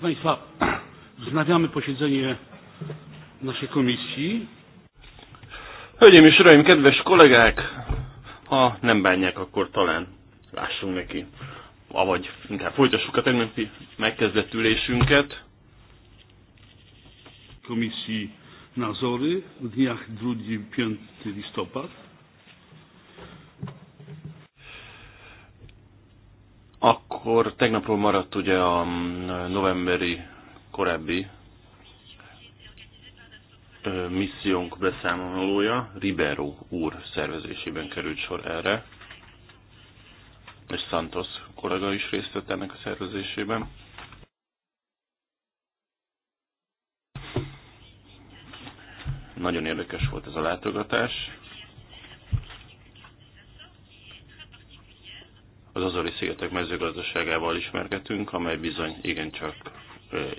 Proszę Państwa, wznawiamy posiedzenie naszej komisji. Hölgyeim és Uraim, kedves kollégák! Ha nem bánják, akkor talán lássunk neki. Avagy inkább folytassuk a tegnapi megkezdett ülésünket. Komisji Nazory dniach 2-5 listopad. akkor tegnapról maradt ugye a novemberi korábbi missziónk beszámolója, Ribero úr szervezésében került sor erre, és Santos kollega is részt vett ennek a szervezésében. Nagyon érdekes volt ez a látogatás. az Azori szigetek mezőgazdaságával ismergetünk, amely bizony igencsak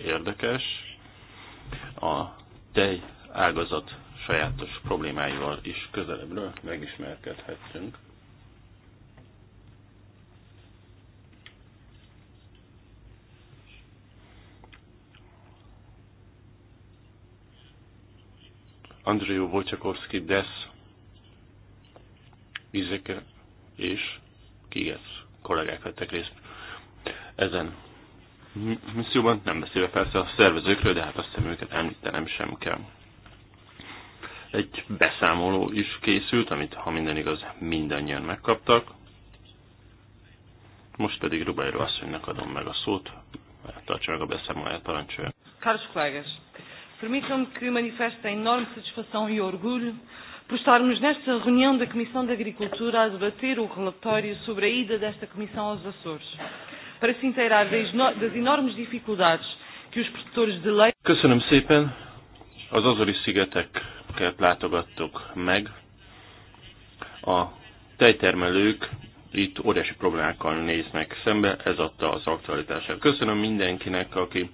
érdekes. A tej ágazat sajátos problémáival is közelebbről megismerkedhetünk. Andrzejó Wojciechowski Desz, Izeke és Kigesz kollégák vettek részt ezen misszióban, nem beszélve persze a szervezőkről, de hát azt hiszem őket említenem sem kell. Egy beszámoló is készült, amit ha minden igaz, mindannyian megkaptak. Most pedig Rubairo asszonynak adom meg a szót, tartsa meg a beszámolóját, parancsolja. Caros colegas, permitam que manifeste a enorme satisfação e orgulho por estarmos nesta reunião da Comissão de Agricultura a debater o relatório sobre a ida desta Comissão aos Açores, para se inteirar das enormes dificuldades que os produtores de leite. Köszönöm szépen! Az Azori szigeteket látogattuk meg. A tejtermelők itt óriási problémákkal néznek szembe, ez adta az aktualitását. Köszönöm mindenkinek, aki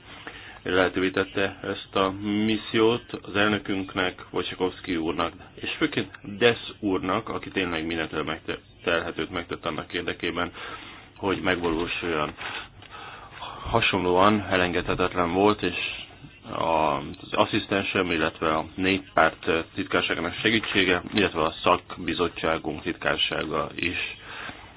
lehetővé tette ezt a missziót az elnökünknek, Wojciechowski úrnak, és főként Desz úrnak, aki tényleg mindentől megtelhetőt megtett annak érdekében, hogy megvalósuljon. Hasonlóan elengedhetetlen volt, és az asszisztensem, illetve a néppárt titkárságának segítsége, illetve a szakbizottságunk titkársága is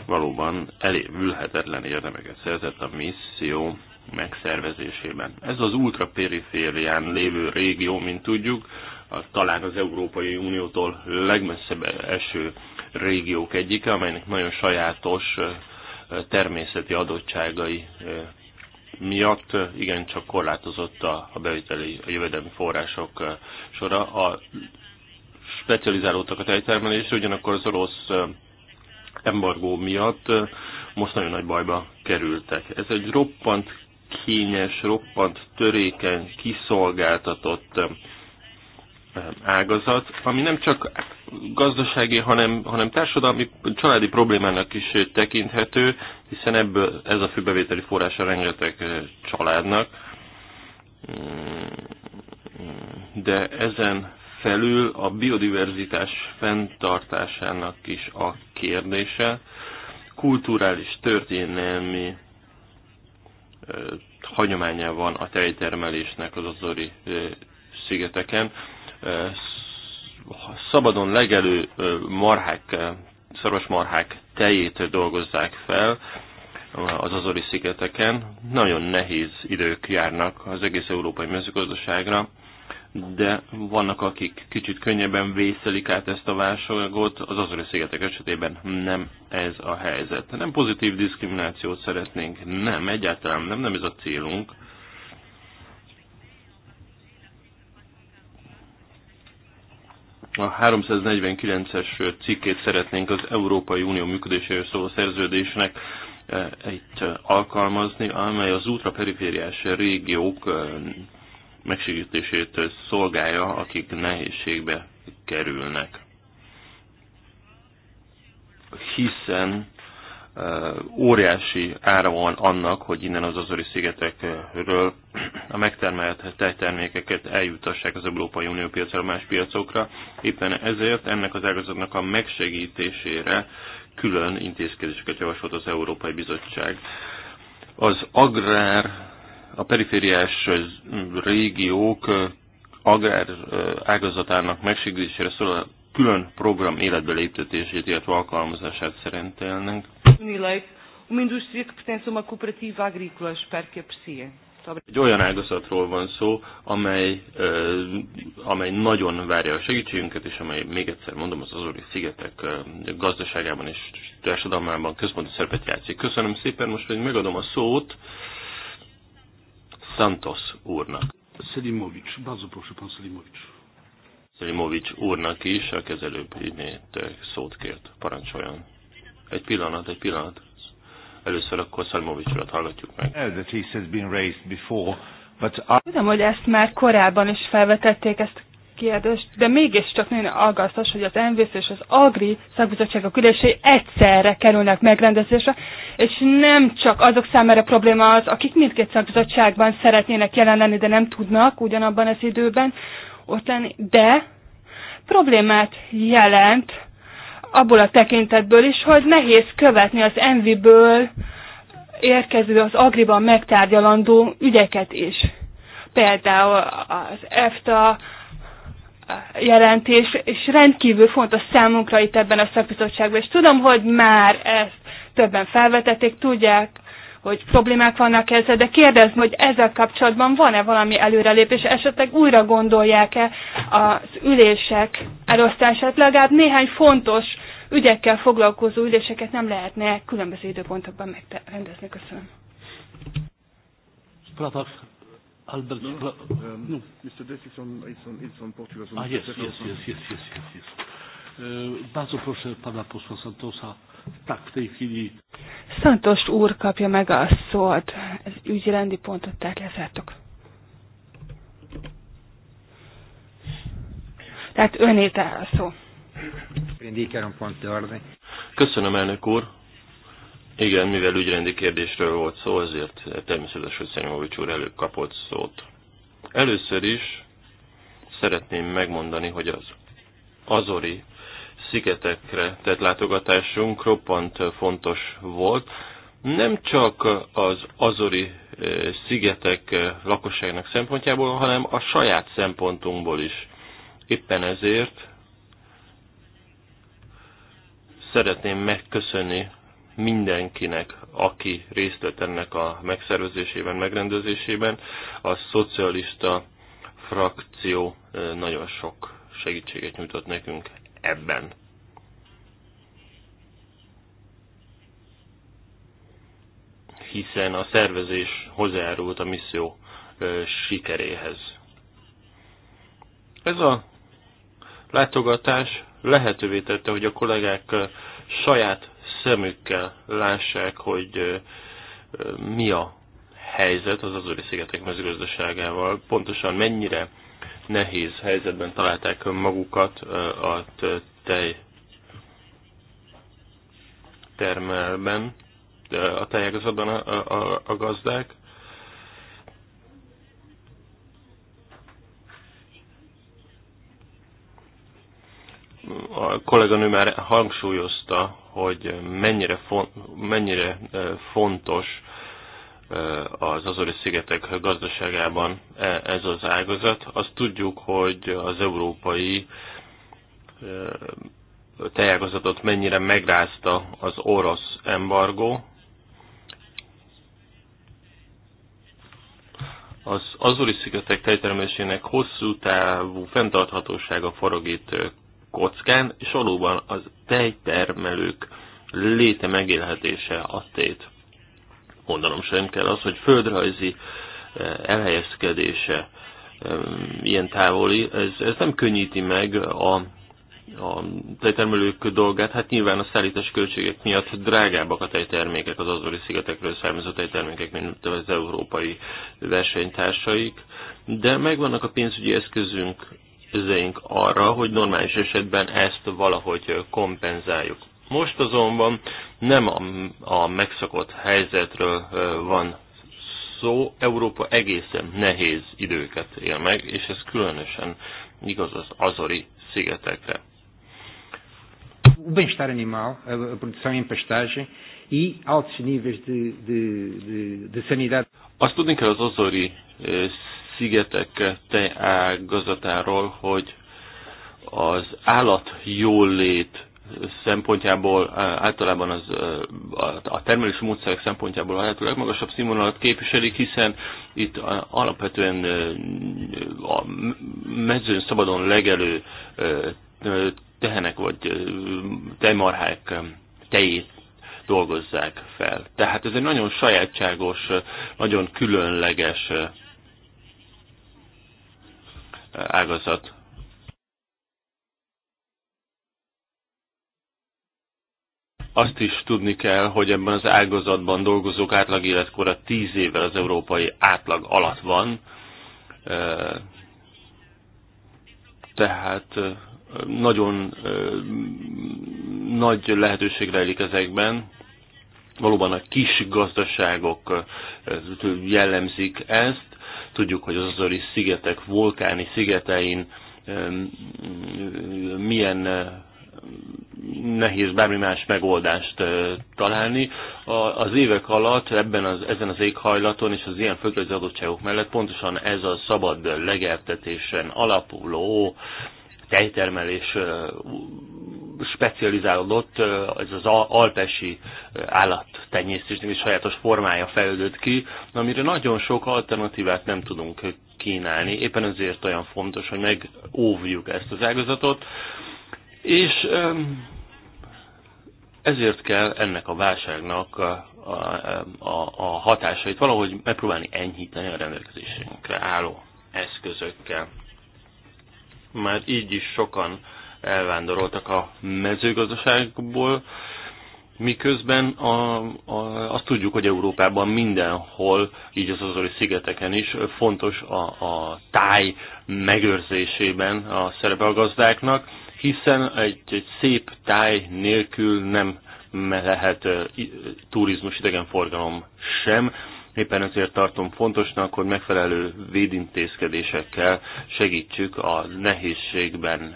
valóban elévülhetetlen érdemeket szerzett a misszió megszervezésében. Ez az ultraperiférián lévő régió, mint tudjuk, a, talán az Európai Uniótól legmesszebb eső régiók egyike, amelynek nagyon sajátos természeti adottságai miatt igencsak korlátozott a, a a jövedelmi források sora. A specializálódtak a tejtermelésre, ugyanakkor az orosz embargó miatt most nagyon nagy bajba kerültek. Ez egy roppant kényes, roppant, törékeny, kiszolgáltatott um, ágazat, ami nem csak gazdasági, hanem, hanem társadalmi, családi problémának is tekinthető, hiszen ebből ez a főbevételi forrása rengeteg uh, családnak. Mm, de ezen felül a biodiverzitás fenntartásának is a kérdése, kulturális, történelmi hagyománya van a tejtermelésnek az Azori szigeteken. Szabadon legelő marhák, szarvasmarhák tejét dolgozzák fel az Azori szigeteken. Nagyon nehéz idők járnak az egész európai mezőgazdaságra de vannak, akik kicsit könnyebben vészelik át ezt a válságot, az azori szigetek esetében nem ez a helyzet. Nem pozitív diszkriminációt szeretnénk, nem, egyáltalán nem, nem ez a célunk. A 349-es cikkét szeretnénk az Európai Unió működéséről szóló szerződésnek eh, itt alkalmazni, amely az ultraperifériás régiók eh, megsegítését szolgálja, akik nehézségbe kerülnek. Hiszen óriási ára van annak, hogy innen az azori szigetekről a megtermelt tejtermékeket eljutassák az Európai Unió piacra, más piacokra. Éppen ezért ennek az ágazatnak a megsegítésére külön intézkedéseket javasolt az Európai Bizottság. Az agrár a perifériás régiók agrár ágazatának megsegítésére szóló külön program életbe léptetését, illetve alkalmazását szerintelnek. Unilei, uma indústria que pertence a uma cooperativa agrícola, espero que aprecie. Egy olyan ágazatról van szó, amely, amely nagyon várja a segítségünket, és amely, még egyszer mondom, az Azori szigetek gazdaságában és társadalmában központi szerepet játszik. Köszönöm szépen, most pedig megadom a szót Santos úrnak. Szelimovics, bardzo proszę pan Szelimovics. Szelimovics úrnak is, a kezelőbb innét szót kért. Parancsoljon. Egy pillanat, egy pillanat. Először akkor Szelimovics urat hallgatjuk meg. Tudom, hogy ezt már korábban is felvetették, ezt a kérdés, de mégiscsak nagyon aggasztos, hogy az NVC és az Agri szakbizottságok ülései egyszerre kerülnek megrendezésre, és nem csak azok számára probléma az, akik mindkét szakbizottságban szeretnének jelen lenni, de nem tudnak ugyanabban az időben ott lenni, de problémát jelent abból a tekintetből is, hogy nehéz követni az enviből érkező, az agriban megtárgyalandó ügyeket is például az EFTA, jelentés, és rendkívül fontos számunkra itt ebben a szakbizottságban, és tudom, hogy már ezt többen felvetették, tudják, hogy problémák vannak ezzel, de kérdezd, hogy ezzel kapcsolatban van-e valami előrelépés, esetleg újra gondolják-e az ülések elosztását, legalább néhány fontos ügyekkel foglalkozó üléseket nem lehetne különböző időpontokban megrendezni. Köszönöm. Albert. No, no. Um, no. Mr. Dess it's on, it's on, it's on Portugal. So ah, yes, yes, yes, yes, yes, yes, yes. Uh, bardzo proszę pana posła Santosa. Tak, w tej chwili... Santos úr kapja meg a szót. Ez ügyrendi pontot tehát lezártok. Tehát a szó. Köszönöm, elnök úr. Igen, mivel ügyrendi kérdésről volt szó, ezért természetes, hogy Szenyovics úr előbb kapott szót. Először is szeretném megmondani, hogy az Azori szigetekre tett látogatásunk roppant fontos volt. Nem csak az Azori eh, szigetek eh, lakosságnak szempontjából, hanem a saját szempontunkból is. Éppen ezért szeretném megköszönni mindenkinek, aki részt vett ennek a megszervezésében, megrendezésében. A szocialista frakció nagyon sok segítséget nyújtott nekünk ebben. hiszen a szervezés hozzájárult a misszió sikeréhez. Ez a látogatás lehetővé tette, hogy a kollégák saját szemükkel lássák, hogy mi a helyzet az Azori szigetek mezőgazdaságával, pontosan mennyire nehéz helyzetben találták önmagukat a tej termelben, a tejágazatban a, a, a gazdák. A kolléganő már hangsúlyozta, hogy mennyire, fon, mennyire fontos az Azori szigetek gazdaságában e, ez az ágazat. Azt tudjuk, hogy az európai tejágazatot mennyire megrázta az orosz embargó. Az Azori szigetek tejtermelésének hosszú távú fenntarthatósága forog itt kockán, és valóban az tejtermelők léte megélhetése a tét. Mondanom sem kell az, hogy földrajzi eh, elhelyezkedése eh, ilyen távoli, ez, ez nem könnyíti meg a, a tejtermelők dolgát. Hát nyilván a szállítás költségek miatt drágábbak a tejtermékek az azori szigetekről származó tejtermékek, mint az európai versenytársaik, de megvannak a pénzügyi eszközünk eszközeink arra, hogy normális esetben ezt valahogy kompenzáljuk. Most azonban nem a, a megszokott helyzetről van szó, Európa egészen nehéz időket él meg, és ez különösen igaz az Azori szigetekre. O bem-estar animal, a produção em pastagem e altos níveis de, de, de, de sanidade. Azt tudni kell az Azori eh, szigetek ágazatáról, hogy az állat jólét szempontjából, általában az, a termelési módszerek szempontjából a lehető legmagasabb színvonalat képviselik, hiszen itt alapvetően a mezőn szabadon legelő tehenek vagy tejmarhák tejét dolgozzák fel. Tehát ez egy nagyon sajátságos, nagyon különleges ágazat. Azt is tudni kell, hogy ebben az ágazatban dolgozók átlag életkora 10 évvel az európai átlag alatt van, tehát nagyon nagy lehetőség rejlik ezekben. Valóban a kis gazdaságok jellemzik ezt, Tudjuk, hogy az azori szigetek vulkáni szigetein milyen eh, nehéz bármi más megoldást eh, találni. Az évek alatt ebben az, ezen az éghajlaton és az ilyen földrajzi adottságok mellett pontosan ez a szabad legeltetésen alapuló tejtermelés specializálódott, ez az alpesi állattenyésztésnek is sajátos formája fejlődött ki, amire nagyon sok alternatívát nem tudunk kínálni. Éppen ezért olyan fontos, hogy megóvjuk ezt az ágazatot, és ezért kell ennek a válságnak a, a, a hatásait valahogy megpróbálni enyhíteni a rendelkezésünkre álló eszközökkel már így is sokan elvándoroltak a mezőgazdaságból, miközben a, a, azt tudjuk, hogy Európában mindenhol, így az azori szigeteken is fontos a, a táj megőrzésében a szerepe a gazdáknak, hiszen egy, egy szép táj nélkül nem lehet turizmus idegenforgalom sem, Éppen ezért tartom fontosnak, hogy megfelelő védintézkedésekkel segítsük a nehézségben,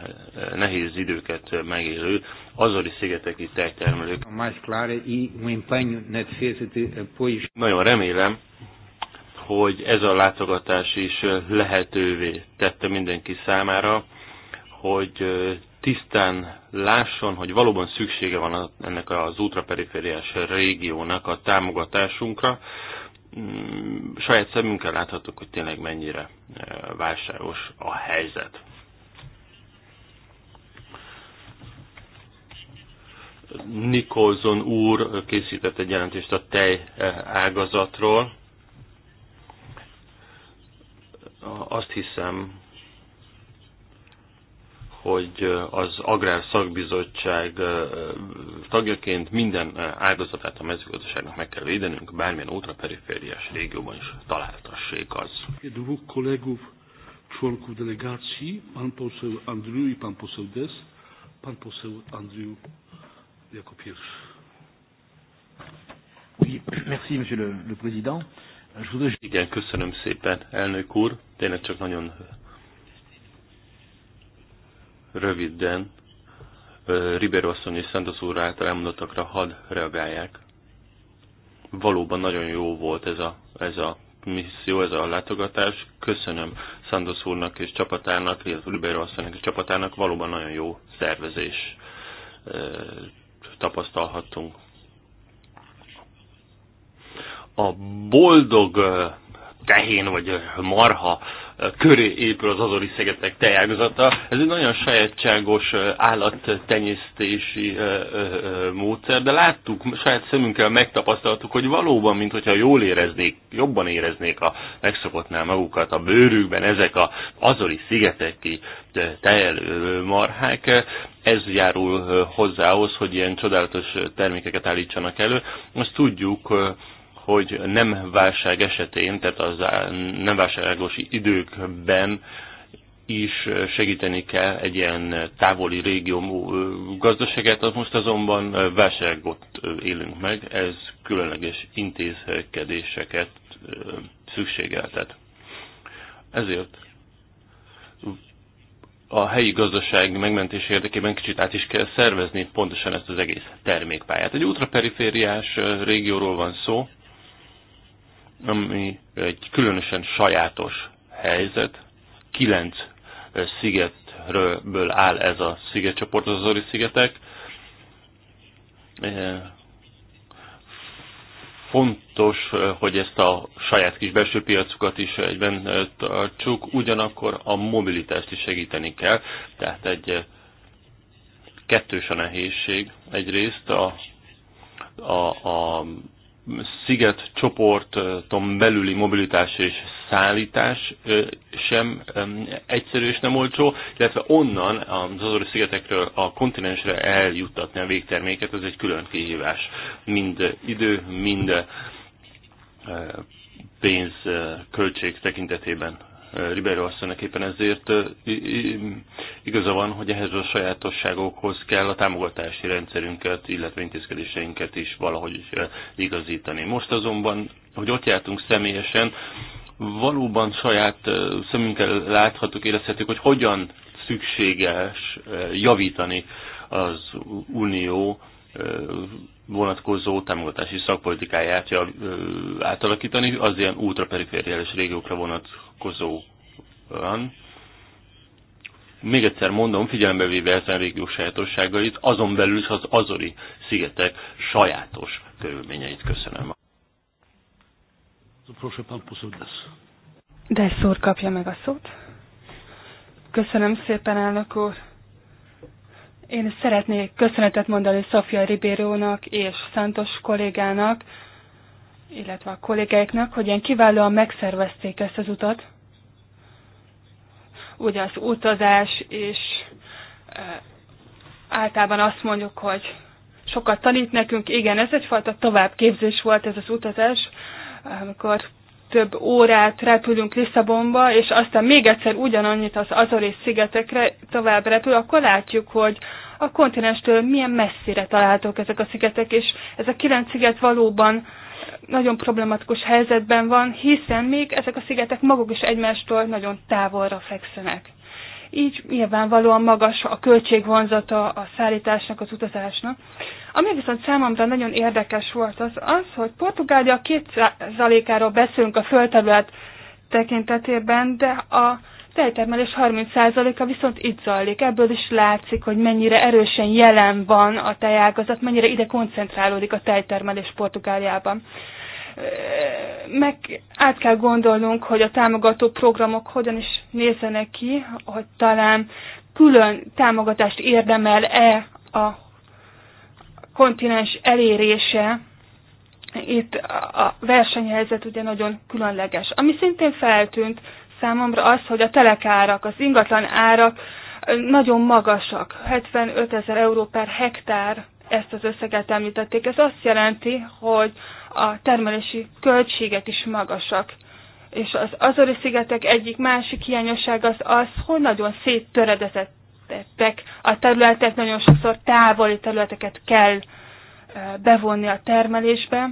nehéz időket megélő azori szigeteki tejtermelők. E um Nagyon remélem, hogy ez a látogatás is lehetővé tette mindenki számára, hogy tisztán lásson, hogy valóban szüksége van ennek az ultraperifériás régiónak a támogatásunkra, Mm, saját szemünkkel láthatok, hogy tényleg mennyire eh, válságos a helyzet. Nikolson úr készített egy jelentést a tej eh, ágazatról. Azt hiszem, hogy az Agrár Szakbizottság tagjaként minden áldozatát a mezőgazdaságnak meg kell védenünk, bármilyen ultraperifériás régióban is találtassék az. Dwóch kolegów członków delegacji, pan poseł Andriu i pan poseł Des. Pan poseł Andriu jako pierwszy. Oui, merci, monsieur le, le président. Je voudrais... Igen, köszönöm szépen, elnök úr. Tényleg csak nagyon röviden Ribeiro asszony és Santos úr által elmondottakra hadd reagálják. Valóban nagyon jó volt ez a, ez a misszió, ez a látogatás. Köszönöm Santos úrnak és csapatának, illetve Ribeiro asszonynak és csapatának. Valóban nagyon jó szervezés tapasztalhattunk. A boldog tehén vagy marha köré épül az azori szigetek tejágazata. Ez egy nagyon sajátságos állattenyésztési módszer, de láttuk, saját szemünkkel megtapasztaltuk, hogy valóban, mint hogyha jól éreznék, jobban éreznék a megszokottnál magukat a bőrükben ezek az azori szigeteki tejelő marhák, ez járul hozzá hogy ilyen csodálatos termékeket állítsanak elő. Azt tudjuk, hogy nem válság esetén, tehát az nem válságos időkben is segíteni kell egy ilyen távoli régió gazdaságát, az most azonban válságot élünk meg, ez különleges intézkedéseket szükségeltet. Ezért a helyi gazdaság megmentés érdekében kicsit át is kell szervezni pontosan ezt az egész termékpályát. Egy ultraperifériás régióról van szó, ami egy különösen sajátos helyzet. Kilenc szigetről áll ez a szigetcsoport, az Azori szigetek. Fontos, hogy ezt a saját kis belső piacukat is egyben tartsuk, ugyanakkor a mobilitást is segíteni kell. Tehát egy kettős a nehézség. Egyrészt a, a, a sziget csoporton belüli mobilitás és szállítás sem egyszerű és nem olcsó, illetve onnan az Azori szigetekről a kontinensre eljuttatni a végterméket, ez egy külön kihívás. Mind idő, mind pénz költség tekintetében Ribeiro asszonynak éppen ezért igaza van, hogy ehhez a sajátosságokhoz kell a támogatási rendszerünket, illetve intézkedéseinket is valahogy igazítani. Most azonban, hogy ott jártunk személyesen, valóban saját szemünkkel láthatjuk, érezhetjük, hogy hogyan szükséges javítani az unió vonatkozó támogatási szakpolitikáját átalakítani az ilyen ultraperifériális régiókra vonatkozóan. Még egyszer mondom, figyelembe véve ezen régió sajátosságait, azon belül is az Azori szigetek sajátos körülményeit köszönöm. De szór kapja meg a szót. Köszönöm szépen, elnök úr. Én szeretnék köszönetet mondani Sofia Ribérónak és Szántos kollégának, illetve a kollégáiknak, hogy ilyen kiválóan megszervezték ezt az utat. Ugye az utazás és e, általában azt mondjuk, hogy sokat tanít nekünk. Igen, ez egyfajta továbbképzés volt ez az utazás, amikor több órát repülünk Lisszabonba, és aztán még egyszer ugyanannyit az Azori szigetekre tovább repül, akkor látjuk, hogy a kontinenstől milyen messzire találhatók ezek a szigetek, és ez a kilenc sziget valóban nagyon problematikus helyzetben van, hiszen még ezek a szigetek maguk is egymástól nagyon távolra fekszenek. Így nyilvánvalóan magas a költségvonzata a szállításnak, az utazásnak. Ami viszont számomra nagyon érdekes volt az az, hogy Portugália 2%-áról beszélünk a földterület tekintetében, de a feltermelés 30%-a viszont itt zajlik. Ebből is látszik, hogy mennyire erősen jelen van a tejágazat, mennyire ide koncentrálódik a tejtermelés Portugáliában. Meg át kell gondolnunk, hogy a támogató programok hogyan is nézzenek ki, hogy talán külön támogatást érdemel-e a kontinens elérése, itt a versenyhelyzet ugye nagyon különleges. Ami szintén feltűnt, számomra az, hogy a telekárak, az ingatlan árak nagyon magasak. 75 ezer euró per hektár ezt az összeget említették. Ez azt jelenti, hogy a termelési költségek is magasak. És az Azori szigetek egyik másik hiányosság az az, hogy nagyon széttöredezettek a területek, nagyon sokszor távoli területeket kell bevonni a termelésbe,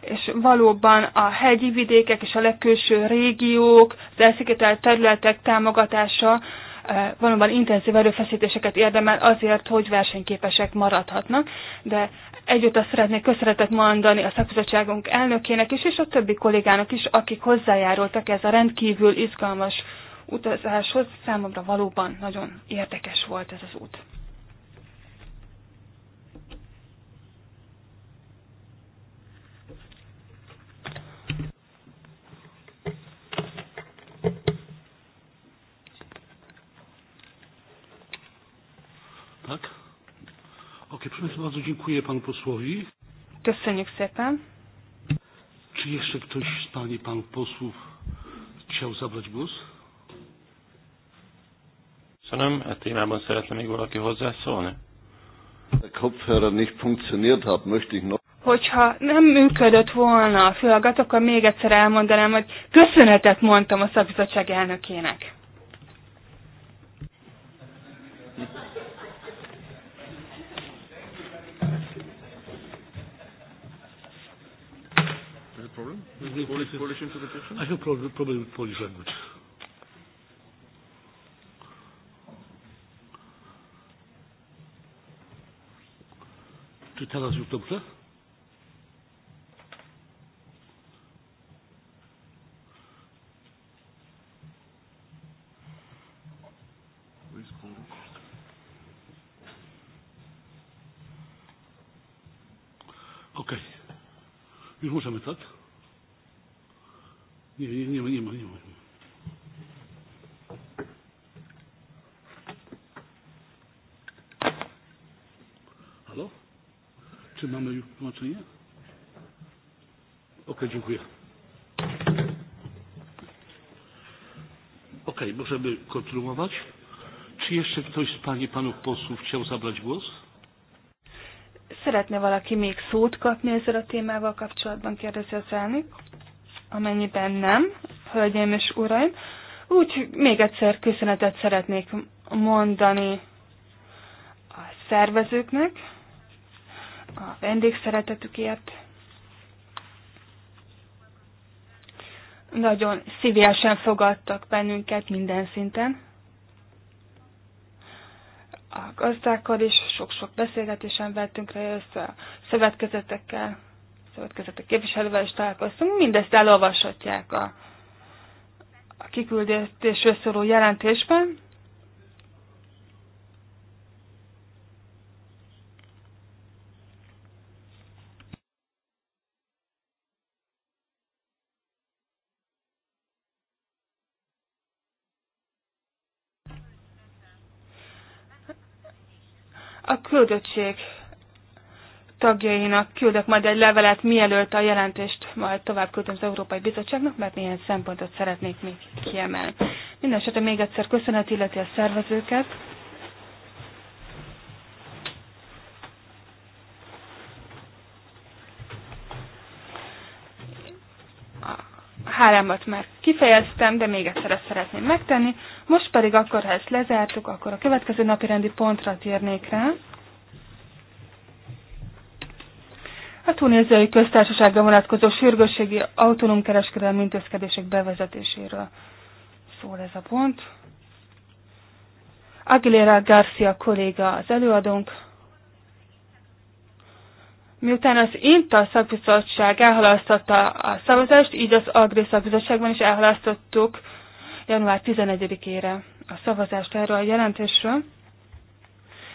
és valóban a hegyi vidékek és a legkülső régiók, az elszigetelt területek támogatása eh, valóban intenzív erőfeszítéseket érdemel azért, hogy versenyképesek maradhatnak, de együtt azt szeretnék köszönetet mondani a szakbizottságunk elnökének is, és a többi kollégának is, akik hozzájárultak ez a rendkívül izgalmas utazáshoz. Számomra valóban nagyon érdekes volt ez az út. Tak? Ok, proszę Państwa, bardzo, dziękuję panu posłowi. Köszönjük szépen. Czy jeszcze ktoś z pani panów posłów chciał zabrać głos? Köszönöm, e témában szeretne még valaki hozzászólni? Der Kopfhörer nicht funktioniert hat, möchte ich noch hogyha nem működött volna a fülhallgat, akkor még egyszer elmondanám, hogy köszönetet mondtam a szakbizottság elnökének. problem? English, Polish, Polish interpretation? I have problem, problem with Polish language. Czy teraz już dobrze? Już możemy, tak? Nie, nie, nie ma, nie Halo? Czy mamy już tłumaczenie? Okej, dziękuję. Ok, możemy kontynuować. Czy jeszcze ktoś z Pani Panów posłów chciał zabrać głos? Szeretne valaki még szót kapni ezzel a témával kapcsolatban, kérdezi az elnök amennyiben nem, hölgyeim és uraim. Úgy még egyszer köszönetet szeretnék mondani a szervezőknek, a vendégszeretetükért. Nagyon szívesen fogadtak bennünket minden szinten. A gazdákkal is sok-sok beszélgetésen vettünk össze, a szövetkezetekkel, szövetkezeti képviselővel is találkoztunk, mindezt elolvashatják a, a kiküldésről szóló jelentésben. A küldöttség tagjainak küldök majd egy levelet, mielőtt a jelentést majd tovább küldöm az Európai Bizottságnak, mert néhány szempontot szeretnék még kiemelni. Mindenesetre még egyszer köszönet illeti a szervezőket. hálámat már kifejeztem, de még egyszer ezt szeretném megtenni. Most pedig akkor, ha ezt lezártuk, akkor a következő napi rendi pontra térnék rá. a tunéziai köztársaságra vonatkozó sürgősségi autonóm kereskedelmi intézkedések bevezetéséről szól ez a pont. Aguilera Garcia kolléga az előadónk. Miután az INTA szakbizottság elhalasztotta a szavazást, így az AGRI szakbizottságban is elhalasztottuk január 11-ére a szavazást erről a jelentésről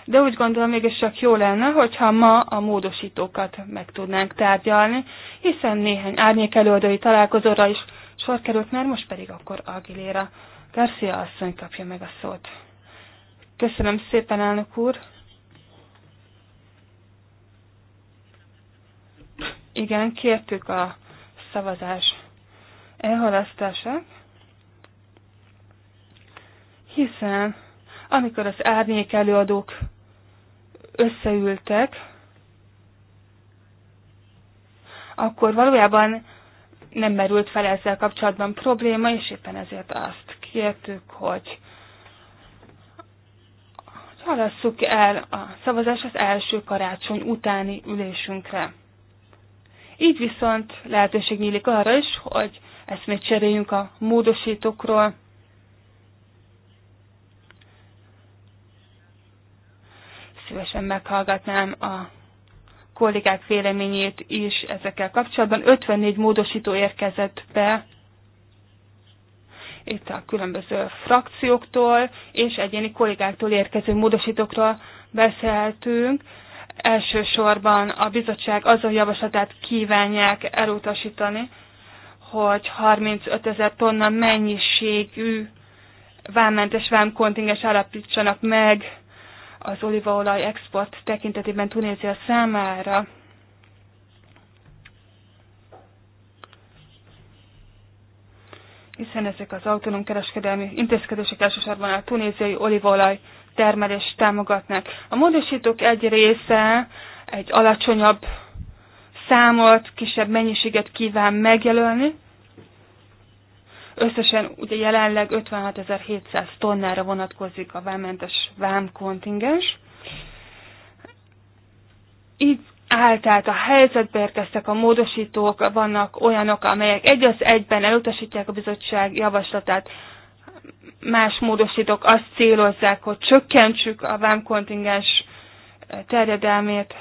de úgy gondolom mégis csak jó lenne, hogyha ma a módosítókat meg tudnánk tárgyalni, hiszen néhány árnyék előadói találkozóra is sor került, mert most pedig akkor Agiléra Garcia asszony kapja meg a szót. Köszönöm szépen, elnök úr! Igen, kértük a szavazás elhalasztását, hiszen amikor az árnyék előadók összeültek, akkor valójában nem merült fel ezzel kapcsolatban probléma, és éppen ezért azt kértük, hogy halasszuk el a szavazás az első karácsony utáni ülésünkre. Így viszont lehetőség nyílik arra is, hogy eszmét cseréljünk a módosítókról, szívesen meghallgatnám a kollégák véleményét is ezekkel kapcsolatban. 54 módosító érkezett be itt a különböző frakcióktól és egyéni kollégáktól érkező módosítókról beszéltünk. Elsősorban a bizottság azon javaslatát kívánják elutasítani, hogy 35 ezer tonna mennyiségű vámmentes vámkontingens állapítsanak meg az olívaolaj export tekintetében Tunézia számára. hiszen ezek az autonóm kereskedelmi intézkedések elsősorban a tunéziai olívaolaj termelést támogatnak. A módosítók egy része egy alacsonyabb számot, kisebb mennyiséget kíván megjelölni, Összesen ugye jelenleg 56.700 tonnára vonatkozik a vámmentes vámkontingens. Így áll, tehát a helyzetbe érkeztek a módosítók, vannak olyanok, amelyek egy az egyben elutasítják a bizottság javaslatát, más módosítók azt célozzák, hogy csökkentsük a vámkontingens eh, terjedelmét.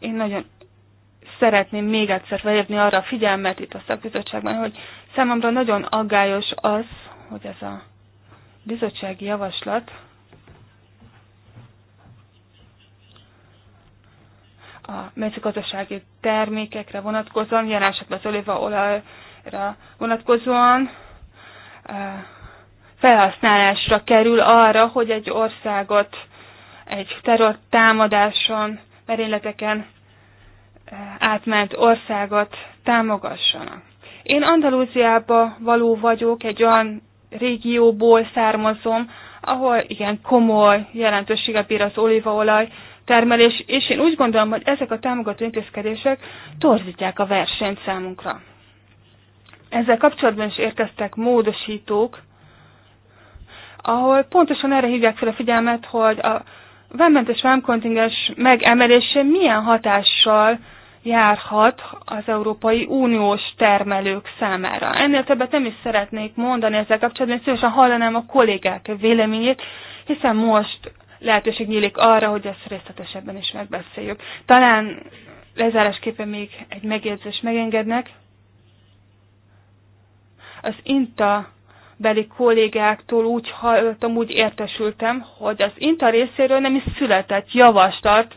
Én nagyon szeretném még egyszer felhívni arra a figyelmet itt a szakbizottságban, hogy számomra nagyon aggályos az, hogy ez a bizottsági javaslat a mezőgazdasági termékekre vonatkozóan, jelen esetben az olívaolajra vonatkozóan eh, felhasználásra kerül arra, hogy egy országot egy terrortámadáson, merényleteken átment országot támogassanak. Én Andalúziába való vagyok, egy olyan régióból származom, ahol igen komoly jelentősége bír az olívaolaj termelés, és én úgy gondolom, hogy ezek a támogató intézkedések torzítják a versenyt számunkra. Ezzel kapcsolatban is érkeztek módosítók, ahol pontosan erre hívják fel a figyelmet, hogy a vámmentes vámkontingens megemelése milyen hatással járhat az Európai Uniós termelők számára. Ennél többet nem is szeretnék mondani ezzel kapcsolatban, szívesen hallanám a kollégák véleményét, hiszen most lehetőség nyílik arra, hogy ezt részletesebben is megbeszéljük. Talán lezárásképpen még egy megjegyzés megengednek. Az INTA beli kollégáktól úgy hallottam, úgy értesültem, hogy az INTA részéről nem is született javaslat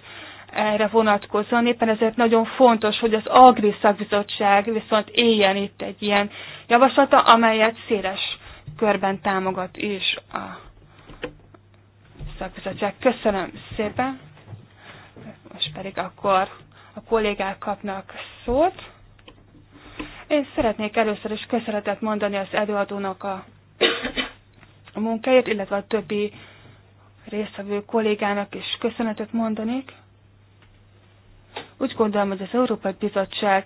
erre vonatkozóan. Éppen ezért nagyon fontos, hogy az Agri Szakbizottság viszont éljen itt egy ilyen javaslata, amelyet széles körben támogat is a szakbizottság. Köszönöm szépen! Most pedig akkor a kollégák kapnak szót. Én szeretnék először is köszönetet mondani az előadónak a, a munkáért, illetve a többi résztvevő kollégának is köszönetet mondanék. Úgy gondolom, hogy az Európai Bizottság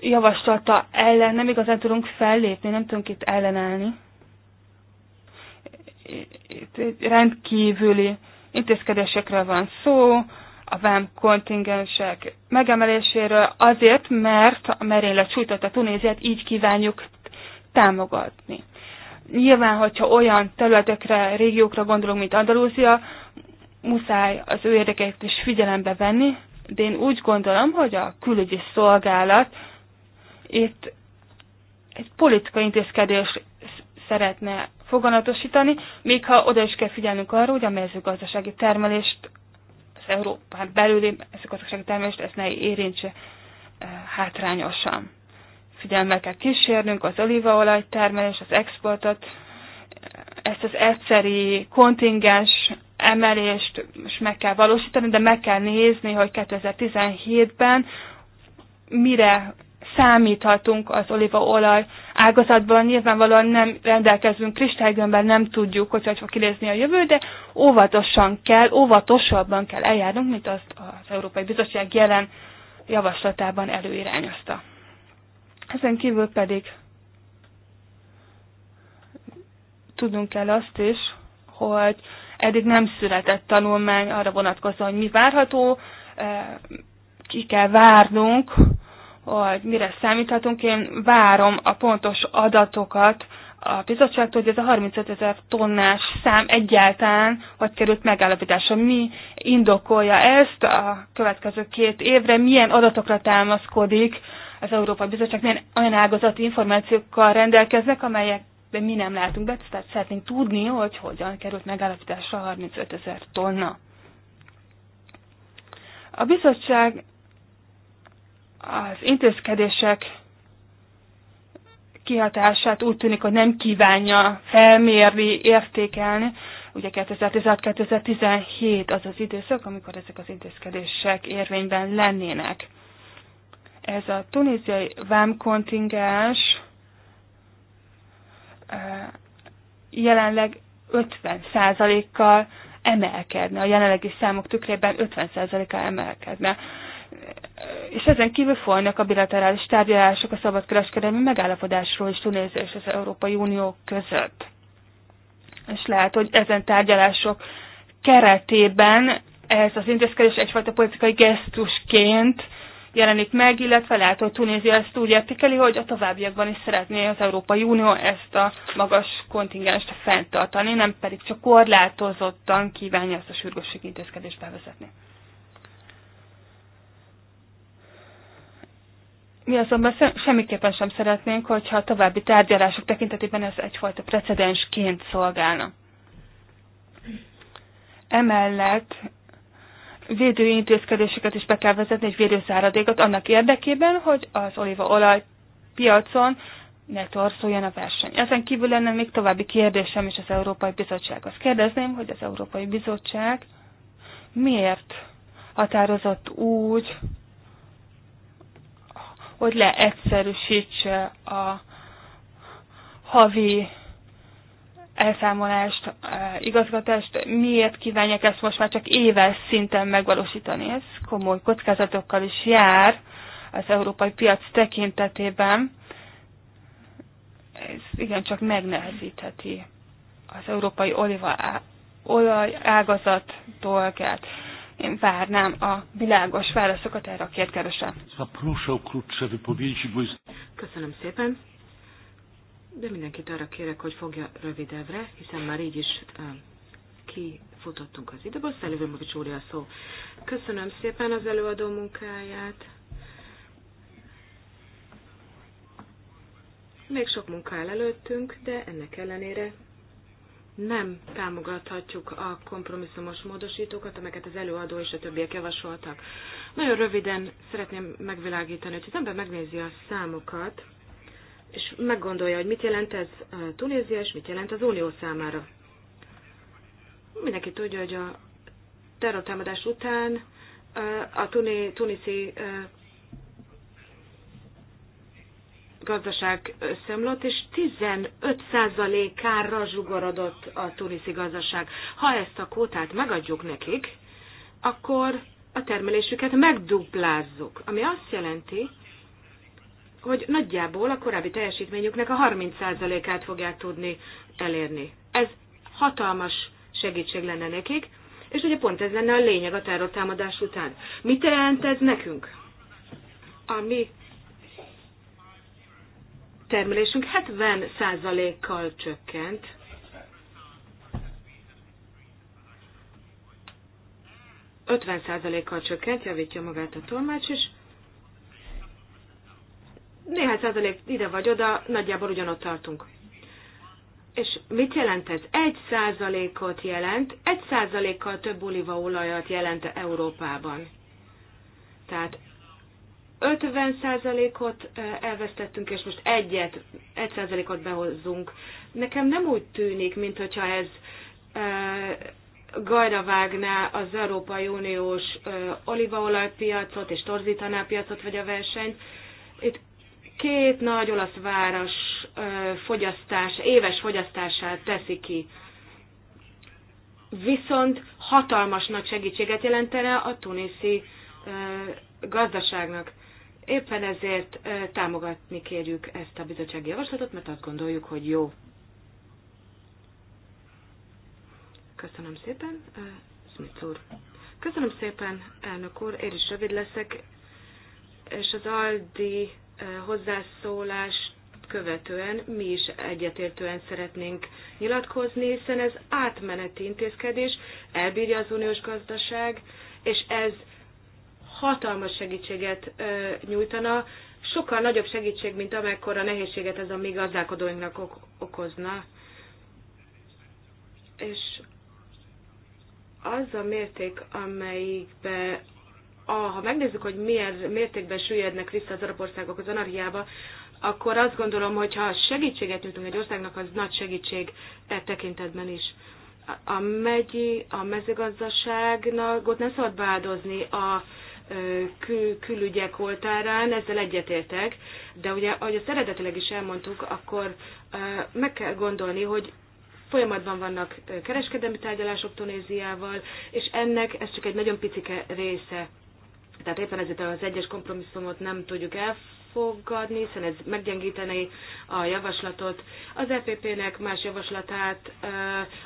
javaslata ellen nem igazán tudunk fellépni, nem tudunk itt ellenállni. Itt rendkívüli intézkedésekről van szó, a VAM kontingensek megemeléséről azért, mert a merénylet sújtotta Tunéziát, így kívánjuk támogatni. Nyilván, hogyha olyan területekre, régiókra gondolunk, mint Andalúzia, muszáj az ő érdekeit is figyelembe venni, de én úgy gondolom, hogy a külügyi szolgálat itt egy politikai intézkedés szeretne foganatosítani, még ha oda is kell figyelnünk arra, hogy a mezőgazdasági termelést, az Európán belüli mezőgazdasági termelést, ezt ne érintse eh, hátrányosan. Figyelemmel kell kísérnünk az olívaolaj termelést az exportot, eh, ezt az egyszeri kontingens emelést most meg kell valósítani, de meg kell nézni, hogy 2017-ben mire számíthatunk az olívaolaj ágazatban. Nyilvánvalóan nem rendelkezünk kristálygömbben, nem tudjuk, hogy hogy fog kinézni a jövő, de óvatosan kell, óvatosabban kell eljárnunk, mint azt az Európai Bizottság jelen javaslatában előirányozta. Ezen kívül pedig tudunk kell azt is, hogy eddig nem született tanulmány arra vonatkozóan, hogy mi várható, eh, ki kell várnunk, hogy mire számíthatunk. Én várom a pontos adatokat a bizottságtól, hogy ez a 35 ezer tonnás szám egyáltalán hogy került megállapításra. Mi indokolja ezt a következő két évre, milyen adatokra támaszkodik az Európai Bizottság, milyen olyan ágazati információkkal rendelkeznek, amelyek de mi nem látunk be, tehát szeretnénk tudni, hogy hogyan került megállapításra 35 ezer tonna. A bizottság az intézkedések kihatását úgy tűnik, hogy nem kívánja felmérni, értékelni. Ugye 2016-2017 az az időszak, amikor ezek az intézkedések érvényben lennének. Ez a tunéziai vámkontingens jelenleg 50%-kal emelkedne, a jelenlegi számok tükrében 50%-kal emelkedne. És ezen kívül folynak a bilaterális tárgyalások a szabadkereskedelmi megállapodásról is Tunézia az Európai Unió között. És lehet, hogy ezen tárgyalások keretében ez az intézkedés egyfajta politikai gesztusként jelenik meg, illetve lehet, hogy Tunézia ezt úgy értékeli, hogy a továbbiakban is szeretné az Európai Unió ezt a magas kontingenst fenntartani, nem pedig csak korlátozottan kívánja ezt a sürgősség intézkedést bevezetni. Mi azonban semmiképpen sem szeretnénk, hogyha a további tárgyalások tekintetében ez egyfajta precedensként szolgálna. Emellett intézkedéseket is be kell vezetni, egy védőszáradékot annak érdekében, hogy az olívaolaj piacon ne torszoljon a verseny. Ezen kívül lenne még további kérdésem is az Európai Bizottsághoz. Kérdezném, hogy az Európai Bizottság miért határozott úgy, hogy leegyszerűsítse a havi elszámolást, igazgatást, miért kívánják ezt most már csak éves szinten megvalósítani. Ez komoly kockázatokkal is jár az európai piac tekintetében. Ez igencsak megnehezítheti az európai oliva, olaj ágazat dolgát. Én várnám a világos válaszokat erre a kérdésre. Köszönöm szépen de mindenkit arra kérek, hogy fogja rövidebbre, hiszen már így is kifutottunk az időből. Szelivimovics úr a szó. Köszönöm szépen az előadó munkáját. Még sok munka el előttünk, de ennek ellenére nem támogathatjuk a kompromisszumos módosítókat, amelyeket az előadó és a többiek javasoltak. Nagyon röviden szeretném megvilágítani, hogy az ember megnézi a számokat, és meggondolja, hogy mit jelent ez eh, Tunézia, és mit jelent az Unió számára. Mindenki tudja, hogy a terrortámadás után eh, a tuni, tuniszi eh, gazdaság összeomlott, és 15%-ára zsugorodott a tuniszi gazdaság. Ha ezt a kótát megadjuk nekik, akkor a termelésüket megduplázzuk, ami azt jelenti, hogy nagyjából a korábbi teljesítményüknek a 30%-át fogják tudni elérni. Ez hatalmas segítség lenne nekik, és ugye pont ez lenne a lényeg a támadás után. Mit jelent ez nekünk? A mi termelésünk 70%-kal csökkent. kal csökkent, javítja magát a tolmács, és néhány százalék ide vagy oda, nagyjából ugyanott tartunk. És mit jelent ez? Egy százalékot jelent, egy százalékkal több olívaolajat jelent Európában. Tehát 50 százalékot elvesztettünk, és most egyet, egy százalékot behozzunk. Nekem nem úgy tűnik, mint hogyha ez gajra vágná az Európai Uniós olívaolajpiacot, és torzítaná a piacot vagy a versenyt. Itt két nagy olasz város fogyasztás, éves fogyasztását teszi ki. Viszont hatalmas nagy segítséget jelentene a tuniszi gazdaságnak. Éppen ezért támogatni kérjük ezt a bizottsági javaslatot, mert azt gondoljuk, hogy jó. Köszönöm szépen, Smith úr. Köszönöm szépen, elnök úr, én is rövid leszek, és az Aldi hozzászólás követően mi is egyetértően szeretnénk nyilatkozni, hiszen ez átmeneti intézkedés, elbírja az uniós gazdaság, és ez hatalmas segítséget ö, nyújtana, sokkal nagyobb segítség, mint amekkora nehézséget ez a mi gazdálkodóinknak ok- okozna. És az a mérték, amelyikbe a, ha megnézzük, hogy miért mértékben süllyednek vissza az arab országok az anarhiába, akkor azt gondolom, hogy ha segítséget nyújtunk egy országnak, az nagy segítség e tekintetben is. A, megyi, a mezőgazdaságnak ott nem szabad beáldozni a kül, külügyek oltárán, ezzel egyetértek, de ugye, ahogy ezt eredetileg is elmondtuk, akkor meg kell gondolni, hogy folyamatban vannak kereskedelmi tárgyalások Tunéziával, és ennek ez csak egy nagyon picike része. Tehát éppen ezért az egyes kompromisszumot nem tudjuk elfogadni, hiszen ez meggyengítené a javaslatot. Az EPP-nek más javaslatát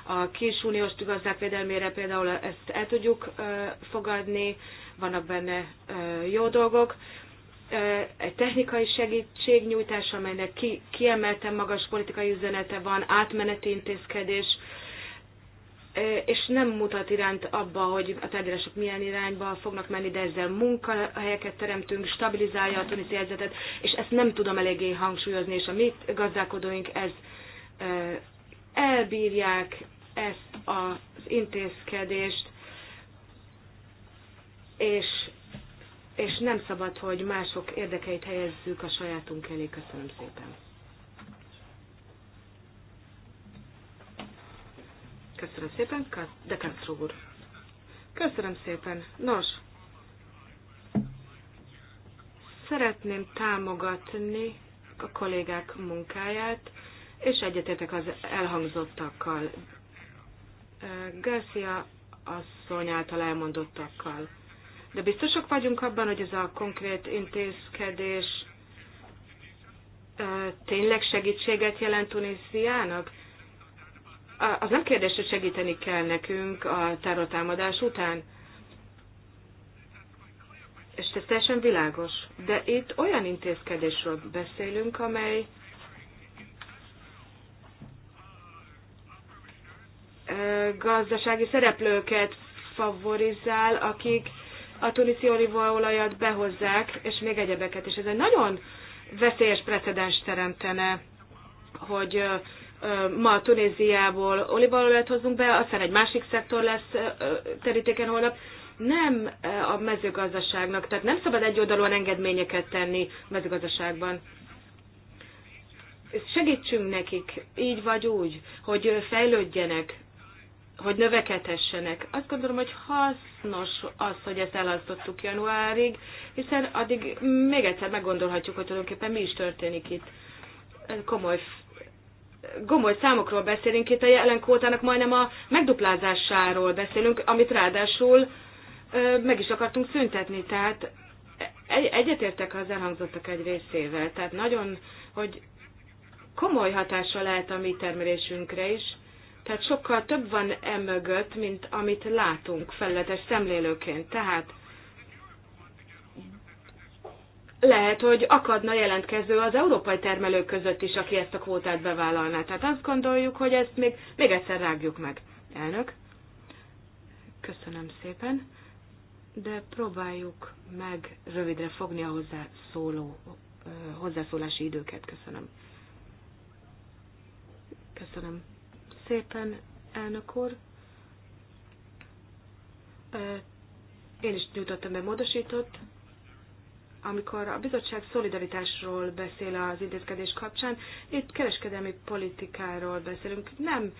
a kis uniós gazdák védelmére például ezt el tudjuk fogadni, vannak benne jó dolgok egy technikai segítségnyújtás, amelynek kiemelten magas politikai üzenete van, átmeneti intézkedés, és nem mutat iránt abba, hogy a tárgyalások milyen irányba fognak menni, de ezzel munkahelyeket teremtünk, stabilizálja a tuniszi helyzetet, és ezt nem tudom eléggé hangsúlyozni, és a mi gazdálkodóink ez elbírják ezt az intézkedést, és, és nem szabad, hogy mások érdekeit helyezzük a sajátunk elé. Köszönöm szépen. Köszönöm szépen, de Castro úr. Köszönöm szépen. Nos, szeretném támogatni a kollégák munkáját, és egyetértek az elhangzottakkal. Garcia asszony által elmondottakkal. De biztosak vagyunk abban, hogy ez a konkrét intézkedés tényleg segítséget jelent Tunisziának? az nem kérdés, hogy segíteni kell nekünk a tárotámadás után. És ez teljesen világos. De itt olyan intézkedésről beszélünk, amely gazdasági szereplőket favorizál, akik a tuniszi olívaolajat behozzák, és még egyebeket. És ez egy nagyon veszélyes precedens teremtene, hogy ma Tunéziából olívaolajat hozunk be, aztán egy másik szektor lesz terítéken holnap. Nem a mezőgazdaságnak, tehát nem szabad egy oldalon engedményeket tenni a mezőgazdaságban. Segítsünk nekik, így vagy úgy, hogy fejlődjenek, hogy növekedhessenek. Azt gondolom, hogy hasznos az, hogy ezt elhasztottuk januárig, hiszen addig még egyszer meggondolhatjuk, hogy tulajdonképpen mi is történik itt. Komoly gomoly számokról beszélünk, itt a jelen kvótának majdnem a megduplázásáról beszélünk, amit ráadásul meg is akartunk szüntetni, tehát egyetértek az elhangzottak egy részével, tehát nagyon, hogy komoly hatása lehet a mi termelésünkre is, tehát sokkal több van emögött, mint amit látunk felletes szemlélőként. Tehát lehet, hogy akadna jelentkező az európai termelők között is, aki ezt a kvótát bevállalná. Tehát azt gondoljuk, hogy ezt még, még egyszer rágjuk meg. Elnök, köszönöm szépen, de próbáljuk meg rövidre fogni a hozzászóló, hozzászólási időket. Köszönöm. Köszönöm szépen, elnök úr. Én is nyújtottam be módosított amikor a bizottság szolidaritásról beszél az intézkedés kapcsán, itt kereskedelmi politikáról beszélünk. Nem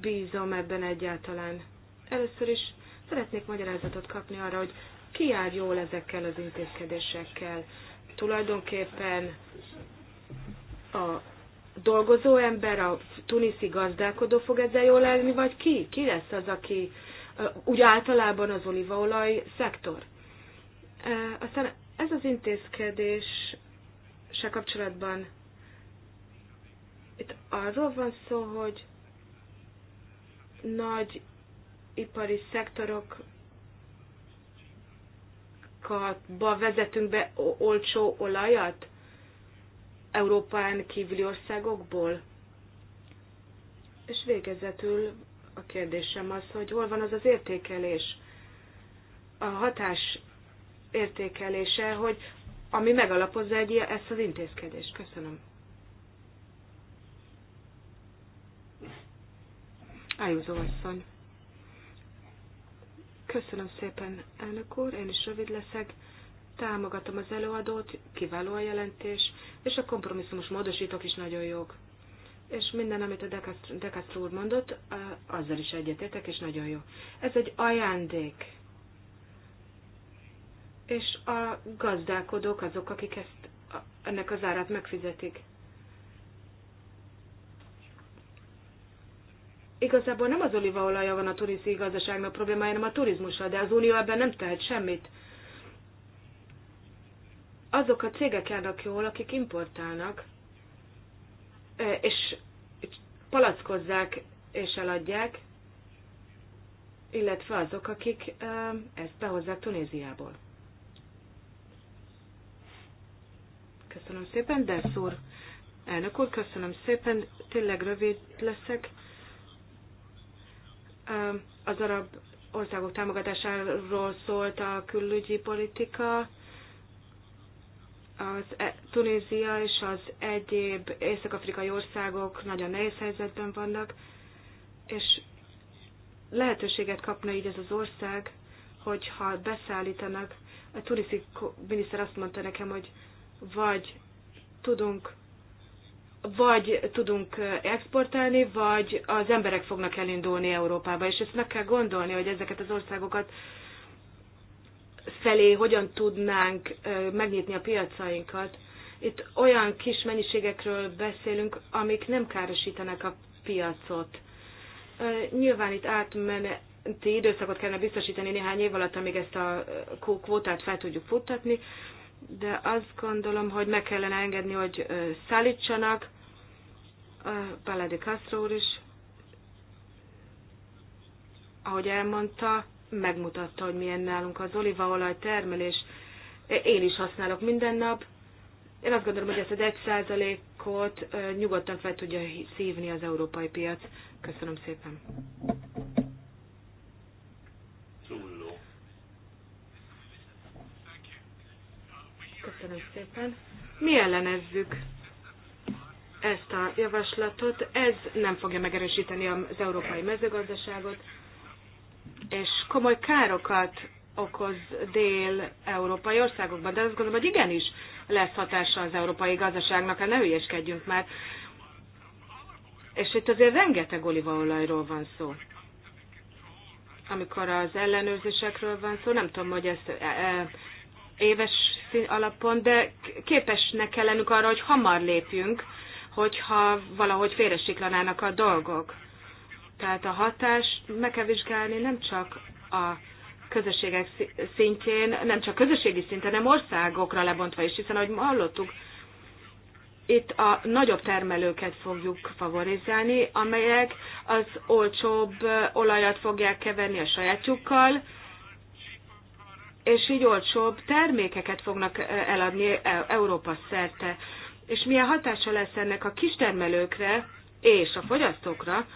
bízom ebben egyáltalán. Először is szeretnék magyarázatot kapni arra, hogy ki jár jól ezekkel az intézkedésekkel. Tulajdonképpen a dolgozó ember, a tuniszi gazdálkodó fog ezzel jól lenni, vagy ki? Ki lesz az, aki úgy általában az olívaolaj szektor? Aztán ez az intézkedés se kapcsolatban itt arról van szó, hogy nagy ipari szektorok ba vezetünk be olcsó olajat Európán kívüli országokból? És végezetül a kérdésem az, hogy hol van az az értékelés, a hatás értékelése, hogy ami megalapozza egy ilyen, ezt az intézkedést. Köszönöm. Ájúzó asszony. Köszönöm szépen, elnök úr, én is rövid leszek. Támogatom az előadót, kiváló a jelentés, és a kompromisszumos módosítók is nagyon jók. És minden, amit a Decastro úr mondott, azzal is egyetértek, és nagyon jó. Ez egy ajándék és a gazdálkodók azok, akik ezt, ennek az árát megfizetik. Igazából nem az olívaolaja van a turiszti gazdaságnak problémája, hanem a turizmussal, de az Unió ebben nem tehet semmit. Azok a cégek járnak jól, akik importálnak, e, és palackozzák és eladják, illetve azok, akik e, ezt behozzák Tunéziából. Köszönöm szépen, de szór Elnök úr, köszönöm szépen, tényleg rövid leszek. Az arab országok támogatásáról szólt a külügyi politika, az e- Tunézia és az egyéb észak-afrikai országok nagyon nehéz helyzetben vannak, és lehetőséget kapna így ez az ország, hogyha beszállítanak. A turiszi miniszter azt mondta nekem, hogy vagy tudunk vagy tudunk exportálni, vagy az emberek fognak elindulni Európába, és ezt meg kell gondolni, hogy ezeket az országokat felé hogyan tudnánk megnyitni a piacainkat. Itt olyan kis mennyiségekről beszélünk, amik nem károsítanak a piacot. Nyilván itt átmeneti időszakot kellene biztosítani néhány év alatt, amíg ezt a kvótát fel tudjuk futtatni, de azt gondolom, hogy meg kellene engedni, hogy szállítsanak, Paladi Castro úr is, ahogy elmondta, megmutatta, hogy milyen nálunk az olívaolaj termelés. Én is használok minden nap. Én azt gondolom, hogy ezt az egy százalékot nyugodtan fel tudja szívni az európai piac. Köszönöm szépen. Köszönöm szépen. Mi ellenezzük ezt a javaslatot. Ez nem fogja megerősíteni az európai mezőgazdaságot, és komoly károkat okoz dél-európai országokban, de azt gondolom, hogy igenis lesz hatása az európai gazdaságnak, hát ne hülyeskedjünk már. És itt azért rengeteg olívaolajról van szó. Amikor az ellenőrzésekről van szó, nem tudom, hogy ezt e, e, éves alapon, de képesnek kell lennünk arra, hogy hamar lépjünk, hogyha valahogy félresiklanának a dolgok. Tehát a hatást meg kell vizsgálni nem csak a közösségek szintjén, nem csak közösségi szinten, hanem országokra lebontva is, hiszen ahogy hallottuk, itt a nagyobb termelőket fogjuk favorizálni, amelyek az olcsóbb olajat fogják keverni a sajátjukkal, és így olcsóbb termékeket fognak e, eladni e, Európa szerte. És milyen hatása lesz ennek a kistermelőkre és a fogyasztókra,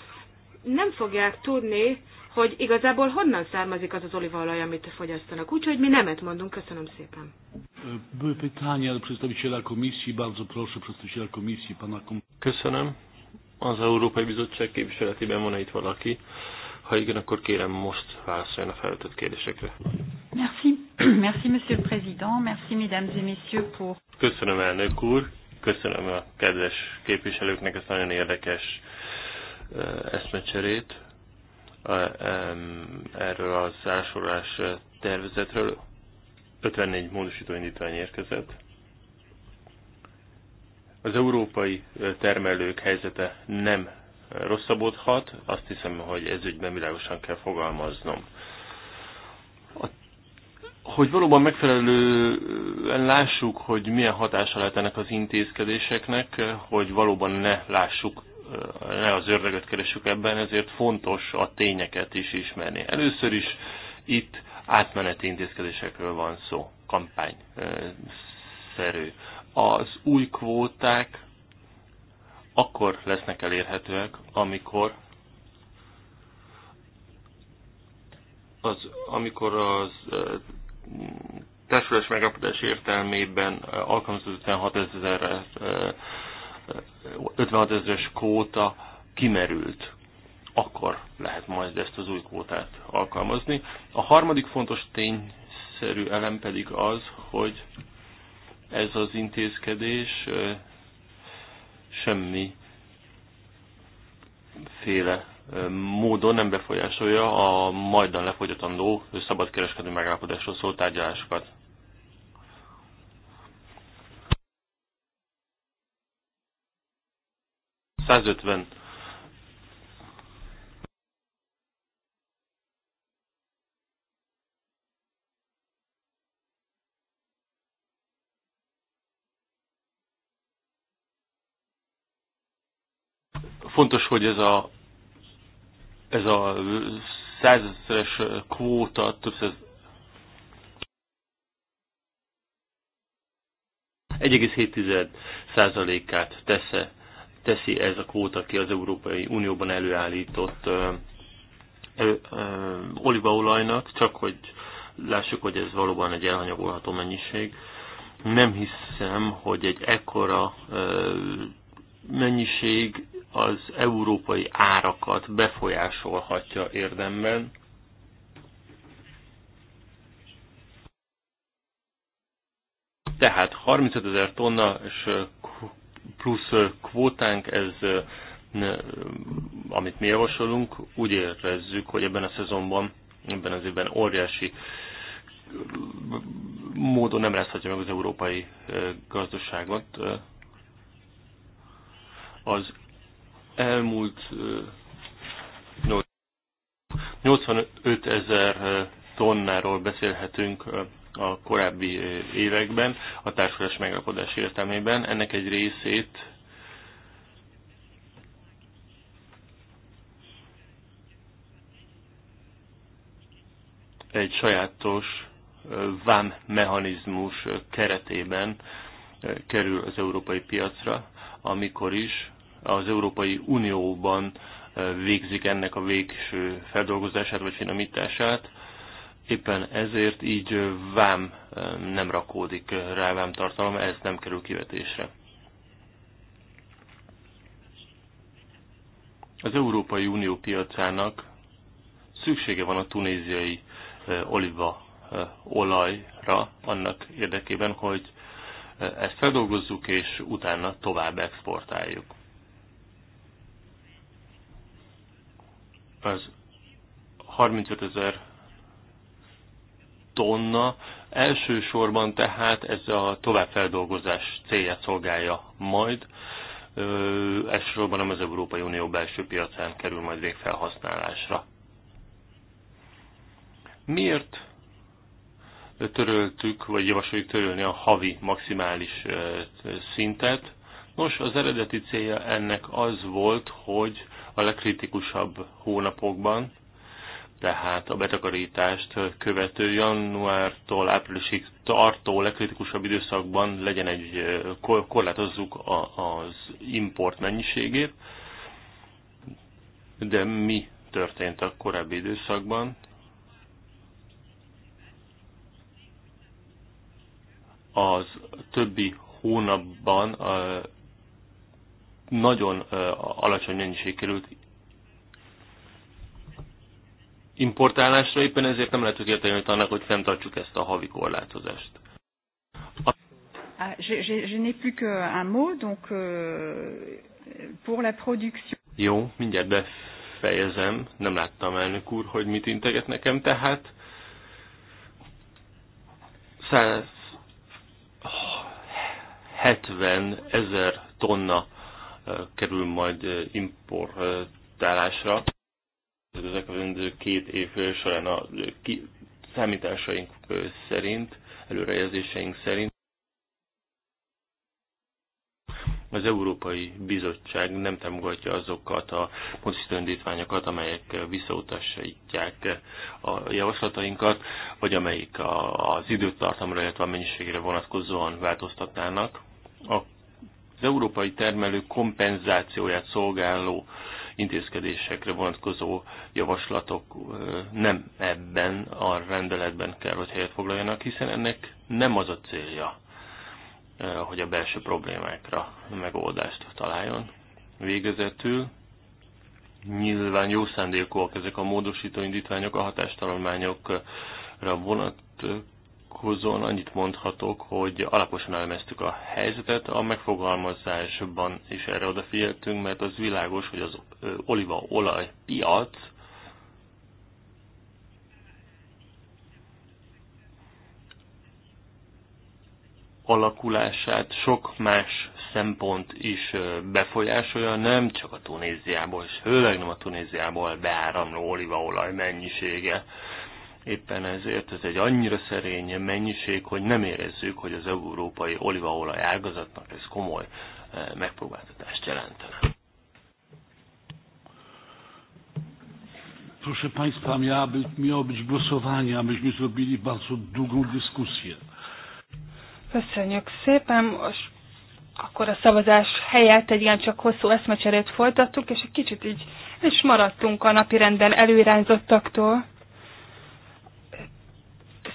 nem fogják tudni, hogy igazából honnan származik az az olívaolaj, amit fogyasztanak. Úgyhogy mi nemet mondunk. Köszönöm szépen. Köszönöm. Az Európai Bizottság képviseletében van -e itt valaki. Ha igen, akkor kérem most válaszoljon a feltett kérdésekre. Merci. Merci, Monsieur le Président. Merci, Mesdames et Messieurs, pour... Köszönöm, elnök úr. Köszönöm a kedves képviselőknek ezt nagyon érdekes eh, eszmecserét erről az állásolás eh, tervezetről. 54 módosító indítvány érkezett. Az európai eh, termelők helyzete nem rosszabbodhat, azt hiszem, hogy ez ügyben világosan kell fogalmaznom. A hogy valóban megfelelően lássuk, hogy milyen hatása lehet ennek az intézkedéseknek, hogy valóban ne lássuk, ne az ördögöt keresünk ebben, ezért fontos a tényeket is ismerni. Először is itt átmeneti intézkedésekről van szó, kampány szerű. Az új kvóták akkor lesznek elérhetőek, amikor az, amikor az társulás megállapodás értelmében alkalmazott 56 ezer 56 ezeres kóta kimerült, akkor lehet majd ezt az új kvótát alkalmazni. A harmadik fontos tényszerű elem pedig az, hogy ez az intézkedés semmi féle módon nem befolyásolja a majdan lefogyatandó szabadkereskedő megállapodásról szóló tárgyalásokat. ...150 fontos, hogy ez a ez a százezeres kvóta, több száz 1,7 százalékát tesze, teszi ez a kvóta ki az Európai Unióban előállított ö, olívaolajnak, csak hogy lássuk, hogy ez valóban egy elhanyagolható mennyiség. Nem hiszem, hogy egy ekkora ö, mennyiség az európai árakat befolyásolhatja érdemben. Tehát 35 ezer tonna és plusz kvótánk, ez amit mi javasolunk, úgy érezzük, hogy ebben a szezonban, ebben az évben óriási módon nem leszhatja meg az európai gazdaságot. Az elmúlt 85 ezer tonnáról beszélhetünk a korábbi években a társulás megalapodás értelmében. Ennek egy részét egy sajátos VAM mechanizmus keretében kerül az európai piacra, amikor is az Európai Unióban végzik ennek a végső feldolgozását vagy finomítását. Éppen ezért így vám nem rakódik rá vám tartalom, ez nem kerül kivetésre. Az Európai Unió piacának szüksége van a tunéziai oliva olajra annak érdekében, hogy ezt feldolgozzuk és utána tovább exportáljuk. az 35 ezer tonna. Elsősorban tehát ez a továbbfeldolgozás célját szolgálja majd. Elsősorban nem az Európai Unió belső piacán kerül majd végfelhasználásra. Miért töröltük, vagy javasoljuk törölni a havi maximális szintet? Nos, az eredeti célja ennek az volt, hogy a legkritikusabb hónapokban, tehát a betakarítást követő januártól áprilisig tartó legkritikusabb időszakban legyen egy, korlátozzuk az import mennyiségét, de mi történt a korábbi időszakban? Az többi hónapban nagyon alacsony mennyiség került importálásra, éppen ezért nem lehet tökéletlenül annak, hogy fenntartsuk ezt a havi korlátozást. A... Ah, je n'ai plus qu'un mot, donc euh, pour la production. Jó, mindjárt befejezem, nem láttam elnök úr, hogy mit integet nekem, tehát 170 ezer tonna kerül majd importálásra. Ezek a két év során a számításaink szerint, előrejelzéseink szerint az Európai Bizottság nem támogatja azokat a módosító amelyek visszautasítják a javaslatainkat, vagy amelyik az időtartamra, illetve a mennyiségre vonatkozóan változtatnának. A az európai termelők kompenzációját szolgáló intézkedésekre vonatkozó javaslatok nem ebben a rendeletben kell, hogy helyet foglaljanak, hiszen ennek nem az a célja, hogy a belső problémákra megoldást találjon. Végezetül nyilván jó szándékúak ezek a módosító indítványok, a hatástalományokra vonat vonatkozóan annyit mondhatok, hogy alaposan elemeztük a helyzetet, a megfogalmazásban is erre odafigyeltünk, mert az világos, hogy az olívaolaj piac alakulását sok más szempont is befolyásolja, nem csak a Tunéziából, és főleg nem a Tunéziából beáramló olívaolaj mennyisége Éppen ezért ez egy annyira szerény mennyiség, hogy nem érezzük, hogy az európai olívaolaj ágazatnak ez komoly eh, megpróbáltatást jelentene. Proszę Państwa, miało być, miało być głosowanie, a myśmy zrobili bardzo długą dyskusję. Köszönjük szépen. Most akkor a szavazás helyett egy ilyen csak hosszú eszmecserét folytattuk, és egy kicsit így és maradtunk a napirenden előirányzottaktól.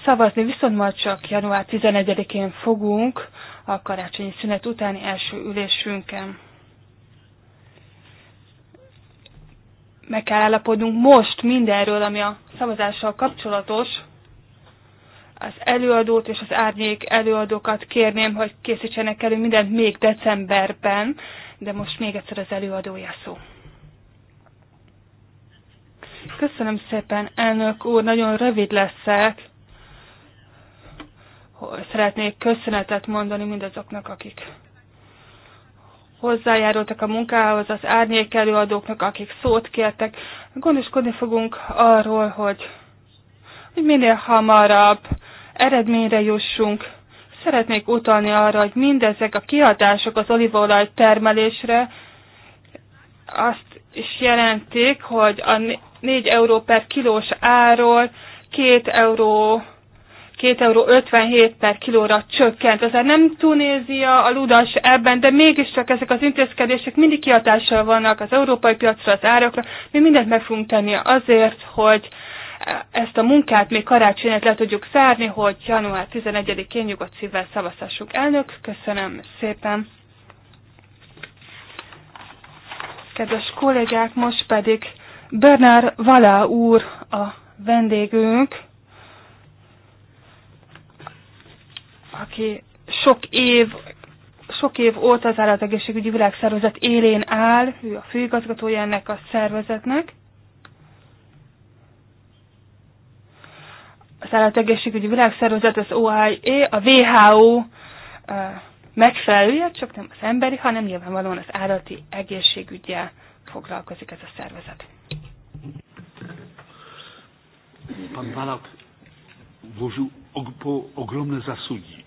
Szavazni viszont majd csak január 11-én fogunk a karácsonyi szünet utáni első ülésünkön. Meg kell állapodnunk most mindenről, ami a szavazással kapcsolatos. Az előadót és az árnyék előadókat kérném, hogy készítsenek elő mindent még decemberben, de most még egyszer az előadója szó. Köszönöm szépen, elnök úr, nagyon rövid leszek szeretnék köszönetet mondani mindazoknak, akik hozzájárultak a munkához, az árnyék előadóknak, akik szót kértek. Gondoskodni fogunk arról, hogy, hogy minél hamarabb eredményre jussunk. Szeretnék utalni arra, hogy mindezek a kiadások az olívaolaj termelésre azt is jelentik, hogy a 4 euró per kilós áról 2 euró 2,57 euró 57 per kilóra csökkent. Ezért nem Tunézia a ludas ebben, de mégiscsak ezek az intézkedések mindig kihatással vannak az európai piacra, az árakra. Mi mindent meg fogunk tenni azért, hogy ezt a munkát még karácsonyát le tudjuk zárni, hogy január 11-én nyugodt szívvel szavazhassuk Elnök, köszönöm szépen! Kedves kollégák, most pedig Bernard Valá úr a vendégünk, aki sok év, sok év óta az Állategészségügyi Világszervezet élén áll, ő a főigazgatója ennek a szervezetnek. Az Állategészségügyi Világszervezet, az OIE, a WHO megfelelője, csak nem az emberi, hanem nyilvánvalóan az állati egészségügyel foglalkozik ez a szervezet. Pan Balak włożył po ogromne zasługi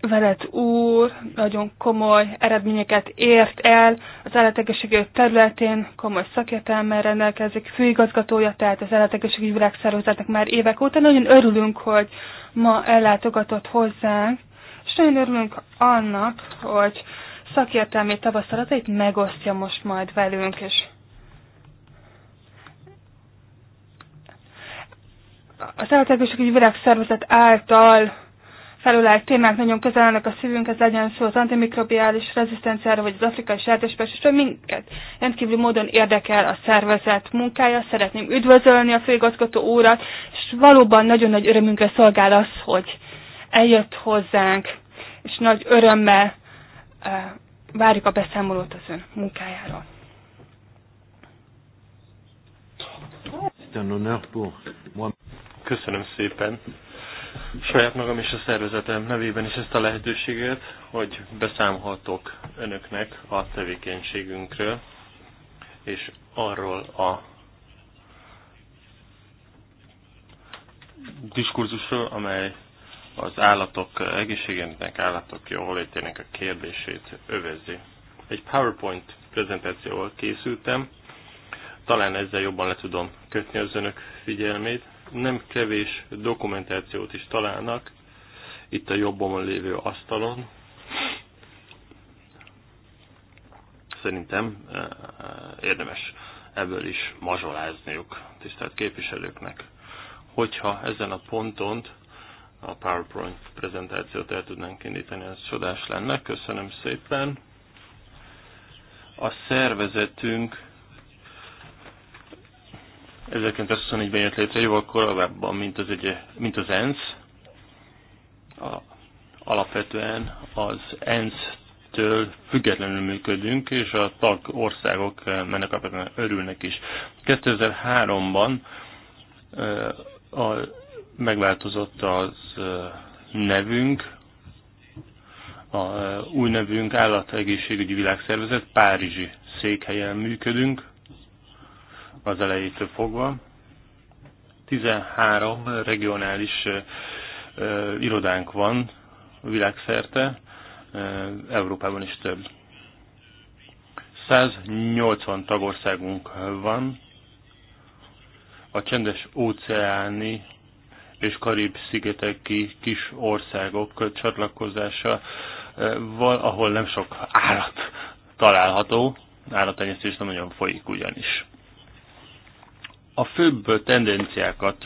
Veled úr nagyon komoly eredményeket ért el, az állategészségügy területén komoly szakértelmmel rendelkezik, főigazgatója, tehát az állategészségügyi világszervezetnek már évek óta. Nagyon örülünk, hogy ma ellátogatott hozzánk, és nagyon örülünk annak, hogy szakértelmi tapasztalatait megosztja most majd velünk, és az állategészségügyi világszervezet által felülállt témák nagyon közel állnak a szívünkhez, legyen szó az antimikrobiális rezisztenciára, vagy az afrikai hogy minket rendkívül módon érdekel a szervezet munkája. Szeretném üdvözölni a főigazgató úrat, és valóban nagyon nagy örömünkre szolgál az, hogy eljött hozzánk, és nagy örömmel várjuk a beszámolót az ön munkájáról. Köszönöm szépen saját magam és a szervezetem nevében is ezt a lehetőséget, hogy beszámolhatok önöknek a tevékenységünkről, és arról a diskurzusról, amely az állatok egészségének, állatok jólétének a kérdését övezi. Egy PowerPoint prezentációval készültem, talán ezzel jobban le tudom kötni az önök figyelmét, nem kevés dokumentációt is találnak itt a jobbomon lévő asztalon. Szerintem eh, eh, érdemes ebből is mazsolázniuk tisztelt képviselőknek. Hogyha ezen a ponton a PowerPoint prezentációt el tudnánk indítani, az csodás lenne. Köszönöm szépen. A szervezetünk 1924-ben jött létre, akkor korábban, mint az, egy, mint az ENSZ. A, alapvetően az ENSZ-től függetlenül működünk, és a tag országok eh, mennek alapvetően örülnek is. 2003-ban eh, megváltozott az eh, nevünk, a új nevünk Állategészségügyi Világszervezet, Párizsi székhelyen működünk, az elejétől fogva. 13 regionális irodánk van világszerte, Európában is több. 180 tagországunk van, a csendes óceáni és Karib-szigeteki kis országok csatlakozása, ahol nem sok állat található, állatenyésztés nem nagyon folyik ugyanis. A főbb tendenciákat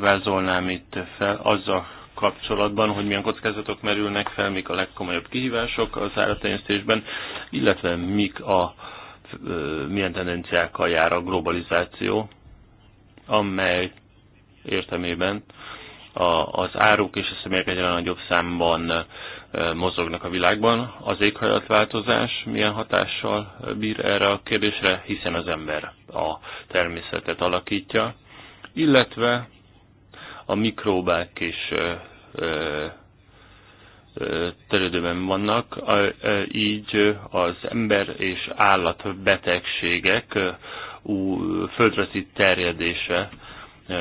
vázolnám itt fel azzal kapcsolatban, hogy milyen kockázatok merülnek fel, mik a legkomolyabb kihívások az állattenyésztésben, illetve mik a, milyen tendenciákkal jár a globalizáció, amely értelmében a, az áruk és a személyek egyre nagyobb számban mozognak a világban. Az éghajlatváltozás milyen hatással bír erre a kérdésre, hiszen az ember a természetet alakítja, illetve a mikróbák is terüldőben vannak, így az ember és állat betegségek földrajzi terjedése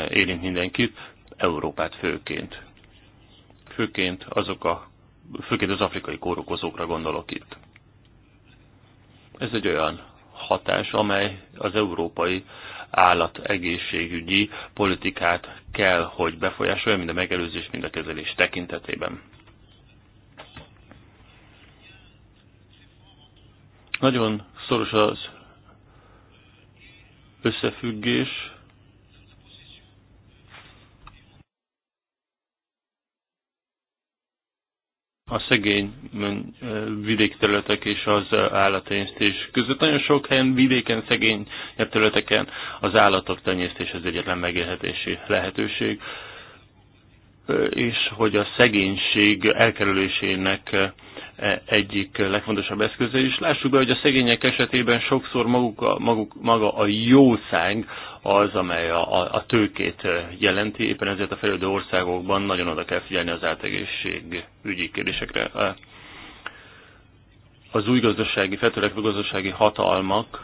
érint mindenkit, Európát főként. Főként azok a főként az afrikai kórokozókra gondolok itt. Ez egy olyan hatás, amely az európai állategészségügyi politikát kell, hogy befolyásolja, mind a megelőzés, mind a kezelés tekintetében. Nagyon szoros az összefüggés a szegény vidékterületek és az állattenyésztés között. Nagyon sok helyen, vidéken, szegény területeken az állatok tenyésztés az egyetlen megélhetési lehetőség, és hogy a szegénység elkerülésének E, egyik legfontosabb eszköze is. Lássuk be, hogy a szegények esetében sokszor maguk, maguk, maga a jószág az, amely a, a, a tőkét e, jelenti, éppen ezért a fejlődő országokban nagyon oda kell figyelni az ügyi kérdésekre. E, az új gazdasági, feltörekvő gazdasági hatalmakként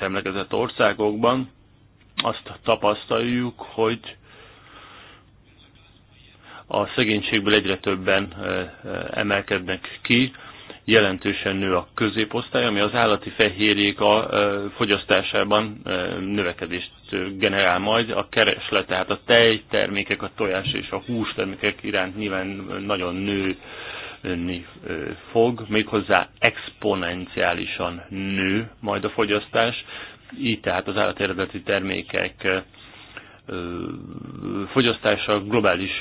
emlekezett országokban azt tapasztaljuk, hogy a szegénységből egyre többen emelkednek ki, jelentősen nő a középosztály, ami az állati fehérjék a fogyasztásában növekedést generál majd. A kereslet, tehát a tejtermékek, a tojás és a hústermékek iránt nyilván nagyon nő nőni fog, méghozzá exponenciálisan nő majd a fogyasztás, így tehát az állateredeti termékek fogyasztása globális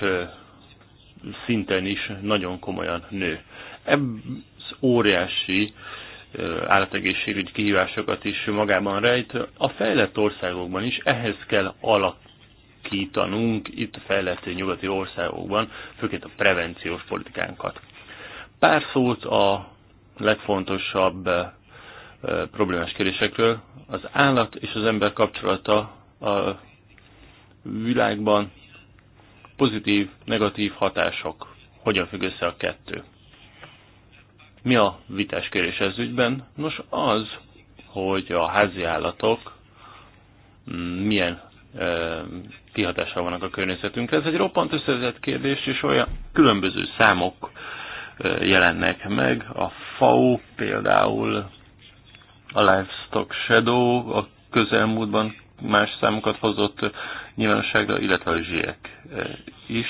szinten is nagyon komolyan nő. Ez óriási állategészségügyi kihívásokat is magában rejt. A fejlett országokban is ehhez kell alakítanunk itt a fejlett nyugati országokban, főként a prevenciós politikánkat. Pár szót a legfontosabb problémás kérdésekről. Az állat és az ember kapcsolata a világban pozitív, negatív hatások. Hogyan függ össze a kettő? Mi a vitás kérés ez ügyben? Nos, az, hogy a házi állatok mm, milyen e, kihatással vannak a környezetünkre. Ez egy roppant összezett kérdés, és olyan különböző számok e, jelennek meg. A FAO például a Livestock Shadow a közelmúltban más számokat hozott, nyilvánosságra, illetve a zsiek e, is.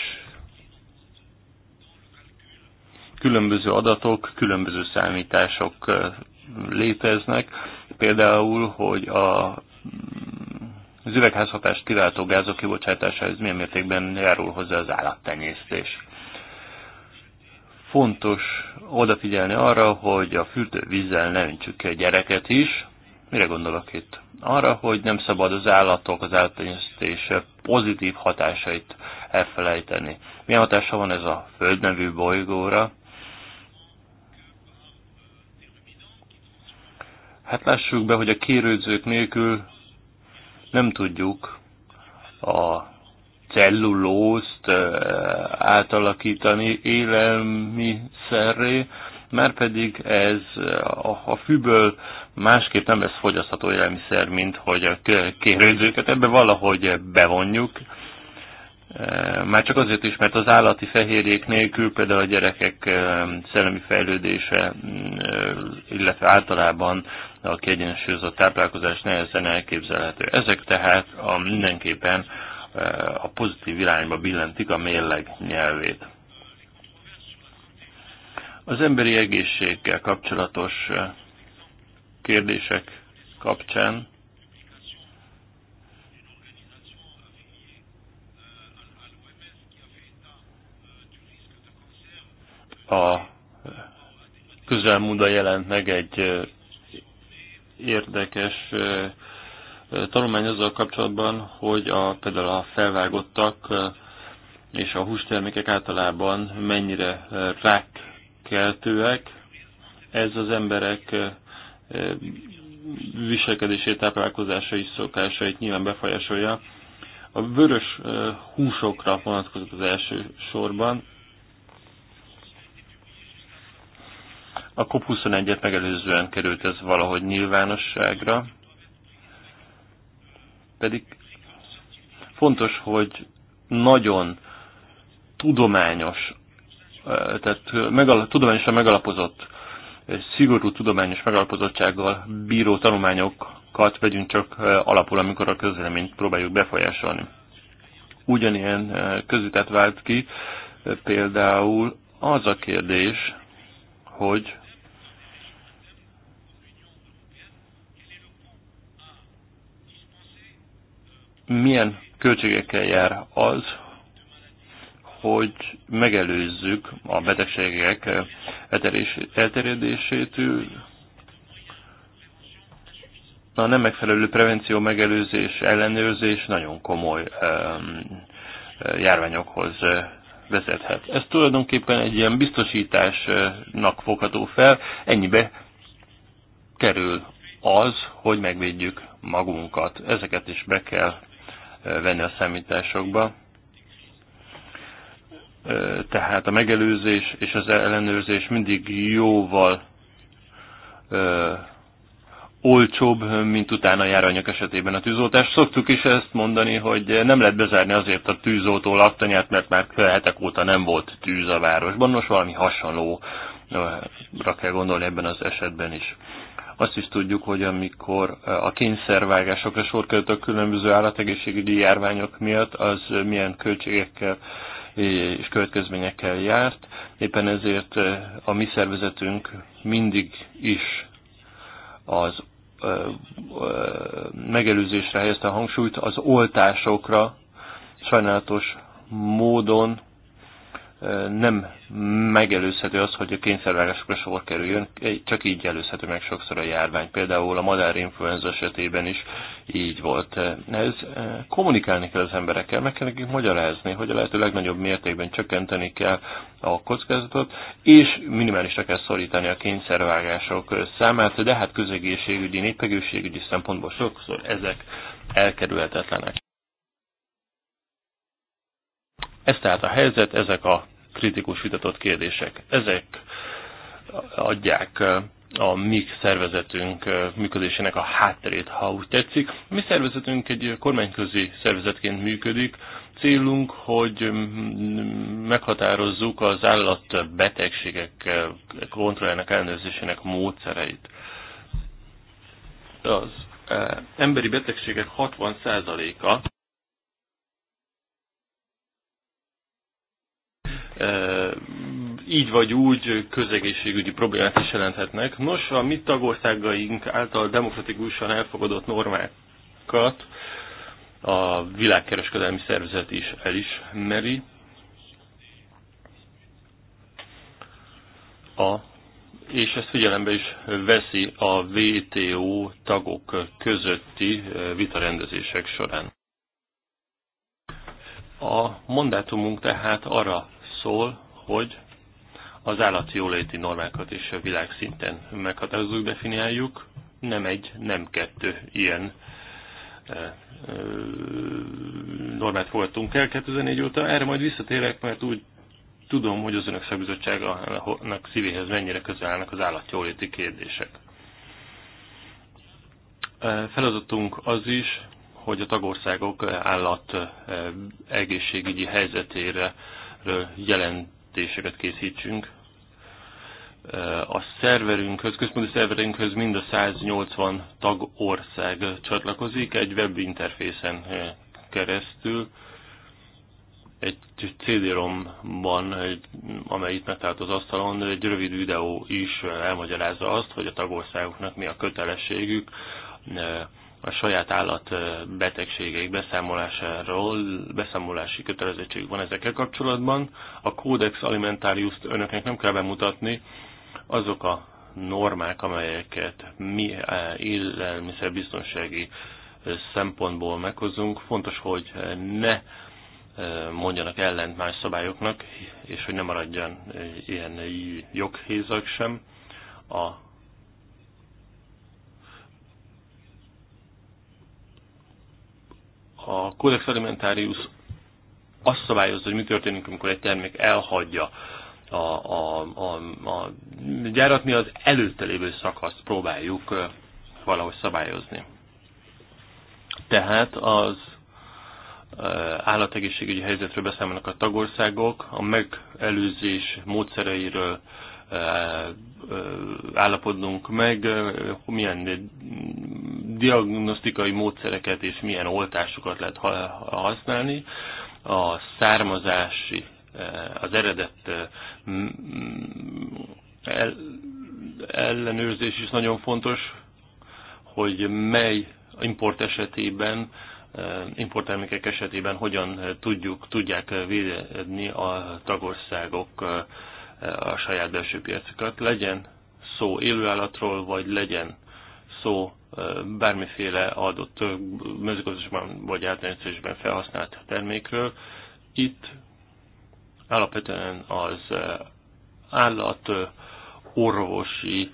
Különböző adatok, különböző számítások e, léteznek, például, hogy a mm, az üvegházhatást kiváltó gázok kibocsátásához milyen mértékben járul hozzá az állattenyésztés. Fontos odafigyelni arra, hogy a fürdővízzel ne öntsük ki a gyereket is, Mire gondolok itt? Arra, hogy nem szabad az állatok, az állattenyésztés pozitív hatásait elfelejteni. Milyen hatása van ez a Föld nevű bolygóra? Hát lássuk be, hogy a kérődzők nélkül nem tudjuk a cellulózt eh, átalakítani élelmiszerré, mert pedig ez a fűből másképp nem lesz fogyasztható élelmiszer, mint hogy a kérődzőket ebbe valahogy bevonjuk. E, már csak azért is, mert az állati fehérjék nélkül például a gyerekek e, szellemi fejlődése, e, illetve általában a kiegyensúlyozott táplálkozás nehezen elképzelhető. Ezek tehát a mindenképpen a pozitív irányba billentik a mérleg nyelvét. Az emberi egészséggel kapcsolatos eh, kérdések kapcsán a közelmúda jelent meg egy eh, érdekes eh, tanulmány azzal kapcsolatban, hogy a, például a felvágottak és a hústermékek általában mennyire rák keltőek, ez az emberek viselkedését, táplálkozásai szokásait nyilván befolyásolja. A vörös húsokra vonatkozik az első sorban. A COP21-et megelőzően került ez valahogy nyilvánosságra, pedig fontos, hogy nagyon tudományos tehát megal, tudományosan megalapozott, szigorú tudományos megalapozottsággal bíró tanulmányokat vegyünk csak alapul, amikor a közleményt próbáljuk befolyásolni. Ugyanilyen közített vált ki például az a kérdés, hogy milyen költségekkel jár az, hogy megelőzzük a betegségek elterjedését. A nem megfelelő prevenció, megelőzés, ellenőrzés nagyon komoly járványokhoz vezethet. Ez tulajdonképpen egy ilyen biztosításnak fogható fel, ennyibe kerül az, hogy megvédjük magunkat. Ezeket is be kell venni a számításokba tehát a megelőzés és az ellenőrzés mindig jóval ö, olcsóbb, mint utána járanyag esetében a tűzoltás. Szoktuk is ezt mondani, hogy nem lehet bezárni azért a tűzoltó laktanyát, mert már hetek óta nem volt tűz a városban. Most valami hasonlóra kell gondolni ebben az esetben is. Azt is tudjuk, hogy amikor a kényszervágásokra sor került a különböző állategészségügyi járványok miatt, az milyen költségekkel és következményekkel járt. Éppen ezért eh, a mi szervezetünk mindig is az eh, eh, megelőzésre helyezte a hangsúlyt, az oltásokra sajnálatos módon nem megelőzhető az, hogy a kényszervágásokra sor kerüljön, csak így előzhető meg sokszor a járvány. Például a madárinfluenza esetében is így volt. Ez kommunikálni kell az emberekkel, meg kell nekik magyarázni, hogy a lehető legnagyobb mértékben csökkenteni kell a kockázatot, és minimálisra kell szorítani a kényszervágások számát, de hát közegészségügyi, népegészségügyi szempontból sokszor ezek elkerülhetetlenek. Ez tehát a helyzet, ezek a kritikus vitatott kérdések. Ezek adják a mi szervezetünk működésének a hátterét, ha úgy tetszik. Mi szervezetünk egy kormányközi szervezetként működik. Célunk, hogy meghatározzuk az állat betegségek kontrolljának ellenőrzésének módszereit. Az emberi betegségek 60%-a így vagy úgy közegészségügyi problémát is jelenthetnek. Nos, a mi tagországaink által demokratikusan elfogadott normákat a világkereskedelmi szervezet is elismeri. A, és ezt figyelembe is veszi a WTO tagok közötti vitarendezések során. A mandátumunk tehát arra szól, hogy az állati jóléti normákat is a világszinten meghatározzuk, definiáljuk. Nem egy, nem kettő ilyen eh, eh, normát fogadtunk el 2004 óta. Erre majd visszatérek, mert úgy tudom, hogy az önök szakbizottságának szívéhez mennyire közel állnak az állatjóléti kérdések. Eh, feladatunk az is, hogy a tagországok állat egészségügyi helyzetére ezekről jelentéseket készítsünk. A szerverünkhöz, központi szerverünkhöz mind a 180 tagország csatlakozik egy webinterfészen keresztül, egy CD-romban, amely itt megtalált az asztalon, egy rövid videó is elmagyarázza azt, hogy a tagországoknak mi a kötelességük, a saját állat betegségeik beszámolásáról, beszámolási kötelezettség van ezekkel kapcsolatban. A Codex alimentarius önöknek nem kell bemutatni, azok a normák, amelyeket mi élelmiszerbiztonsági szempontból meghozunk, fontos, hogy ne mondjanak ellent más szabályoknak, és hogy ne maradjon ilyen joghézak sem. A A Codex Alimentarius azt szabályozza, hogy mi történik, amikor egy termék elhagyja a, a, a, a gyárat, mi az előtte lévő szakaszt próbáljuk valahogy szabályozni. Tehát az állategészségügyi helyzetről beszámolnak a tagországok, a megelőzés módszereiről állapodnunk meg, milyen diagnosztikai módszereket és milyen oltásokat lehet használni. A származási, az eredet ellenőrzés is nagyon fontos, hogy mely import esetében importtermékek esetében hogyan tudjuk, tudják védeni a tagországok a saját belső piacokat. Legyen szó élőállatról, vagy legyen szó bármiféle adott mezőgazdaságban vagy általánosítésben felhasznált termékről. Itt alapvetően az állat orvosi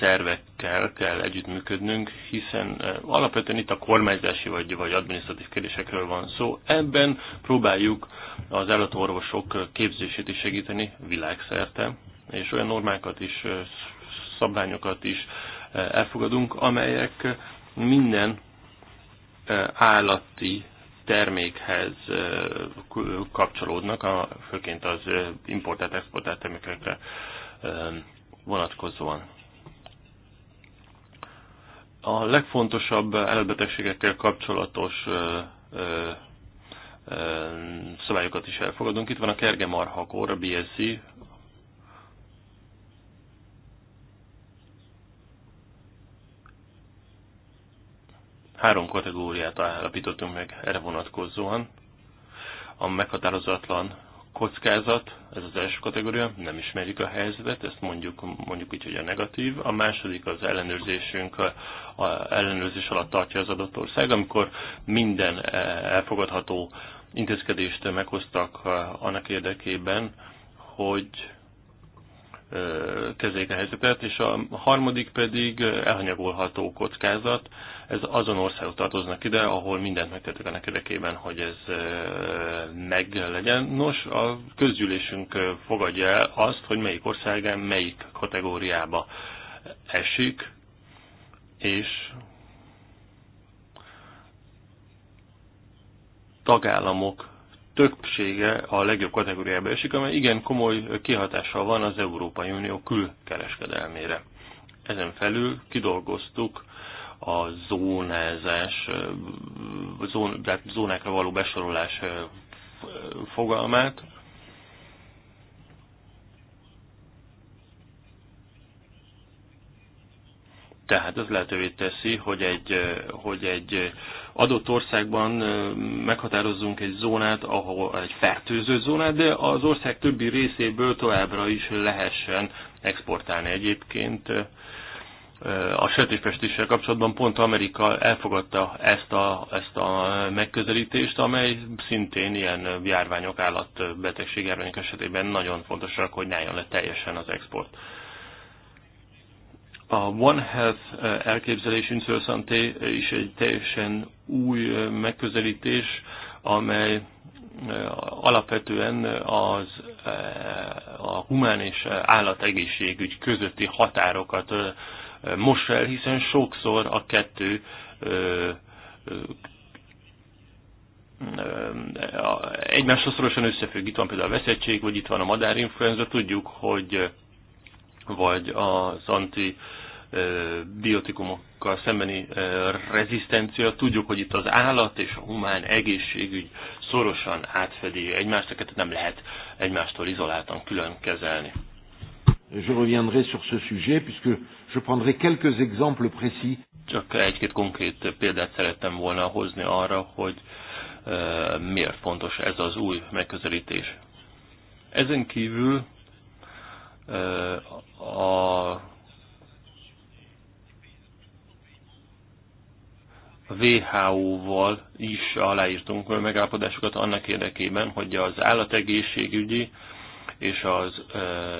szervekkel kell együttműködnünk, hiszen eh, alapvetően itt a kormányzási vagy, vagy adminisztratív kérdésekről van szó. Ebben próbáljuk az állatorvosok képzését is segíteni világszerte, és olyan normákat is, eh, szabványokat is eh, elfogadunk, amelyek minden állati termékhez kapcsolódnak, főként az importált-exportált termékekre vonatkozóan a legfontosabb elbetegségekkel kapcsolatos szabályokat is elfogadunk. Itt van a kergemarhakor, a BSC. Három kategóriát állapítottunk meg erre vonatkozóan. A meghatározatlan kockázat, ez az első kategória, nem ismerjük a helyzetet, ezt mondjuk, mondjuk így, hogy a negatív. A második az ellenőrzésünk, a, a ellenőrzés alatt tartja az adott ország, amikor minden e, elfogadható intézkedést meghoztak e, annak érdekében, hogy e, kezeljék a helyzetet, és a harmadik pedig elhanyagolható kockázat, ez azon országok tartoznak ide, ahol mindent megtettek a érdekében, hogy ez meg legyen. Nos, a közgyűlésünk fogadja el azt, hogy melyik országán, melyik kategóriába esik, és tagállamok többsége a legjobb kategóriába esik, amely igen komoly kihatással van az Európai Unió külkereskedelmére. Ezen felül kidolgoztuk a zónázás, zón, tehát zónákra való besorolás fogalmát. Tehát ez lehetővé teszi, hogy egy, hogy egy adott országban meghatározzunk egy zónát, ahol egy fertőző zónát, de az ország többi részéből továbbra is lehessen exportálni egyébként a sertésfestéssel kapcsolatban pont Amerika elfogadta ezt a, ezt a megközelítést, amely szintén ilyen járványok, állatbetegség járványok esetében nagyon fontosak, hogy ne álljon le teljesen az export. A One Health eh, elképzelés Insursanté is egy teljesen új eh, megközelítés, amely eh, alapvetően az a humán és állategészségügy közötti határokat most el, hiszen sokszor a kettő egymáshoz szorosan összefügg. Itt van például a veszettség, vagy itt van a madárinfluenza, tudjuk, hogy vagy az anti biotikumokkal szembeni rezisztencia. Tudjuk, hogy itt az állat és a humán egészségügy szorosan átfedi egymást, tehát nem lehet egymástól izoláltan külön kezelni. Je reviendrai sur ce sujet, puisque Je prendrai quelques exemples précis. Csak egy-két konkrét példát szerettem volna hozni arra, hogy e, miért fontos ez az új megközelítés. Ezen kívül e, a WHO-val is aláírtunk megállapodásokat annak érdekében, hogy az állategészségügyi és az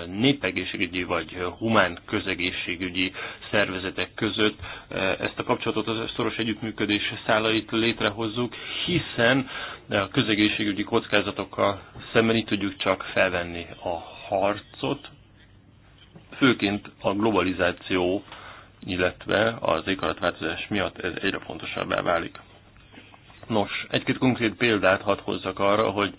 népegészségügyi vagy humán közegészségügyi szervezetek között ezt a kapcsolatot az szoros együttműködés szálait létrehozzuk, hiszen a közegészségügyi kockázatokkal szemben itt tudjuk csak felvenni a harcot, főként a globalizáció, illetve az éghajlatváltozás miatt ez egyre fontosabbá válik. Nos, egy-két konkrét példát hadd hozzak arra, hogy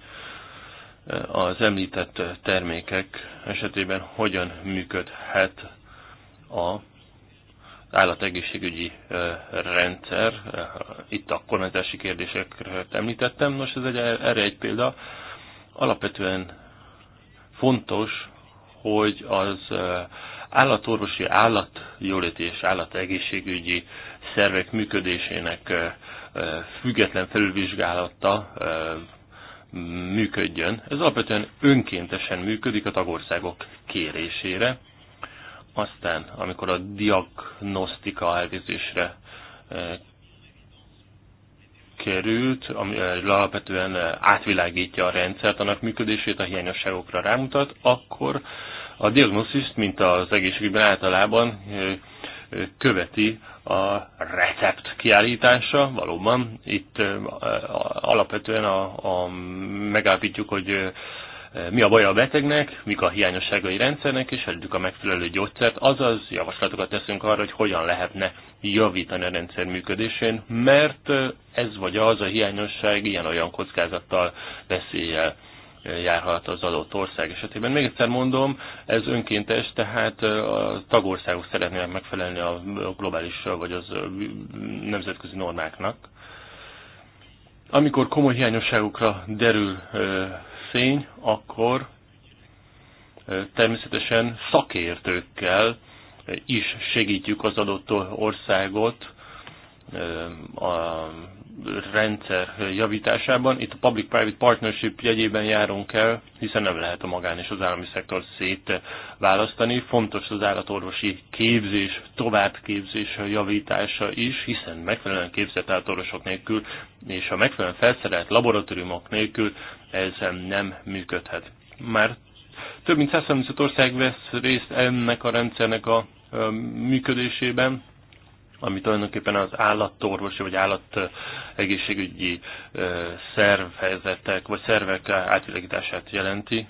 az említett termékek esetében hogyan működhet a állategészségügyi rendszer. Itt a kormányzási kérdéseket említettem. Nos, ez egy, erre egy példa. Alapvetően fontos, hogy az állatorvosi, állatjóléti és állategészségügyi szervek működésének független felülvizsgálata működjön. Ez alapvetően önkéntesen működik a tagországok kérésére. Aztán, amikor a diagnosztika elvégzésre e, került, ami e, alapvetően e, átvilágítja a rendszert, annak működését, a hiányosságokra rámutat, akkor a diagnosziszt, mint az egészségügyben általában követi a recept kiállítása, valóban itt alapvetően a, a megállapítjuk, hogy mi a baj a betegnek, mik a hiányosságai rendszernek, és adjuk a megfelelő gyógyszert, azaz javaslatokat teszünk arra, hogy hogyan lehetne javítani a rendszer működésén, mert ez vagy az a hiányosság ilyen-olyan kockázattal, veszéllyel járhat az adott ország esetében. Még egyszer mondom, ez önkéntes, tehát a tagországok szeretnének megfelelni a globális vagy az nemzetközi normáknak. Amikor komoly hiányosságokra derül fény, akkor természetesen szakértőkkel is segítjük az adott országot, a rendszer javításában. Itt a public-private partnership jegyében járunk el, hiszen nem lehet a magán és az állami szektor választani. Fontos az állatorvosi képzés, továbbképzés javítása is, hiszen megfelelően képzett állatorvosok nélkül és a megfelelően felszerelt laboratóriumok nélkül ez nem működhet. Már több mint 135 ország vesz részt ennek a rendszernek a működésében, ami tulajdonképpen az állattorvosi vagy állategészségügyi szervezetek vagy szervek átvilágítását jelenti,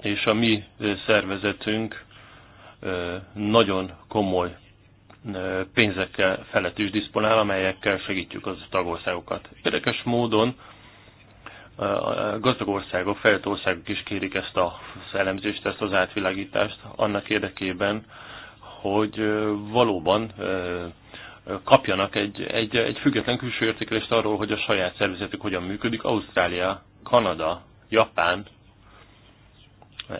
és a mi szervezetünk nagyon komoly pénzekkel felett is diszponál, amelyekkel segítjük az tagországokat. Érdekes módon a gazdag országok, fejlett országok is kérik ezt az elemzést, ezt az átvilágítást annak érdekében, hogy valóban kapjanak egy, egy, egy független külső értékelést arról, hogy a saját szervezetük hogyan működik. Ausztrália, Kanada, Japán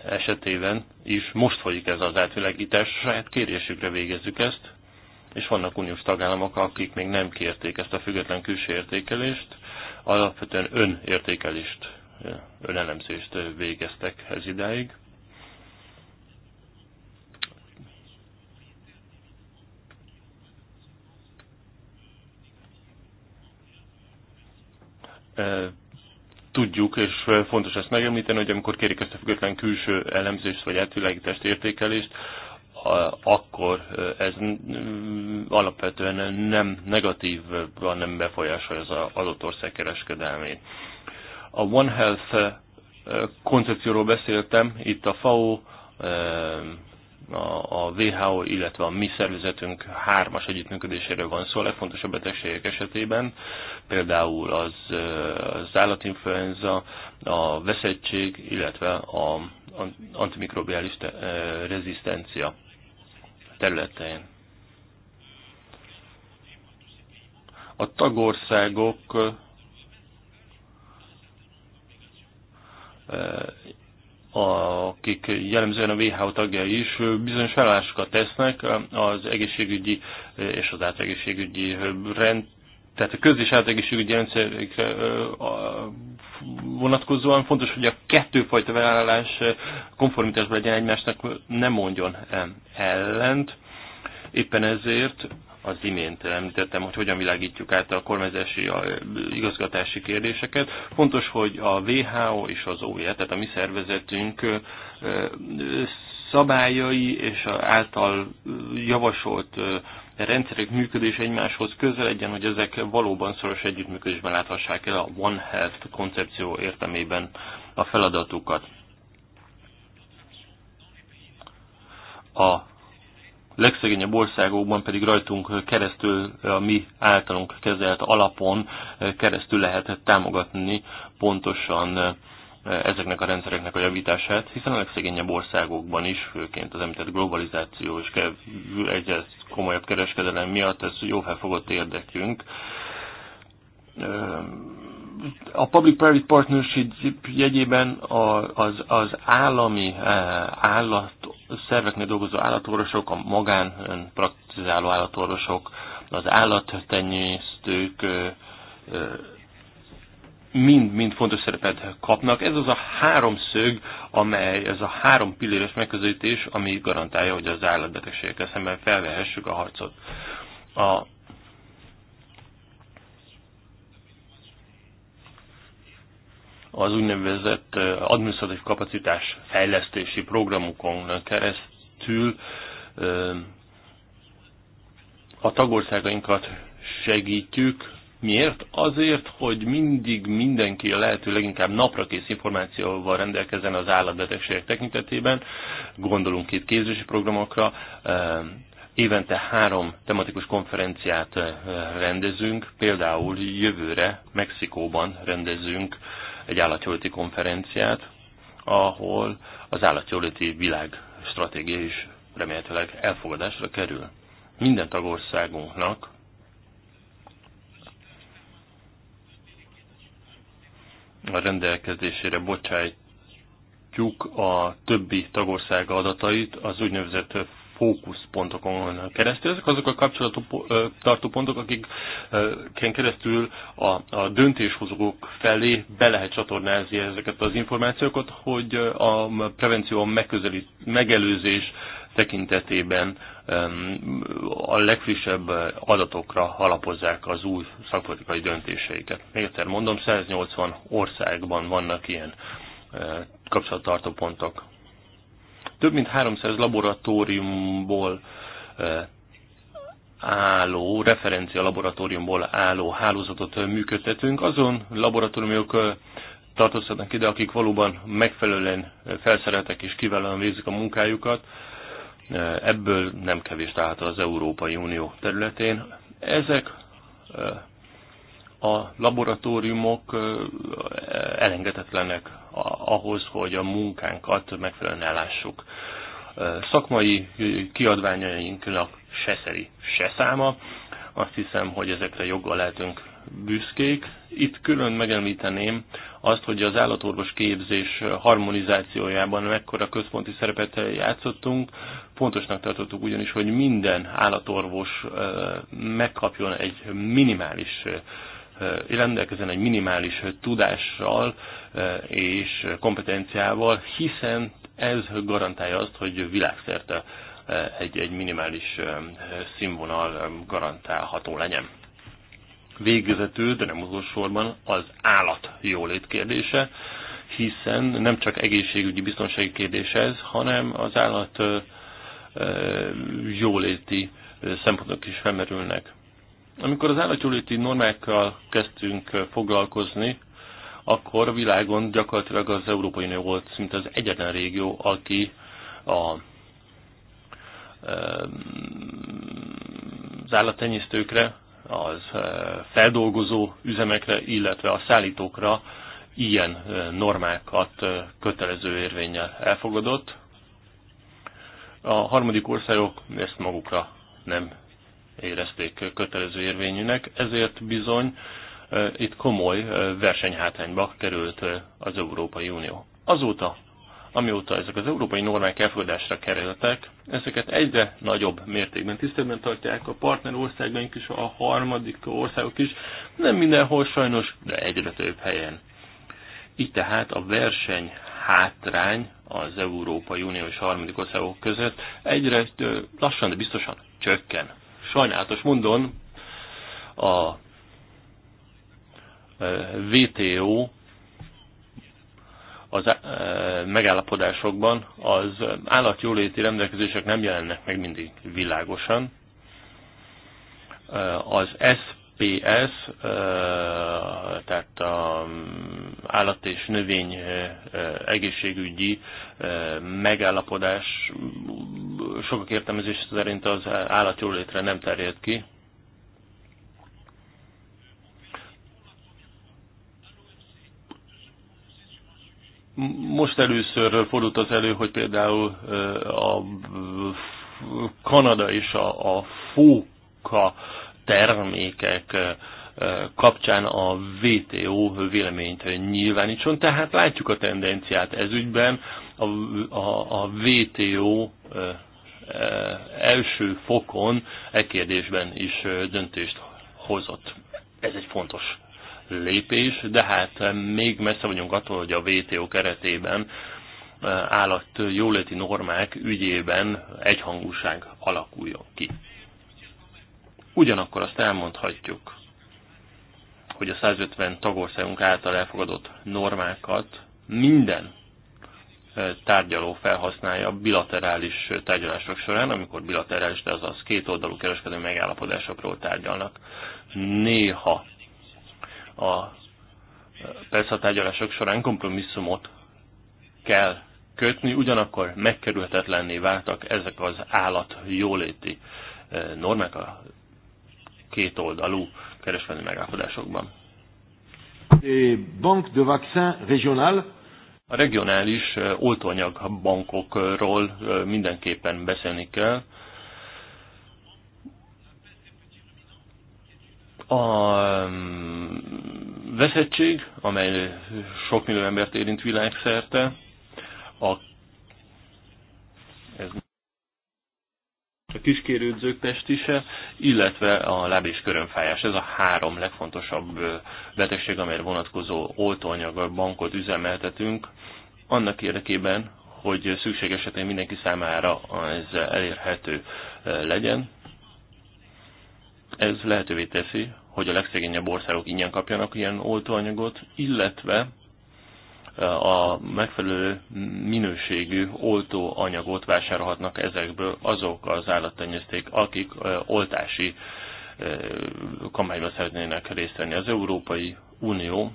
esetében is most folyik ez az átvilágítás, saját kérésükre végezzük ezt, és vannak uniós tagállamok, akik még nem kérték ezt a független külső értékelést, alapvetően önértékelést, önelemzést végeztek ez idáig. tudjuk, és fontos ezt megemlíteni, hogy amikor kérik ezt a független külső elemzést vagy átvilágítást, értékelést, akkor ez alapvetően nem negatív, hanem befolyásolja az adott ország kereskedelmét. A One Health koncepcióról beszéltem, itt a FAO a WHO, illetve a mi szervezetünk hármas együttműködéséről van szó a legfontosabb betegségek esetében, például az, az állatinfluenza, a veszettség, illetve a antimikrobiális te, rezisztencia területein. A tagországok akik jellemzően a WHO tagja is, bizonyos felállásokat tesznek az egészségügyi és az átegészségügyi rend, tehát a közös átegészségügyi rendszerekre vonatkozóan fontos, hogy a kettőfajta felállás konformitásban legyen egymásnak, nem mondjon ellent. Éppen ezért az imént említettem, hogy hogyan világítjuk át a kormányzási, a igazgatási kérdéseket. Fontos, hogy a WHO és az OE, tehát a mi szervezetünk szabályai és által javasolt rendszerek működés egymáshoz közel legyen, hogy ezek valóban szoros együttműködésben láthassák el a One Health koncepció értelmében a feladatukat. A legszegényebb országokban pedig rajtunk keresztül, a mi általunk kezelt alapon eh, keresztül lehet támogatni pontosan eh, ezeknek a rendszereknek a javítását, hiszen a legszegényebb országokban is, főként az említett globalizáció és egyes komolyabb kereskedelem miatt, ez jó felfogott érdekünk a public-private partnership jegyében az, az állami eh, állat szerveknél dolgozó állatorvosok, a magán praktizáló állatorvosok, az állattenyésztők eh, eh, mind-mind fontos szerepet kapnak. Ez az a háromszög, amely, ez a három pilléres megközelítés, ami garantálja, hogy az állatbetegségekkel szemben felvehessük a harcot. A az úgynevezett administratív kapacitás fejlesztési programokon keresztül a tagországainkat segítjük. Miért? Azért, hogy mindig mindenki a lehető leginkább naprakész információval rendelkezzen az állatbetegségek tekintetében. Gondolunk itt képzési programokra, évente három tematikus konferenciát rendezünk, például jövőre Mexikóban rendezünk egy állatjóléti konferenciát, ahol az állatjóléti világ stratégia is remélhetőleg elfogadásra kerül. Minden tagországunknak a rendelkezésére bocsájtjuk a többi tagország adatait az úgynevezett fókuszpontokon keresztül. Ezek azok a tartó pontok, akiken keresztül a, a döntéshozók felé be lehet csatornázni ezeket az információkat, hogy a prevenció, a megközelít, megelőzés tekintetében a legfrissebb adatokra alapozzák az új szakpolitikai döntéseiket. Még egyszer mondom, 180 országban vannak ilyen kapcsolattartó pontok. Több mint 300 laboratóriumból álló, referencia laboratóriumból álló hálózatot működtetünk. Azon laboratóriumok tartozhatnak ide, akik valóban megfelelően felszereltek és kiválóan végzik a munkájukat. Ebből nem kevés található az Európai Unió területén. Ezek a laboratóriumok elengedetlenek ahhoz, hogy a munkánkat megfelelően ellássuk. Szakmai kiadványainknak se szeri, se száma. Azt hiszem, hogy ezekre joggal lehetünk büszkék. Itt külön megemlíteném azt, hogy az állatorvos képzés harmonizációjában mekkora központi szerepet játszottunk. Fontosnak tartottuk ugyanis, hogy minden állatorvos megkapjon egy minimális rendelkezzen egy minimális tudással és kompetenciával, hiszen ez garantálja azt, hogy világszerte egy, egy minimális színvonal garantálható legyen. Végezetül, de nem utolsóban az állat jólét kérdése, hiszen nem csak egészségügyi biztonsági kérdés ez, hanem az állat jóléti szempontok is felmerülnek. Amikor az állatjóléti normákkal kezdtünk foglalkozni, akkor a világon gyakorlatilag az Európai Unió volt szinte az egyetlen régió, aki a az állattenyésztőkre, az feldolgozó üzemekre, illetve a szállítókra ilyen normákat kötelező érvényel elfogadott. A harmadik országok ezt magukra nem érezték kötelező érvényűnek, ezért bizony itt komoly versenyhátrányba került az Európai Unió. Azóta, amióta ezek az európai normák elfogadásra kerültek, ezeket egyre nagyobb mértékben tiszteletben tartják a partner országaink is, a harmadik országok is, nem mindenhol sajnos, de egyre több helyen. Így tehát a verseny hátrány az Európai Unió és harmadik országok között egyre lassan, de biztosan csökken sajnálatos mondon a e, VTO az e, megállapodásokban az állatjóléti rendelkezések nem jelennek meg mindig világosan. E, az PS, tehát a állat és növény egészségügyi megállapodás sokak értelmezés szerint az állatjólétre nem terjed ki. Most először fordult az elő, hogy például a Kanada és a, a fóka termékek kapcsán a WTO véleményt nyilvánítson. Tehát látjuk a tendenciát ezügyben. A, a, a WTO első fokon e kérdésben is döntést hozott. Ez egy fontos lépés, de hát még messze vagyunk attól, hogy a WTO keretében állat jóléti normák ügyében egyhangúság alakuljon ki. Ugyanakkor azt elmondhatjuk, hogy a 150 tagországunk által elfogadott normákat minden tárgyaló felhasználja bilaterális tárgyalások során, amikor bilaterális, de azaz két oldalú kereskedő megállapodásokról tárgyalnak. Néha a persze a tárgyalások során kompromisszumot kell kötni, ugyanakkor megkerülhetetlenné váltak ezek az állat jóléti normák, a két oldalú kereskedelmi megállapodásokban. Bank de Vaccin Régional. A regionális oltóanyag bankokról mindenképpen beszélni kell. A mm, veszettség, amely sok millió embert érint világszerte, a a kiskérődzők testise, illetve a láb és körönfájás. Ez a három legfontosabb betegség, amelyre vonatkozó oltóanyaggal bankot üzemeltetünk, annak érdekében, hogy szükség esetén mindenki számára ez elérhető legyen. Ez lehetővé teszi, hogy a legszegényebb országok ingyen kapjanak ilyen oltóanyagot, illetve a megfelelő minőségű oltóanyagot vásárolhatnak ezekből azok az állattenyészték, akik oltási kampányba szeretnének részt venni. Az Európai Unió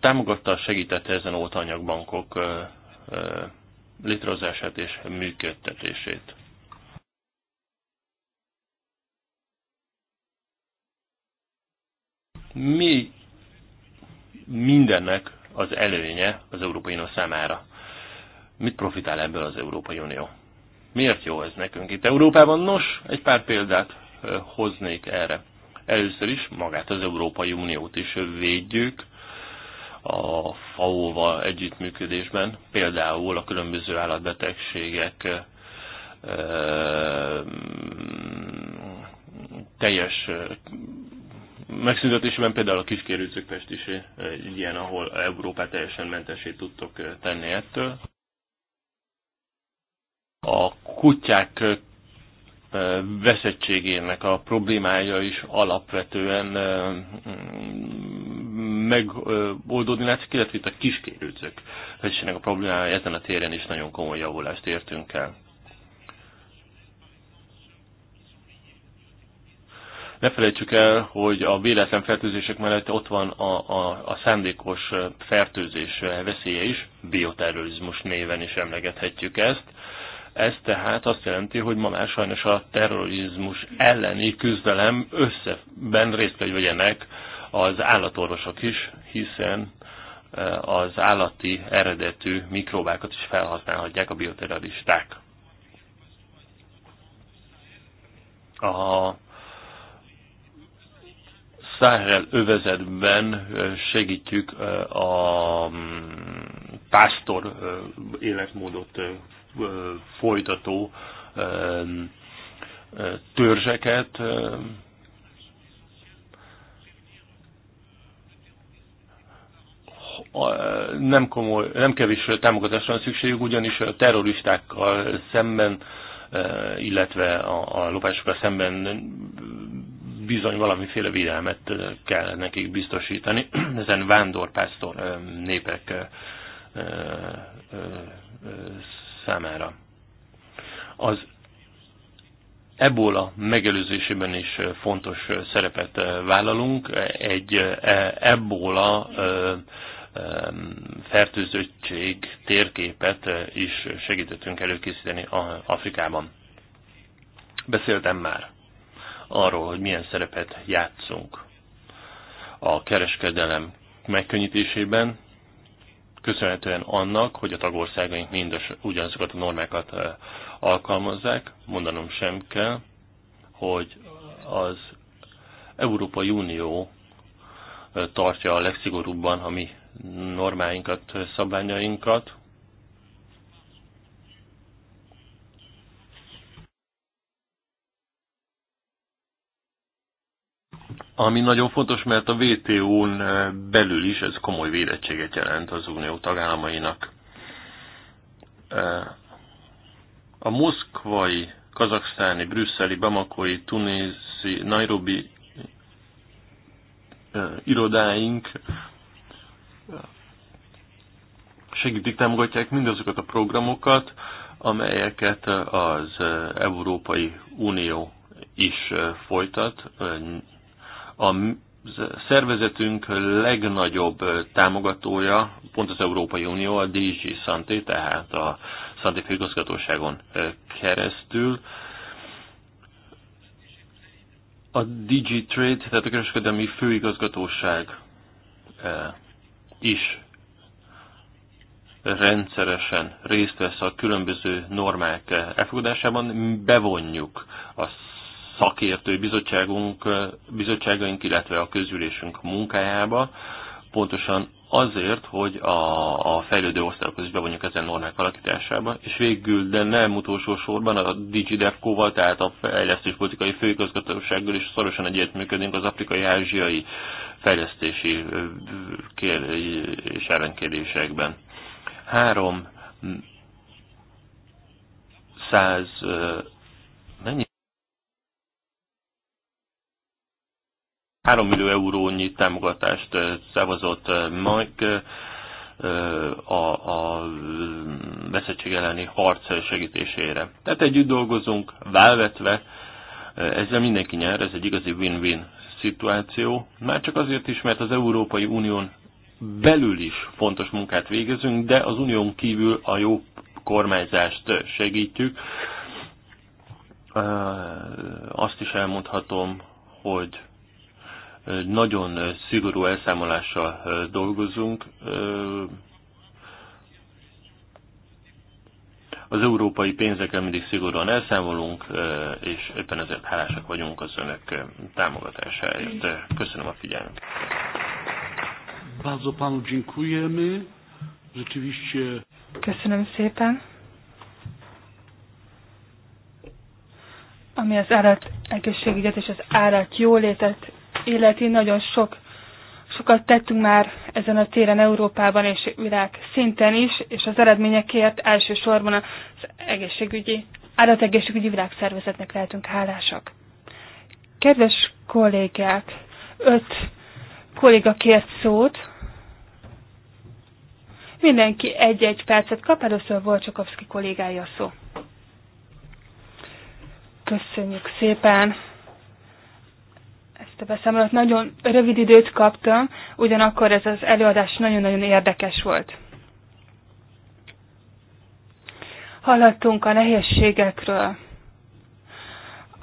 támogatta, segítette ezen oltóanyagbankok létrehozását és működtetését. Mi mindennek az előnye az Európai Unió számára. Mit profitál ebből az Európai Unió? Miért jó ez nekünk itt Európában? Nos, egy pár példát hoznék erre. Először is magát az Európai Uniót is védjük a FAO-val együttműködésben, például a különböző állatbetegségek teljes megszüntetésében például a kiskérőzőkpest is eh, egy ilyen, ahol Európát teljesen mentesét tudtok eh, tenni ettől. A kutyák eh, veszettségének a problémája is alapvetően mm, megoldódni látszik, illetve itt a kiskérőcök veszettségének a problémája ezen a téren is nagyon komoly javulást értünk el. Ne felejtsük el, hogy a véletlen fertőzések mellett ott van a, a, a szándékos fertőzés veszélye is, bioterrorizmus néven is emlegethetjük ezt. Ez tehát azt jelenti, hogy ma már sajnos a terrorizmus elleni küzdelem összeben részt vegyenek az állatorvosok is, hiszen e, az állati eredetű mikrobákat is felhasználhatják a bioterroristák. A Száhel övezetben segítjük a pásztor életmódot folytató törzseket, nem, komoly, nem kevés támogatásra van szükségük, ugyanis a terroristákkal szemben, illetve a, a lopásokkal szemben bizony valamiféle védelmet kell nekik biztosítani. Ezen vándorpásztor népek számára. Az ebola megelőzésében is fontos szerepet vállalunk. Egy e, ebola fertőzöttség térképet is segítettünk előkészíteni Afrikában. Beszéltem már arról, hogy milyen szerepet játszunk a kereskedelem megkönnyítésében, köszönhetően annak, hogy a tagországaink mind ugyanazokat a normákat eh, alkalmazzák, mondanom sem kell, hogy az Európai Unió eh, tartja a legszigorúbban a mi normáinkat, eh, szabványainkat, Ami nagyon fontos, mert a WTO-n belül is ez komoly védettséget jelent az unió tagállamainak. A moszkvai, kazaksztáni, brüsszeli, bamakói, tunézi, nairobi irodáink segítik, támogatják mindazokat a programokat, amelyeket az Európai Unió is folytat a szervezetünk legnagyobb támogatója, pont az Európai Unió, a DG Santé, tehát a Santé Főigazgatóságon keresztül. A DG Trade, tehát a kereskedelmi főigazgatóság is rendszeresen részt vesz a különböző normák elfogadásában, bevonjuk a szakértői bizottságunk, bizottságaink, illetve a közülésünk munkájába, pontosan azért, hogy a, a fejlődő osztályokhoz is bevonjuk ezen normák alakításába, és végül, de nem utolsó sorban a DigiDevco-val, tehát a fejlesztés politikai főigazgatósággal is szorosan együttműködünk az afrikai-ázsiai fejlesztési és ellenkérdésekben. Három száz mennyi? 3 millió eurónyi támogatást szavazott Mike a, a veszettség elleni harc segítésére. Tehát együtt dolgozunk, válvetve, ezzel mindenki nyer, ez egy igazi win-win szituáció, már csak azért is, mert az Európai Unión belül is fontos munkát végezünk, de az unión kívül a jó kormányzást segítjük. Azt is elmondhatom, hogy nagyon szigorú elszámolással dolgozunk. Az európai pénzekkel mindig szigorúan elszámolunk, és éppen ezért hálásak vagyunk az önök támogatásáért. Köszönöm a figyelmet. Köszönöm szépen. Ami az állat egészségügyet és az állat jólétet életén nagyon sok, sokat tettünk már ezen a téren Európában és világ szinten is, és az eredményekért elsősorban az egészségügyi, állategészségügyi világszervezetnek lehetünk hálásak. Kedves kollégák, öt kolléga kért szót, Mindenki egy-egy percet kap, először Volcsokovszki kollégája szó. Köszönjük szépen! ezt a beszámolót. Nagyon rövid időt kaptam, ugyanakkor ez az előadás nagyon-nagyon érdekes volt. Hallottunk a nehézségekről,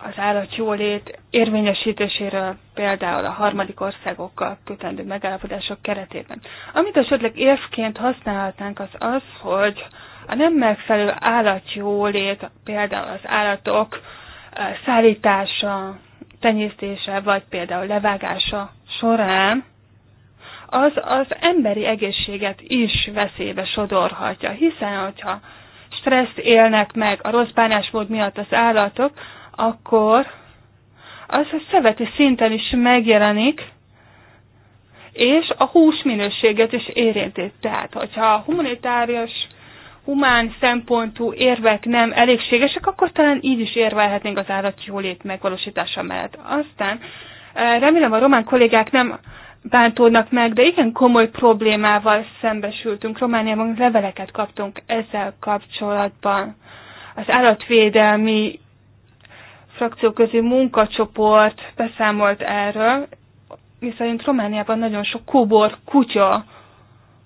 az állatjólét érvényesítéséről, például a harmadik országokkal kötendő megállapodások keretében. Amit esetleg érvként használhatnánk az az, hogy a nem megfelelő állatjólét, például az állatok eh, szállítása, tenyésztése, vagy például levágása során, az az emberi egészséget is veszélybe sodorhatja, hiszen hogyha stresszt élnek meg a rossz bánásmód miatt az állatok, akkor az a szöveti szinten is megjelenik, és a hús minőséget is érinti. Tehát, hogyha a humanitárius humán szempontú érvek nem elégségesek, akkor talán így is érvelhetnénk az jólét megvalósítása mellett. Aztán eh, remélem a román kollégák nem bántódnak meg, de igen komoly problémával szembesültünk. Romániában leveleket kaptunk ezzel kapcsolatban. Az állatvédelmi frakcióközi munkacsoport beszámolt erről, miszerint Romániában nagyon sok kóbor kutya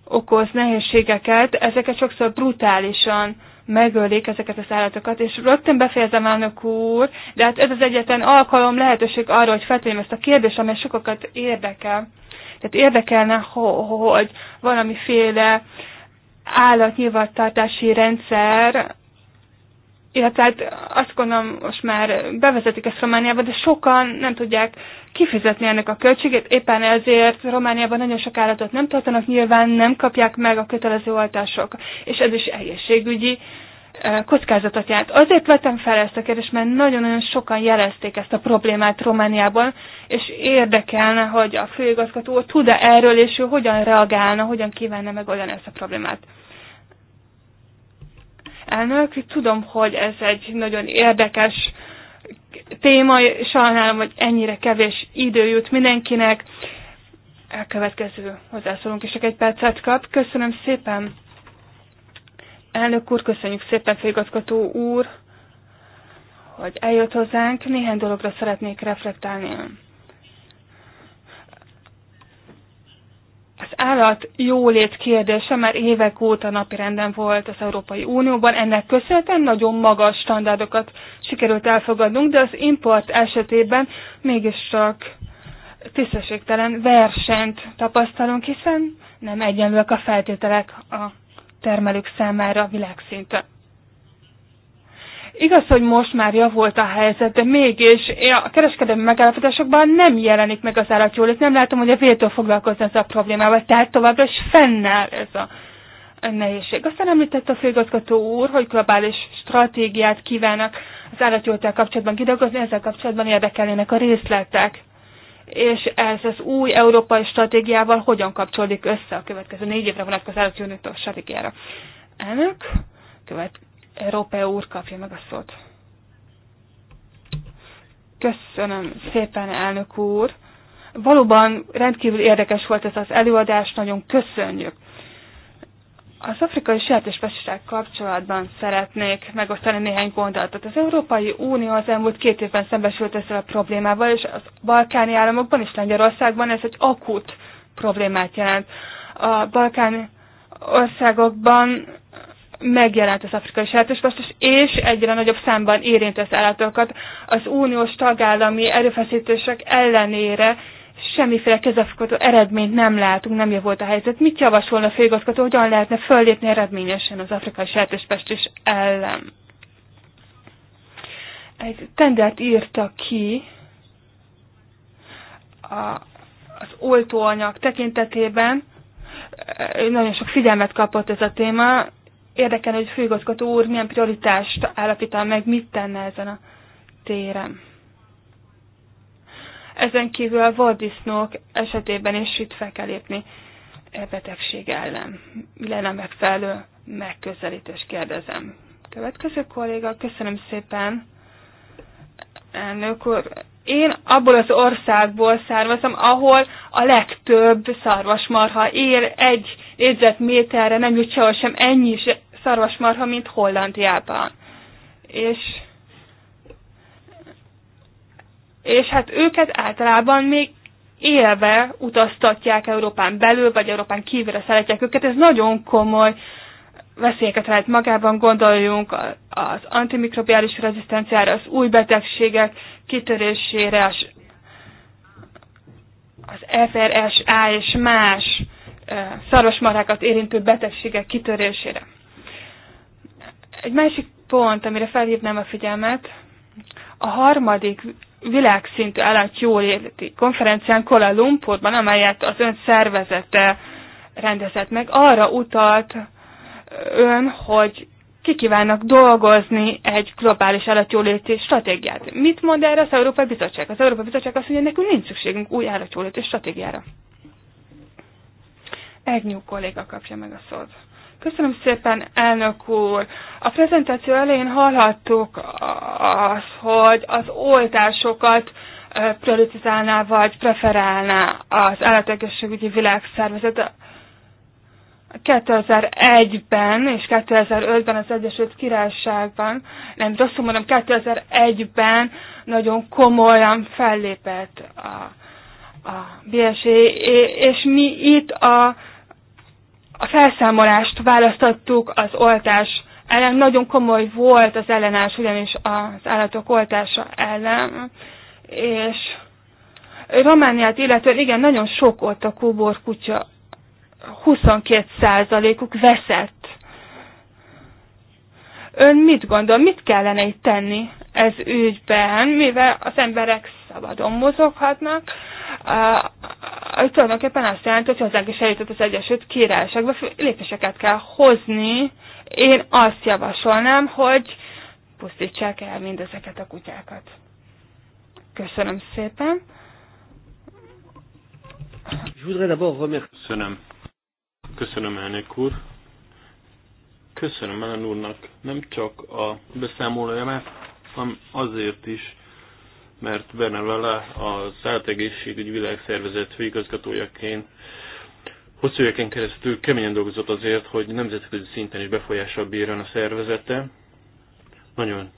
okoz nehézségeket, ezeket sokszor brutálisan megölik ezeket az állatokat, és rögtön befejezem, elnök úr, de hát ez az egyetlen alkalom, lehetőség arra, hogy feltegyem ezt a kérdést, amely sokakat érdekel. Tehát érdekelne, hogy valamiféle állatnyilvattartási rendszer illetve hát azt gondolom, most már bevezetik ezt Romániába, de sokan nem tudják kifizetni ennek a költségét, éppen ezért Romániában nagyon sok állatot nem tartanak, nyilván nem kapják meg a kötelező oltások, és ez is egészségügyi eh, kockázatot jelent. Azért vettem fel ezt a kérdést, mert nagyon-nagyon sokan jelezték ezt a problémát Romániában, és érdekelne, hogy a főigazgató tud-e erről, és ő hogyan reagálna, hogyan kívánna megoldani ezt a problémát elnök. Tudom, hogy ez egy nagyon érdekes téma, sajnálom, hogy ennyire kevés idő jut mindenkinek. Elkövetkező hozzászólunk is csak egy percet kap. Köszönöm szépen. Elnök úr, köszönjük szépen, főigazgató úr, hogy eljött hozzánk. Néhány dologra szeretnék reflektálni. Az állat jólét kérdése már évek óta napirenden volt az Európai Unióban, ennek köszönhetően nagyon magas standardokat sikerült elfogadnunk, de az import esetében mégiscsak tisztességtelen versenyt tapasztalunk, hiszen nem egyenlőek a feltételek a termelők számára világszinten. Igaz, hogy most már javult a helyzet, de mégis a kereskedelmi megállapodásokban nem jelenik meg az állatjólét. Nem látom, hogy a vétől foglalkozni ez a problémával, tehát továbbra is fennáll ez a nehézség. Aztán említett a főigazgató úr, hogy globális stratégiát kívánnak az állatjóltal kapcsolatban kidolgozni, ezzel kapcsolatban érdekelnének a részletek. És ez az új európai stratégiával hogyan kapcsolódik össze a következő négy évre vonatkozó állatjóltal stratégiára? Elnök, követ, Európa úr kapja meg a szót. Köszönöm szépen, elnök úr. Valóban rendkívül érdekes volt ez az előadás, nagyon köszönjük. Az afrikai sertésfesták kapcsolatban szeretnék megosztani néhány gondolatot. Az Európai Unió az elmúlt két évben szembesült ezzel a problémával, és az balkáni államokban és Lengyelországban ez egy akut problémát jelent. A balkáni országokban megjelent az afrikai sertéspasszos, és egyre nagyobb számban érint az állatokat. Az uniós tagállami erőfeszítések ellenére semmiféle kezefogható eredményt nem látunk, nem javult a helyzet. Mit javasolna a főigazgató, hogyan lehetne föllépni eredményesen az afrikai sertéspestis ellen? Egy tendert írta ki a, az oltóanyag tekintetében, nagyon sok figyelmet kapott ez a téma, érdekelne, hogy főigazgató úr milyen prioritást állapítan meg, mit tenne ezen a téren. Ezen kívül a vaddisznók esetében is itt fel kell lépni e betegség ellen. Mi lenne megfelelő megközelítés, kérdezem. Következő kolléga, köszönöm szépen, elnök úr. Én abból az országból származom, ahol a legtöbb szarvasmarha ér egy négyzetméterre, nem jut sehol sem ennyi szarvasmarha, mint Hollandiában. És, és hát őket általában még élve utaztatják Európán belül, vagy Európán kívülre szeretják őket. Ez nagyon komoly veszélyeket lehet magában, gondoljunk az antimikrobiális rezisztenciára, az új betegségek kitörésére, az FRSA és más szarvasmarhákat érintő betegségek kitörésére. Egy másik pont, amire felhívnám a figyelmet, a harmadik világszintű állat jóléti konferencián Kuala Lumpurban, amelyet az ön szervezete rendezett meg, arra utalt ön, hogy ki kívánnak dolgozni egy globális állatjóléti stratégiát. Mit mond erre az Európai Bizottság? Az Európai Bizottság azt mondja, hogy nekünk nincs szükségünk új állatjóléti stratégiára. Egnyú kolléga kapja meg a szót. Köszönöm szépen, elnök úr! A prezentáció elején hallhattuk az, hogy az oltásokat prioritizálná vagy preferálná az állategészségügyi világszervezet. 2001-ben és 2005-ben az Egyesült Királyságban, nem rosszul mondom, 2001-ben nagyon komolyan fellépett a, a BSE, és mi itt a a felszámolást választottuk az oltás ellen. Nagyon komoly volt az ellenállás, ugyanis az állatok oltása ellen. És Romániát illetően igen, nagyon sok ott a kóborkutya, 22%-uk veszett. Ön mit gondol, mit kellene itt tenni ez ügyben, mivel az emberek szabadon mozoghatnak, uh, tulajdonképpen azt jelenti, hogy hozzánk is eljutott az Egyesült Királyságba, lépéseket kell hozni. Én azt javasolnám, hogy pusztítsák el mindezeket a kutyákat. Köszönöm szépen. Köszönöm. Köszönöm, elnök úr. Köszönöm Ellen úrnak nem csak a beszámolója, mert hanem azért is, mert Bernard Vele a Száltegészségügyi Világszervezet főigazgatójaként hosszú éveken keresztül keményen dolgozott azért, hogy nemzetközi szinten is befolyással bírjon a szervezete. Nagyon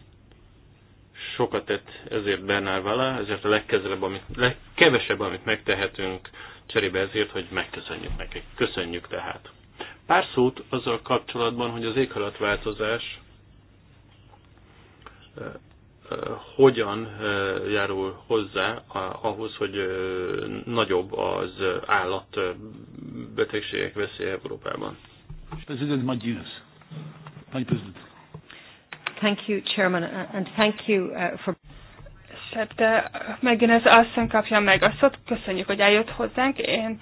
sokat tett ezért Bernard Vele, ezért a amit, legkevesebb, amit megtehetünk cserébe ezért, hogy megköszönjük neki. Köszönjük tehát. Pár szót azzal kapcsolatban, hogy az éghajlatváltozás hogyan járul hozzá ahhoz, hogy nagyobb az állat betegségek veszélye Európában. President Magyinsz. Thank you, Chairman, and thank you uh, for... De megint az asszony kapja meg a szót. Köszönjük, hogy eljött hozzánk. Én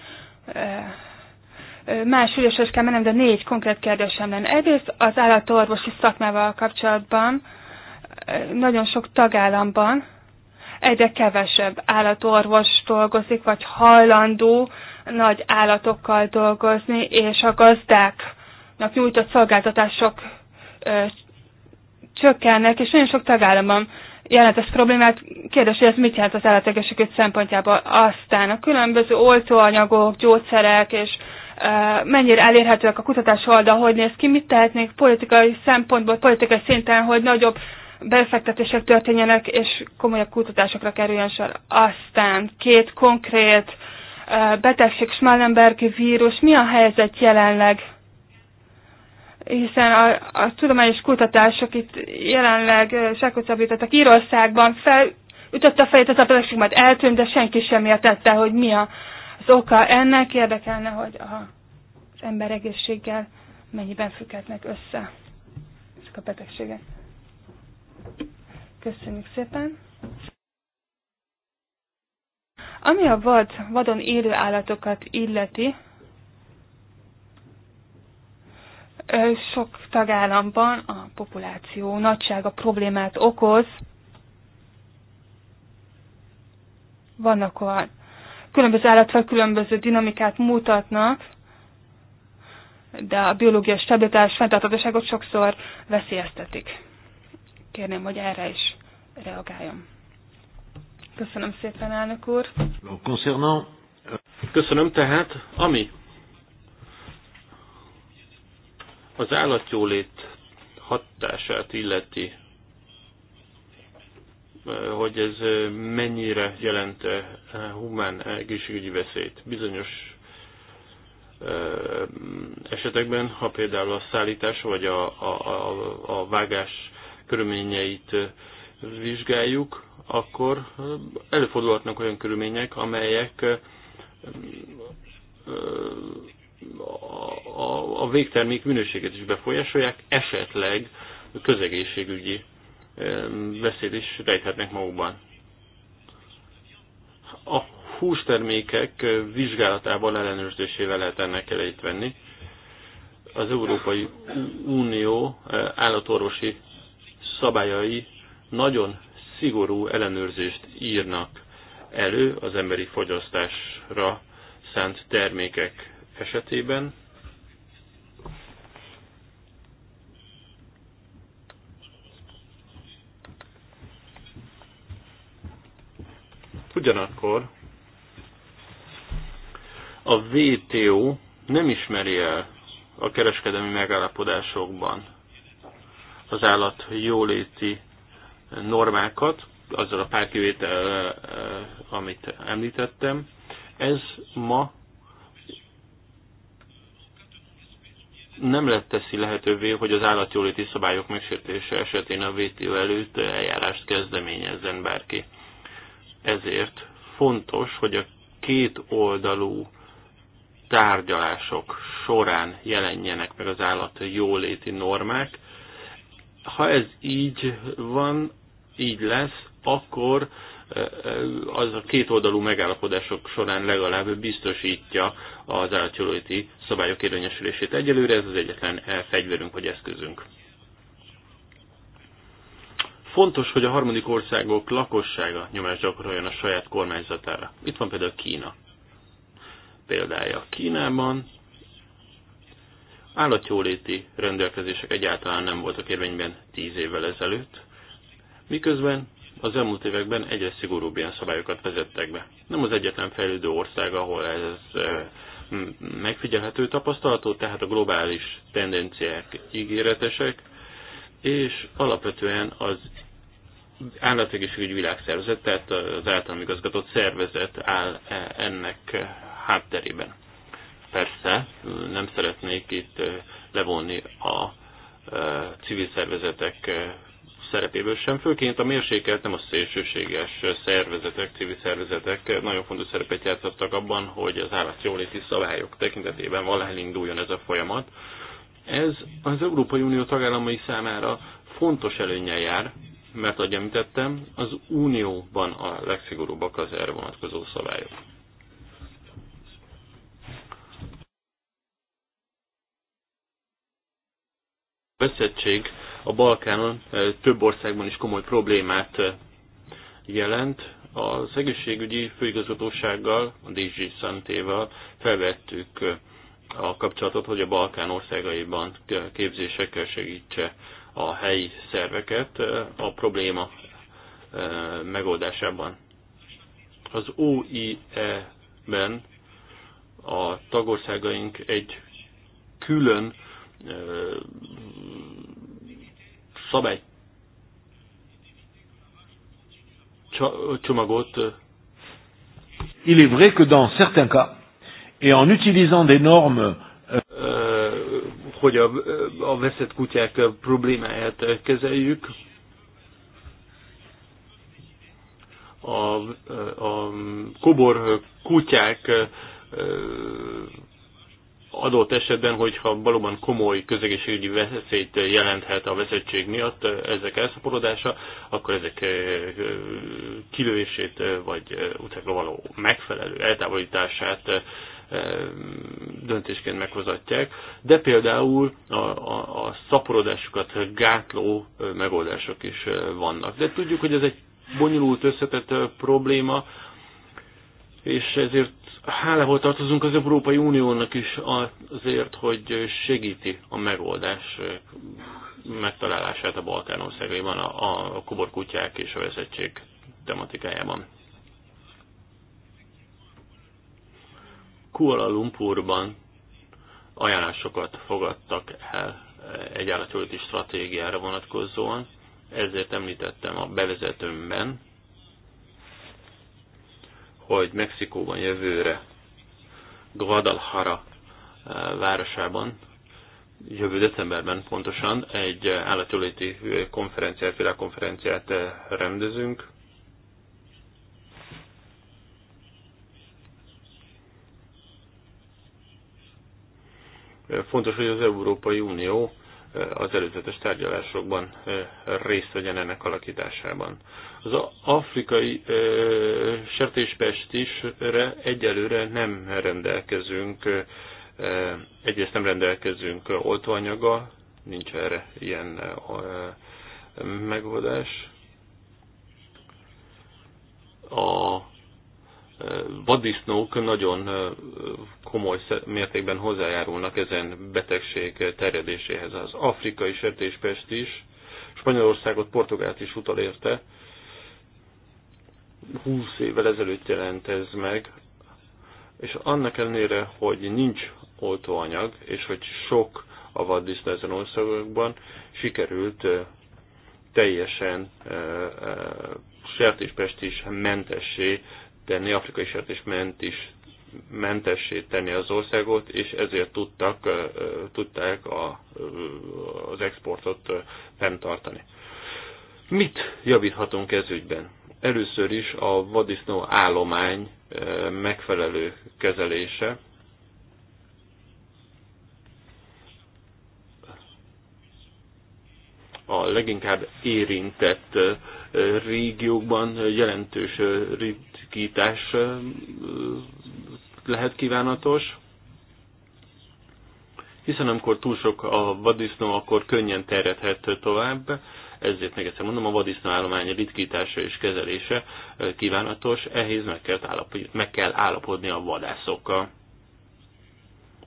más üléses kell mennem, de négy konkrét kérdésem lenne. Egyrészt az állatorvosi szakmával kapcsolatban, nagyon sok tagállamban egyre kevesebb állatorvos dolgozik, vagy hajlandó nagy állatokkal dolgozni, és a gazdáknak nyújtott szolgáltatások ö, csökkennek, és nagyon sok tagállamban jelent ez problémát. Kérdés, hogy ez mit jelent az állategészségügy szempontjából? Aztán a különböző oltóanyagok, gyógyszerek, és ö, mennyire elérhetőek a kutatás oldal, hogy néz ki, mit tehetnék politikai szempontból, politikai szinten, hogy nagyobb befektetések történjenek, és komolyabb kutatásokra kerüljön sor. Aztán két konkrét betegség, Schmallenberg vírus, mi a helyzet jelenleg? hiszen a, a tudományos kutatások itt jelenleg sákocabítottak Írországban, felütött a fejét ez a betegség, majd eltűnt, de senki sem értette, hogy mi a, az oka ennek. Érdekelne, hogy a, az ember egészséggel mennyiben függhetnek össze ezek a betegségek. Köszönjük szépen. Ami a vad, vadon élő állatokat illeti, sok tagállamban a populáció nagysága problémát okoz. Vannak olyan különböző állatfaj különböző dinamikát mutatnak, de a biológiai stabilitás, fenntartatóságot sokszor veszélyeztetik. Kérném, hogy erre is reagáljon. Köszönöm szépen, elnök úr. Euh, Köszönöm tehát, ami az állatjólét hatását illeti, hogy ez mennyire jelent humán egészségügyi veszélyt. Bizonyos esetekben, ha például a szállítás vagy a, a, a, a vágás körülményeit vizsgáljuk, akkor előfordulhatnak olyan körülmények, amelyek a, végtermék minőségét is befolyásolják, esetleg közegészségügyi veszélyt is rejthetnek magukban. A hústermékek vizsgálatával, ellenőrzésével lehet ennek elejét venni. Az Európai Unió állatorvosi szabályai nagyon szigorú ellenőrzést írnak elő az emberi fogyasztásra szánt termékek esetében. Ugyanakkor a WTO nem ismeri el a kereskedelmi megállapodásokban az állat jóléti normákat, azzal a pár kivétel, eh, amit említettem. Ez ma nem lett teszi lehetővé, hogy az állatjóléti szabályok megsértése esetén a VTO előtt eljárást kezdeményezzen bárki. Ezért fontos, hogy a két oldalú tárgyalások során jelenjenek meg az állat jóléti normák. Ha ez így van, így lesz, akkor az a kétoldalú megállapodások során legalább biztosítja az állatjóléti szabályok érvényesülését. Egyelőre ez az egyetlen fegyverünk vagy eszközünk. Fontos, hogy a harmadik országok lakossága nyomást gyakoroljon a saját kormányzatára. Itt van például Kína példája. Kínában állatjóléti rendelkezések egyáltalán nem voltak érvényben tíz évvel ezelőtt, Miközben az elmúlt években egyre szigorúbb ilyen szabályokat vezettek be. Nem az egyetlen fejlődő ország, ahol ez megfigyelhető tapasztalatú, tehát a globális tendenciák ígéretesek, és alapvetően az Állategészségügyi Világszervezet, tehát az általam igazgatott szervezet áll e, ennek hátterében. Persze, nem szeretnék itt levonni a civil szervezetek szerepéből sem, főként a mérsékelt, nem a szélsőséges szervezetek, civil szervezetek nagyon fontos szerepet játszottak abban, hogy az jóléti szabályok tekintetében valahol induljon ez a folyamat. Ez az Európai Unió tagállamai számára fontos előnyel jár, mert ahogy említettem, az Unióban a legszigorúbbak az erre vonatkozó szabályok. veszettség a Balkánon több országban is komoly problémát jelent. Az egészségügyi főigazgatósággal, a DG Szentével felvettük a kapcsolatot, hogy a Balkán országaiban képzésekkel segítse a helyi szerveket a probléma megoldásában. Az OIE-ben a tagországaink egy külön szabály csomagot. Il est vrai que dans certains cas, et en utilisant des normes hogy a, a veszett kutyák problémáját kezeljük. A, a kobor kutyák adott esetben, hogyha valóban komoly közegészségügyi veszélyt jelenthet a veszettség miatt ezek elszaporodása, akkor ezek eh, kilőését eh, vagy eh, utána való megfelelő eltávolítását döntésként meghozatják, de például a, a, a szaporodásukat gátló megoldások is vannak. De tudjuk, hogy ez egy bonyolult összetett probléma, és ezért hálával tartozunk az Európai Uniónak is azért, hogy segíti a megoldás megtalálását a Balkánországban a, a kuborkutyák és a veszettség tematikájában. Kuala Lumpurban ajánlásokat fogadtak el egy állatjóléti stratégiára vonatkozóan, ezért említettem a bevezetőmben, hogy Mexikóban jövőre, Guadalajara eh, városában, jövő decemberben pontosan egy eh, állatjóléti eh, konferenciát, világkonferenciát rendezünk. Fontos, hogy az Európai Unió az előzetes tárgyalásokban részt vegyen ennek alakításában. Az afrikai sertéspestisre is egyelőre nem rendelkezünk, egyrészt nem rendelkezünk oltóanyaga, nincs erre ilyen megoldás. A vaddisznók nagyon komoly mértékben hozzájárulnak ezen betegség terjedéséhez. Az afrikai sertéspest is, Spanyolországot, Portugált is utal érte. 20 évvel ezelőtt jelent ez meg, és annak ellenére, hogy nincs oltóanyag, és hogy sok a vaddisznó ezen országokban, sikerült teljesen sertéspest is mentessé tenni, afrikai ment is mentessé tenni az országot, és ezért tudtak, tudták a, az exportot fenntartani. Mit javíthatunk ez ügyben? Először is a vadisznó állomány megfelelő kezelése. A leginkább érintett régiókban jelentős megtisztítás lehet kívánatos, hiszen amikor túl sok a vadisznó, akkor könnyen terjedhet tovább, ezért meg egyszer mondom, a vadisznó állomány ritkítása és kezelése kívánatos, ehhez meg kell, állapodni, meg kell állapodni a vadászokkal.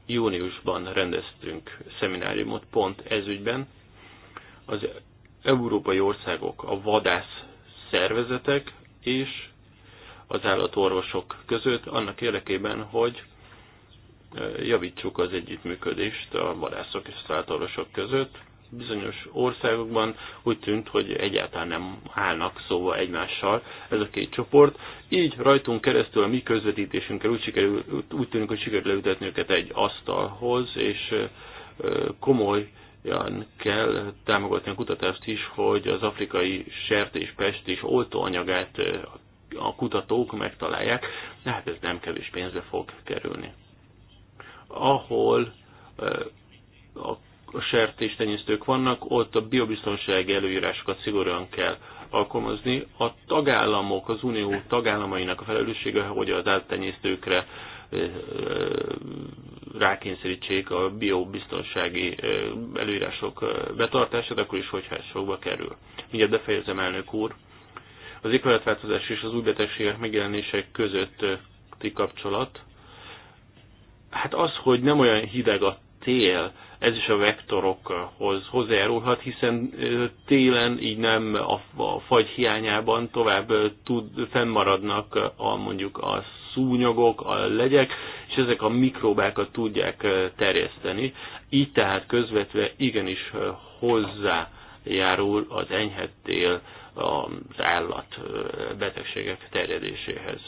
Júniusban rendeztünk szemináriumot pont ezügyben. Az európai országok, a vadász szervezetek és az állatorvosok között, annak érdekében, hogy javítsuk az együttműködést a vadászok és az állatorvosok között. Bizonyos országokban úgy tűnt, hogy egyáltalán nem állnak szóval egymással ez a két csoport. Így rajtunk keresztül a mi közvetítésünkkel úgy, sikerül, úgy tűnik, hogy sikerül leütetni őket egy asztalhoz, és komoly olyan kell támogatni a kutatást is, hogy az afrikai sertéspest és oltóanyagát a kutatók megtalálják, de hát ez nem kevés pénzbe fog kerülni. Ahol a sertéstenyésztők vannak, ott a biobiztonsági előírásokat szigorúan kell alkalmazni. A tagállamok, az unió tagállamainak a felelőssége, hogy az áttenyésztőkre rákényszerítsék a biobiztonsági előírások betartását, akkor is, hogyha ez sokba kerül. Mindjárt befejezem, elnök úr az éghajlatváltozás és az új betegségek megjelenések közötti kapcsolat. Hát az, hogy nem olyan hideg a tél, ez is a vektorokhoz hozzájárulhat, hiszen télen így nem a fagy hiányában tovább tud, fennmaradnak a, mondjuk a szúnyogok, a legyek, és ezek a mikróbákat tudják terjeszteni. Így tehát közvetve igenis hozzá járul az enyhettél az állat betegségek terjedéséhez.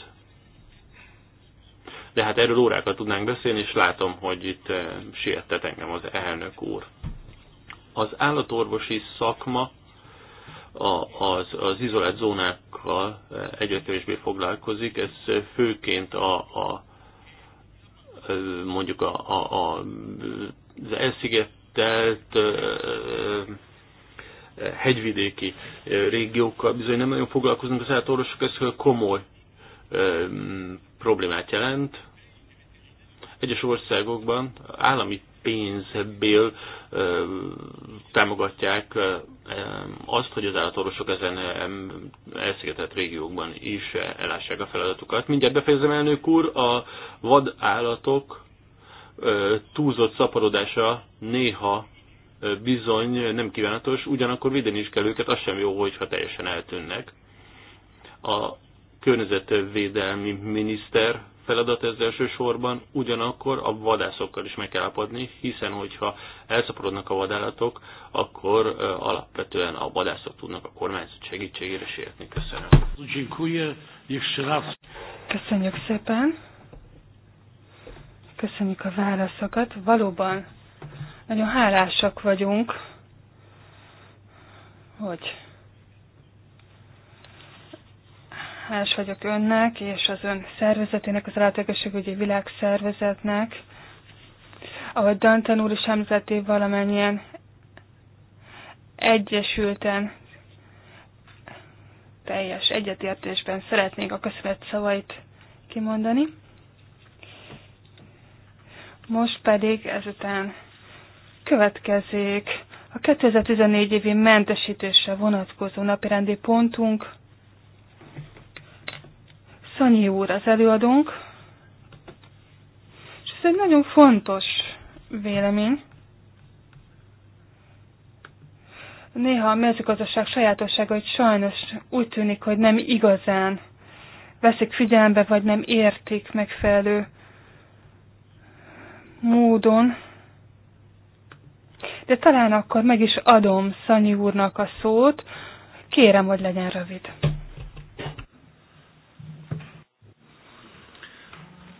De hát erről órákat tudnánk beszélni, és látom, hogy itt siettet engem az elnök úr. Az állatorvosi szakma az, az izolált zónákkal egyre kevésbé foglalkozik, ez főként a, a mondjuk a, a, a, az elszigetelt hegyvidéki régiókkal bizony nem nagyon foglalkozunk az állatorvosok, ez komoly problémát jelent. Egyes országokban állami pénzből támogatják azt, hogy az állatorvosok ezen elszigetelt régiókban is elássák a feladatukat. Mindjárt befejezem, elnök úr, a vadállatok túlzott szaporodása néha bizony nem kívánatos, ugyanakkor védeni is kell őket, az sem jó, hogyha teljesen eltűnnek. A környezetvédelmi miniszter feladat ez elsősorban, ugyanakkor a vadászokkal is meg kell apadni, hiszen hogyha elszaporodnak a vadállatok, akkor alapvetően a vadászok tudnak a kormányzat segítségére sértni. Köszönöm. Köszönjük szépen. Köszönjük a válaszokat. Valóban nagyon hálásak vagyunk, hogy hálás vagyok önnek és az ön szervezetének, az Általánosságügyi Világszervezetnek, ahogy Dantan úr is említették valamennyien egyesülten, teljes egyetértésben szeretnék a köszönet szavait kimondani. Most pedig ezután Következik a 2014 évi mentesítésre vonatkozó napirendi pontunk. Szanyi úr az előadónk, és ez egy nagyon fontos vélemény. Néha a mezőgazdaság sajátossága, hogy sajnos úgy tűnik, hogy nem igazán veszik figyelembe, vagy nem értik megfelelő módon de talán akkor meg is adom Szanyi úrnak a szót. Kérem, hogy legyen rövid.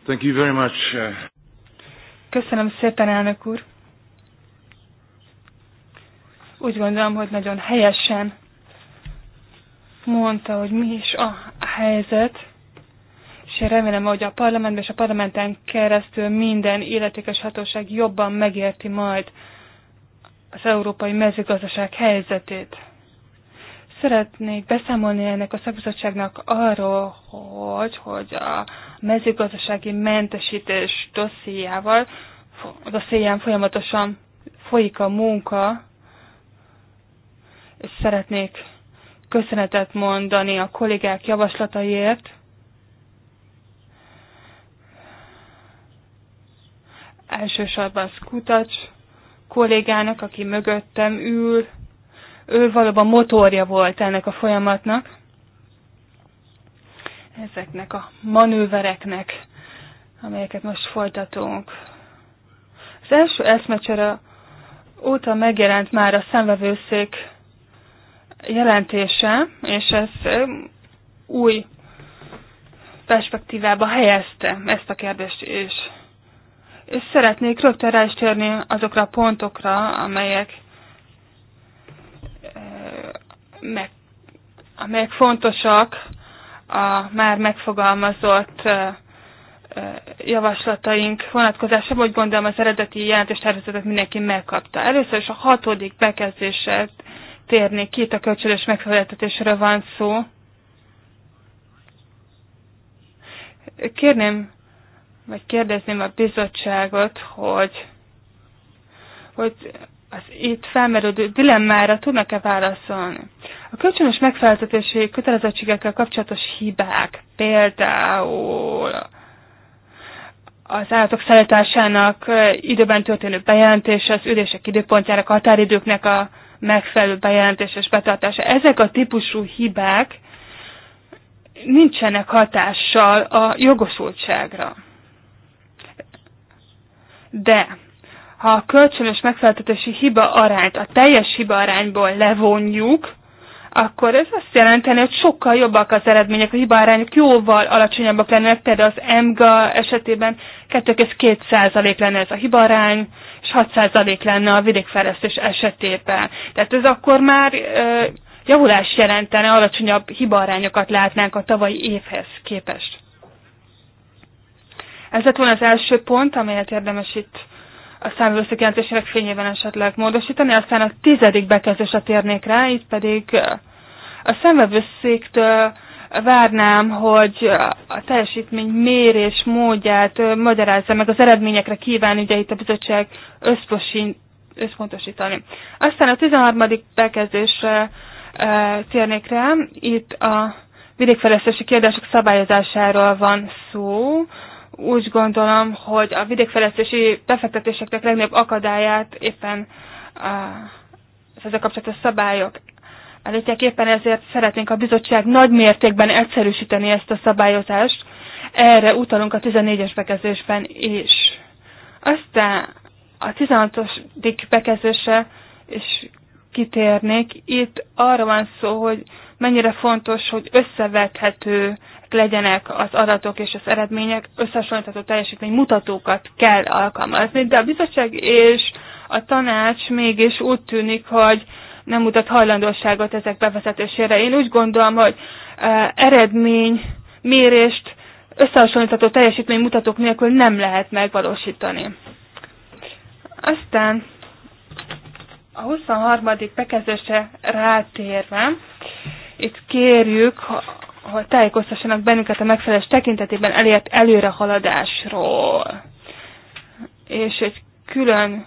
Thank you very much. Uh, Köszönöm szépen, elnök úr. Úgy gondolom, hogy nagyon helyesen mondta, hogy mi is a helyzet, és én remélem, hogy a parlamentben és a parlamenten keresztül minden illetékes hatóság jobban megérti majd az európai mezőgazdaság helyzetét. Szeretnék beszámolni ennek a szakbizottságnak arról, hogy, hogy a mezőgazdasági mentesítés dossziával, dossziján folyamatosan folyik a munka, és szeretnék köszönetet mondani a kollégák javaslataiért. Elsősorban Skutacs kollégának, aki mögöttem ül, ő valóban motorja volt ennek a folyamatnak, ezeknek a manővereknek, amelyeket most folytatunk. Az első eszmecsere óta megjelent már a szemvevőszék jelentése, és ez új perspektívába helyezte ezt a kérdést is és szeretnék rögtön rá is térni azokra a pontokra, amelyek, eh, meg, amelyek fontosak a már megfogalmazott eh, eh, javaslataink vonatkozásában, hogy gondolom az eredeti tervezetet mindenki megkapta. Először is a hatodik bekezdéset térnék ki, itt a kölcsönös megfeleltetésről van szó. Kérném vagy kérdezném a bizottságot, hogy, hogy az itt felmerülő dilemmára tudnak-e válaszolni. A kölcsönös megfeleltetési kötelezettségekkel kapcsolatos hibák, például az állatok szállításának időben történő bejelentése, az ülések időpontjának, határidőknek a megfelelő bejelentése és betartása. Ezek a típusú hibák nincsenek hatással a jogosultságra de ha a kölcsönös megfeleltetési hiba arányt a teljes hiba arányból levonjuk, akkor ez azt jelenteni, hogy sokkal jobbak az eredmények, a hibaarányok jóval alacsonyabbak lennének, például az MGA esetében 2,2% lenne ez a hibarány, és 6% lenne a vidékfejlesztés esetében. Tehát ez akkor már e, javulás jelentene, alacsonyabb hibarányokat látnánk a tavalyi évhez képest. Ez lett volna az első pont, amelyet érdemes itt a számvőszék jelentésének fényében esetleg módosítani, aztán a tizedik bekezdésre térnék rá, itt pedig a számvevőszéktől várnám, hogy a teljesítmény mérés módját magyarázza meg, az eredményekre kíván ugye itt a bizottság összpontosítani. Aztán a 13. bekezdésre térnék rá, itt a vidékfejlesztési kiadások szabályozásáról van szó, úgy gondolom, hogy a vidékfejlesztési befektetéseknek legnagyobb akadályát éppen ezek ezzel kapcsolatos szabályok állítják. Éppen ezért szeretnénk a bizottság nagy mértékben egyszerűsíteni ezt a szabályozást. Erre utalunk a 14-es bekezdésben is. Aztán a 16-os bekezdése is kitérnék. Itt arra van szó, hogy mennyire fontos, hogy összevethető legyenek az adatok és az eredmények, összehasonlítható teljesítmény mutatókat kell alkalmazni, de a bizottság és a tanács mégis úgy tűnik, hogy nem mutat hajlandóságot ezek bevezetésére. Én úgy gondolom, hogy e, eredmény mérést összehasonlítható teljesítménymutatók nélkül nem lehet megvalósítani. Aztán a 23. bekezdése rátérve, itt kérjük hogy tájékoztassanak bennünket a megfelelés tekintetében elért előrehaladásról. És egy külön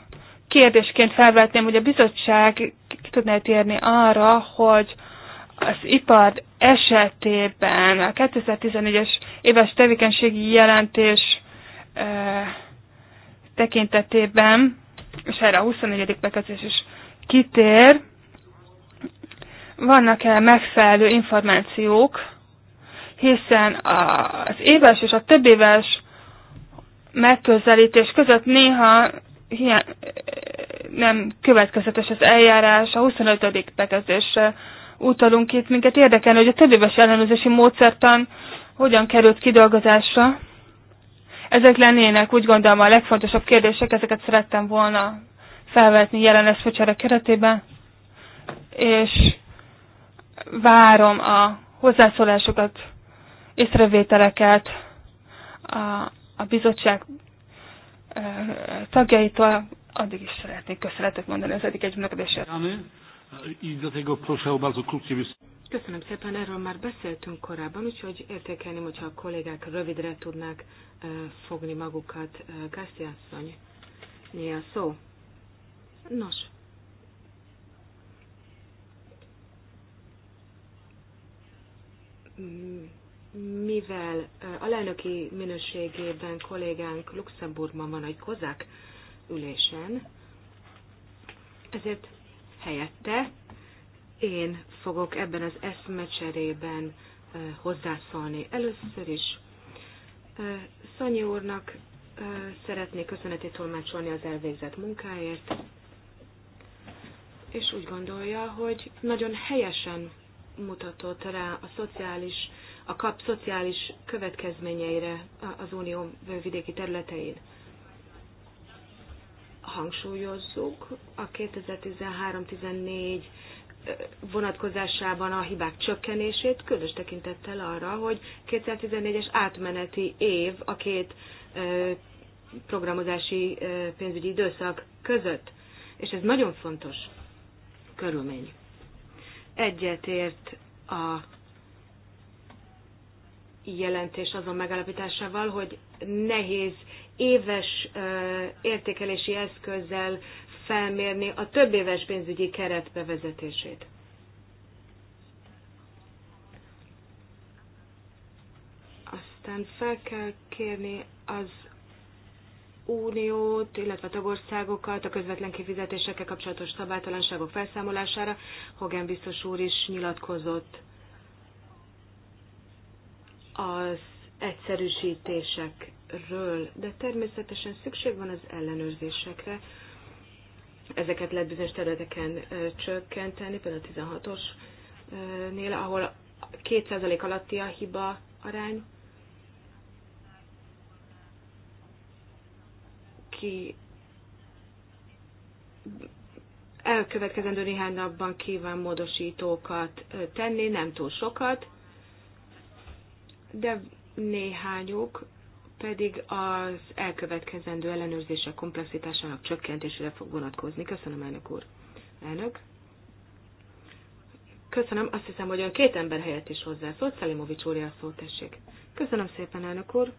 kérdésként felvetném, hogy a bizottság ki tudná térni arra, hogy az ipar esetében a 2014-es éves tevékenységi jelentés e, tekintetében, és erre a 24. bekezés is kitér, vannak-e megfelelő információk, hiszen az éves és a több éves megközelítés között néha hiány, nem következetes az eljárás, a 25. bekezdésre utalunk itt. Minket érdekelne, hogy a több éves ellenőrzési módszertan hogyan került kidolgozásra. Ezek lennének úgy gondolom a legfontosabb kérdések, ezeket szerettem volna felvetni jelen eszfocsere keretében, és várom a hozzászólásokat észrevételeket a, a bizottság tagjaitól. Addig is szeretnék köszönetet mondani az eddig együttműködésért. Köszönöm szépen, erről már beszéltünk korábban, úgyhogy értékelném, hogyha a kollégák rövidre tudnák fogni magukat. asszony, mi a szó? Nos. Mm mivel lelnöki minőségében kollégánk Luxemburgban van egy kozák ülésen, ezért helyette én fogok ebben az eszmecserében hozzászólni. Először is Szanyi úrnak szeretnék köszönetét tolmácsolni az elvégzett munkáért, és úgy gondolja, hogy nagyon helyesen mutatott rá a szociális a kap szociális következményeire az unió vidéki területein. Hangsúlyozzuk a 2013-14 vonatkozásában a hibák csökkenését, különös tekintettel arra, hogy 2014-es átmeneti év a két programozási pénzügyi időszak között, és ez nagyon fontos körülmény. Egyetért a jelentés azon megállapításával, hogy nehéz éves értékelési eszközzel felmérni a több éves pénzügyi keret bevezetését. Aztán fel kell kérni az uniót, illetve a tagországokat a közvetlen kifizetésekkel kapcsolatos szabálytalanságok felszámolására. Hogan biztos úr is nyilatkozott az egyszerűsítésekről, de természetesen szükség van az ellenőrzésekre. Ezeket lehet bizonyos területeken csökkenteni, például a 16-os ahol 2% alatti a hiba arány. Ki elkövetkezendő néhány napban kíván módosítókat tenni, nem túl sokat, de néhányuk pedig az elkövetkezendő ellenőrzések komplexitásának csökkentésére fog vonatkozni. Köszönöm, elnök úr. Elnök? Köszönöm, azt hiszem, hogy olyan két ember helyett is hozzászólt. Szelimovics úr, a szót tessék. Köszönöm szépen, elnök úr.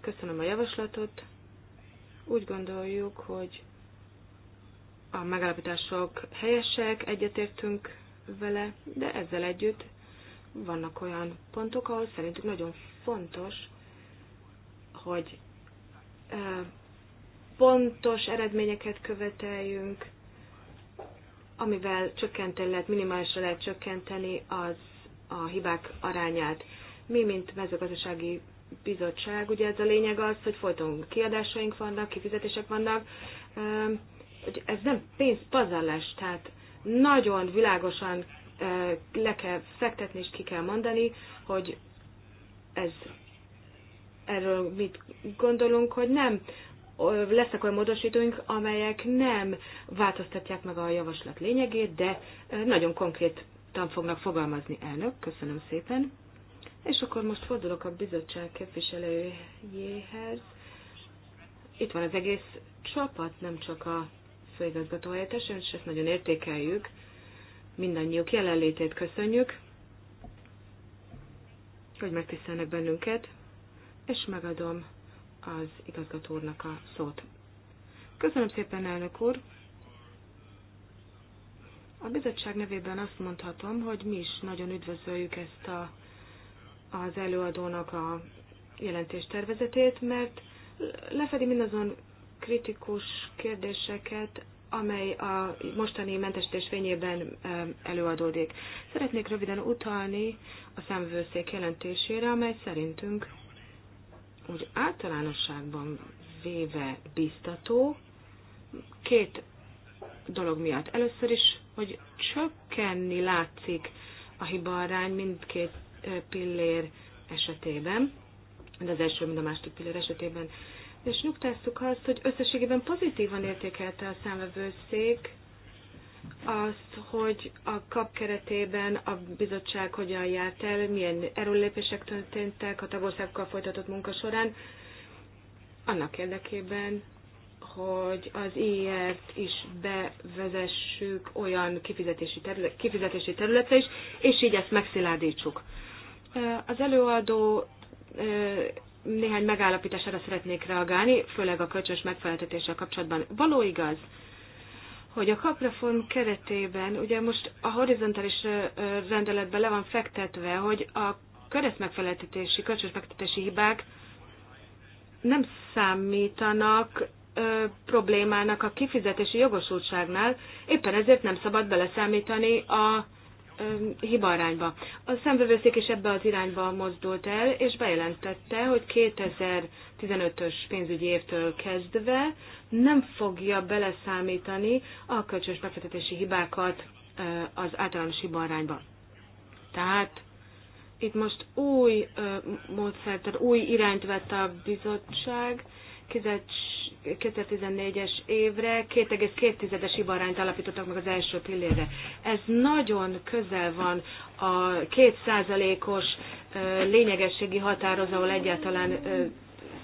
Köszönöm a javaslatot. Úgy gondoljuk, hogy a megállapítások helyesek, egyetértünk vele, de ezzel együtt vannak olyan pontok, ahol szerintük nagyon fontos, hogy pontos eredményeket követeljünk, amivel csökkenteni lehet, minimálisra lehet csökkenteni az a hibák arányát. Mi, mint mezőgazdasági bizottság, ugye ez a lényeg az, hogy folyton kiadásaink vannak, kifizetések vannak, hogy ez nem pénzpazarlás, tehát nagyon világosan le kell fektetni és ki kell mondani, hogy ez erről mit gondolunk, hogy nem lesznek olyan módosítóink, amelyek nem változtatják meg a javaslat lényegét, de nagyon konkrét tan fognak fogalmazni elnök. Köszönöm szépen. És akkor most fordulok a bizottság képviselőjéhez. Itt van az egész csapat, nem csak a főigazgató helyettes, és ezt nagyon értékeljük mindannyiuk jelenlétét köszönjük, hogy megtisztelnek bennünket, és megadom az igazgatórnak a szót. Köszönöm szépen, elnök úr! A bizottság nevében azt mondhatom, hogy mi is nagyon üdvözöljük ezt a, az előadónak a jelentéstervezetét, mert lefedi mindazon kritikus kérdéseket, amely a mostani mentesítés fényében előadódik. Szeretnék röviden utalni a számvőszék jelentésére, amely szerintünk úgy általánosságban véve biztató, két dolog miatt. Először is, hogy csökkenni látszik a arány mindkét eh, pillér esetében, de az első, mind a második pillér esetében és nyugtáztuk azt, hogy összességében pozitívan értékelte a számvevőszék azt, hogy a kap keretében a bizottság hogyan járt el, milyen erőlépések történtek a tagországokkal folytatott munka során, annak érdekében, hogy az IR-t e is bevezessük olyan kifizetési, terület, kifizetési területre is, és így ezt megszilárdítsuk. Az előadó néhány megállapítására szeretnék reagálni, főleg a kölcsös megfeleltetéssel kapcsolatban. Való igaz, hogy a kapreform keretében, ugye most a horizontális rendeletben le van fektetve, hogy a kereszt megfeleltetési, kölcsös megfeleltetési hibák nem számítanak ö, problémának a kifizetési jogosultságnál, éppen ezért nem szabad beleszámítani a hibarányba. A szemvevőszék is ebbe az irányba mozdult el, és bejelentette, hogy 2015-ös pénzügyi évtől kezdve nem fogja beleszámítani a kölcsönös befektetési hibákat az általános hibarányba. Tehát itt most új módszert, új irányt vett a bizottság, kizet 2014-es évre 2,2-es ibarányt alapítottak meg az első pillére. Ez nagyon közel van a 2%-os lényegességi határoz, ahol egyáltalán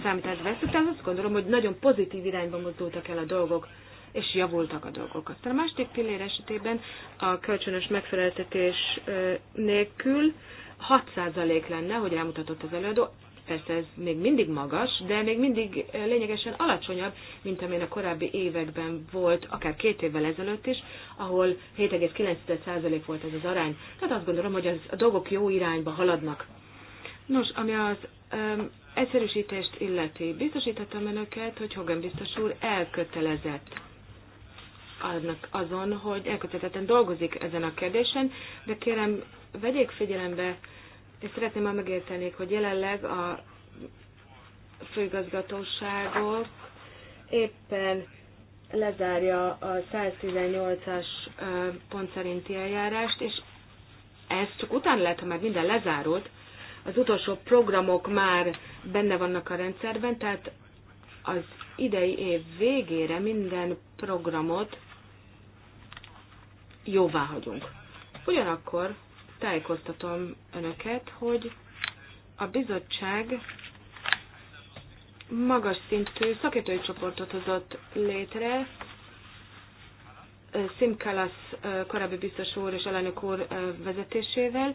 számítás vesz. tehát azt gondolom, hogy nagyon pozitív irányba mozdultak el a dolgok és javultak a dolgok. Aztán a második pillér esetében a kölcsönös megfeleltetés nélkül 6% lenne, hogy rámutatott az előadó, persze ez még mindig magas, de még mindig eh, lényegesen alacsonyabb, mint amilyen a korábbi években volt, akár két évvel ezelőtt is, ahol 7,9% volt ez az arány. Tehát azt gondolom, hogy az, a dolgok jó irányba haladnak. Nos, ami az um, egyszerűsítést illeti, biztosítottam önöket, hogy Hogan biztos úr elkötelezett annak azon, hogy elkötelezetten dolgozik ezen a kérdésen, de kérem, vegyék figyelembe és szeretném, már megértenék, hogy jelenleg a főigazgatóságok éppen lezárja a 118-as pont szerinti eljárást, és ez csak utána lehet, ha már minden lezárult, az utolsó programok már benne vannak a rendszerben, tehát az idei év végére minden programot jóvá hagyunk. Ugyanakkor tájékoztatom önöket, hogy a bizottság magas szintű szakértői csoportot hozott létre, Sim Kalasz korábbi biztos úr és elnök úr vezetésével,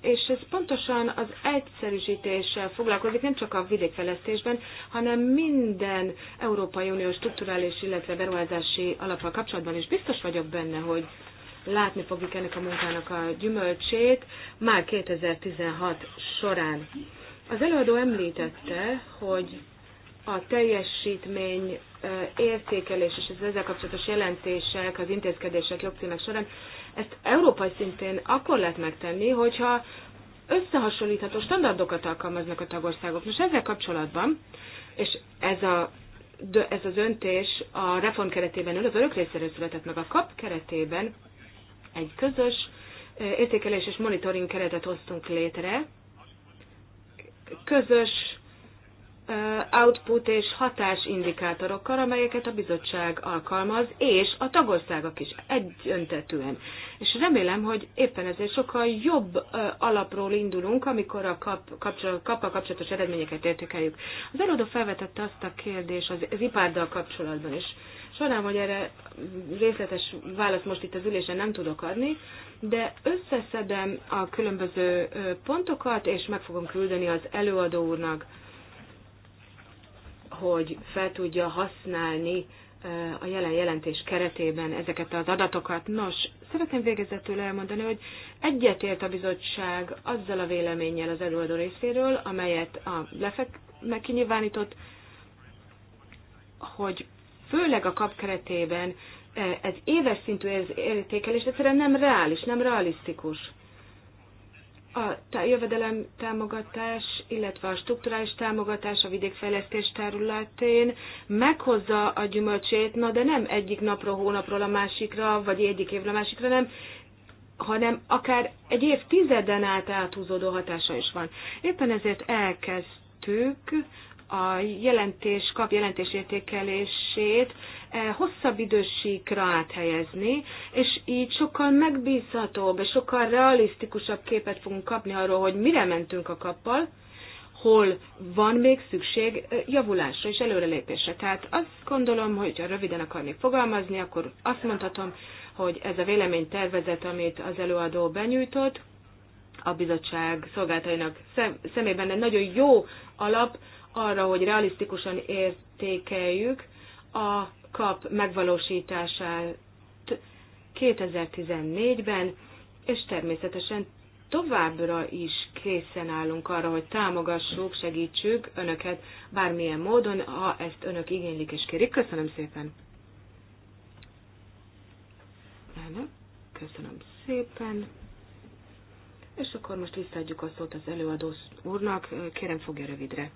és ez pontosan az egyszerűsítéssel foglalkozik, nem csak a vidékfejlesztésben, hanem minden Európai uniós strukturális, illetve beruházási alappal kapcsolatban is biztos vagyok benne, hogy látni fogjuk ennek a munkának a gyümölcsét már 2016 során. Az előadó említette, hogy a teljesítmény értékelés és az ezzel kapcsolatos jelentések, az intézkedések, jogcímek során, ezt európai szintén akkor lehet megtenni, hogyha összehasonlítható standardokat alkalmaznak a tagországok. Most ezzel kapcsolatban, és ez, a, ez az öntés a reform keretében ül, az örök részéről született meg a kap keretében, egy közös értékelés és monitoring keretet hoztunk létre, közös output és indikátorokkal, amelyeket a bizottság alkalmaz, és a tagországok is egyöntetően. És remélem, hogy éppen ezért sokkal jobb alapról indulunk, amikor a kap, kapcsol, kapcsolatos eredményeket értékeljük. Az előadó felvetette azt a kérdés az, az ipárdal kapcsolatban is. Sajnálom, hogy erre részletes választ most itt az ülésen nem tudok adni, de összeszedem a különböző pontokat, és meg fogom küldeni az előadó úrnak, hogy fel tudja használni a jelen jelentés keretében ezeket az adatokat. Nos, szeretném végezetül elmondani, hogy egyetért a bizottság azzal a véleménnyel az előadó részéről, amelyet a lefek megkinyilvánított, hogy főleg a kap keretében e, ez éves szintű értékelés egyszerűen nem reális, nem realisztikus. A jövedelem támogatás, illetve a strukturális támogatás a vidékfejlesztés területén meghozza a gyümölcsét, na de nem egyik napról, hónapról a másikra, vagy egyik évről a másikra, nem hanem akár egy évtizeden át áthúzódó hatása is van. Éppen ezért elkezdtük a jelentés, kap jelentésértékelését eh, hosszabb idősíkra áthelyezni, és így sokkal megbízhatóbb és sokkal realisztikusabb képet fogunk kapni arról, hogy mire mentünk a kappal, hol van még szükség eh, javulásra és előrelépésre. Tehát azt gondolom, hogy ha röviden akarnék fogalmazni, akkor azt mondhatom, hogy ez a véleménytervezet, amit az előadó benyújtott, a bizottság szolgáltainak szemében egy nagyon jó alap arra, hogy realisztikusan értékeljük a kap megvalósítását 2014-ben, és természetesen továbbra is készen állunk arra, hogy támogassuk, segítsük önöket bármilyen módon, ha ezt önök igénylik és kérik. Köszönöm szépen! köszönöm szépen! És akkor most visszaadjuk a szót az előadó úrnak, kérem fogja rövidre.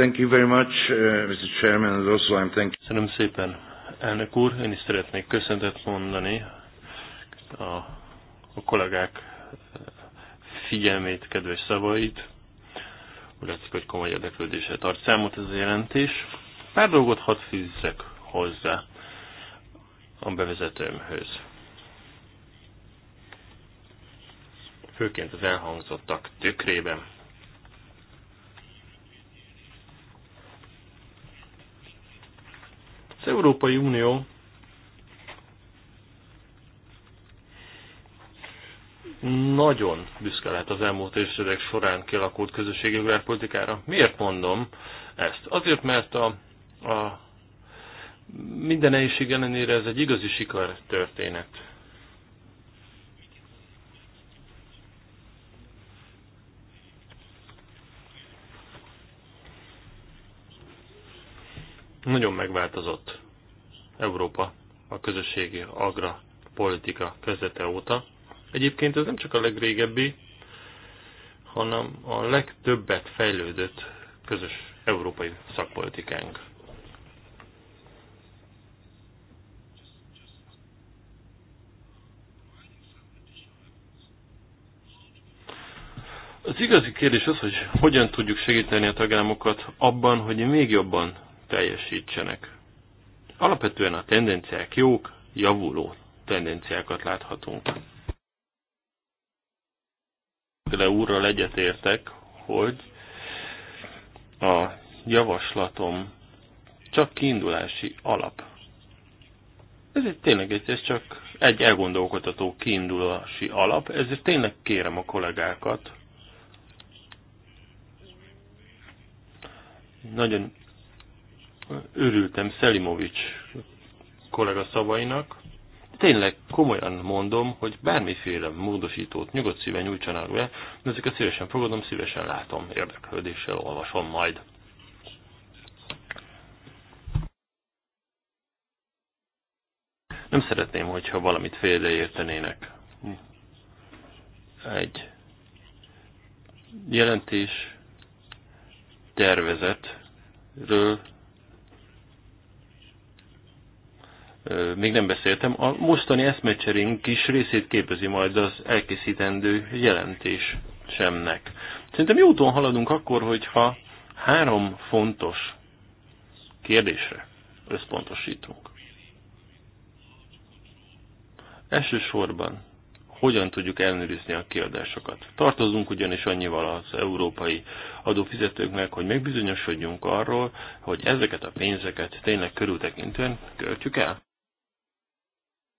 Thank you very much, uh, Mr. Chairman, and also I'm thank Köszönöm szépen, elnök úr. Én is szeretnék köszöntet mondani a, a kollégák uh, figyelmét, kedves szavait. Úgy látszik, hogy komoly érdeklődésre tart számot ez a jelentés. Pár dolgot hadd fűzzek hozzá a bevezetőmhöz. Főként az elhangzottak tükrében Az Európai Unió nagyon büszke lehet az elmúlt évtizedek során kialakult közösségi politikára. Miért mondom ezt? Azért, mert a, a minden nehézség ellenére ez egy igazi sikertörténet. történet Nagyon megváltozott Európa a közösségi agra politika kezdete óta. Egyébként ez nem csak a legrégebbi, hanem a legtöbbet fejlődött közös európai szakpolitikánk. Az igazi kérdés az, hogy hogyan tudjuk segíteni a tagállamokat abban, hogy még jobban teljesítsenek. Alapvetően a tendenciák jók, javuló tendenciákat láthatunk. Le úrral egyetértek, hogy a javaslatom csak kiindulási alap. Ez egy tényleg egy, ez csak egy elgondolkodható kiindulási alap, ezért tényleg kérem a kollégákat, nagyon örültem Szelimovics kollega szavainak. Tényleg komolyan mondom, hogy bármiféle módosítót nyugodt szíven nyújtsanak be, de ezeket szívesen fogadom, szívesen látom, érdeklődéssel olvasom majd. Nem szeretném, hogyha valamit félreértenének. Egy jelentés tervezetről még nem beszéltem, a mostani eszmecserénk kis részét képezi majd az elkészítendő jelentés semnek. Szerintem jó úton haladunk akkor, hogyha három fontos kérdésre összpontosítunk. Elsősorban hogyan tudjuk ellenőrizni a kiadásokat. Tartozunk ugyanis annyival az európai adófizetőknek, hogy megbizonyosodjunk arról, hogy ezeket a pénzeket tényleg körültekintően költjük el.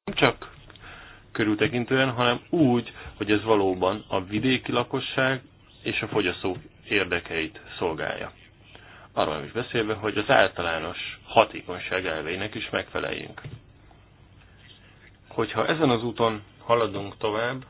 Nem csak körültekintően, hanem úgy, hogy ez valóban a vidéki lakosság és a fogyasztók érdekeit szolgálja. Arról is beszélve, hogy az általános hatékonyság elveinek is megfeleljünk. Hogyha ezen az úton haladunk tovább,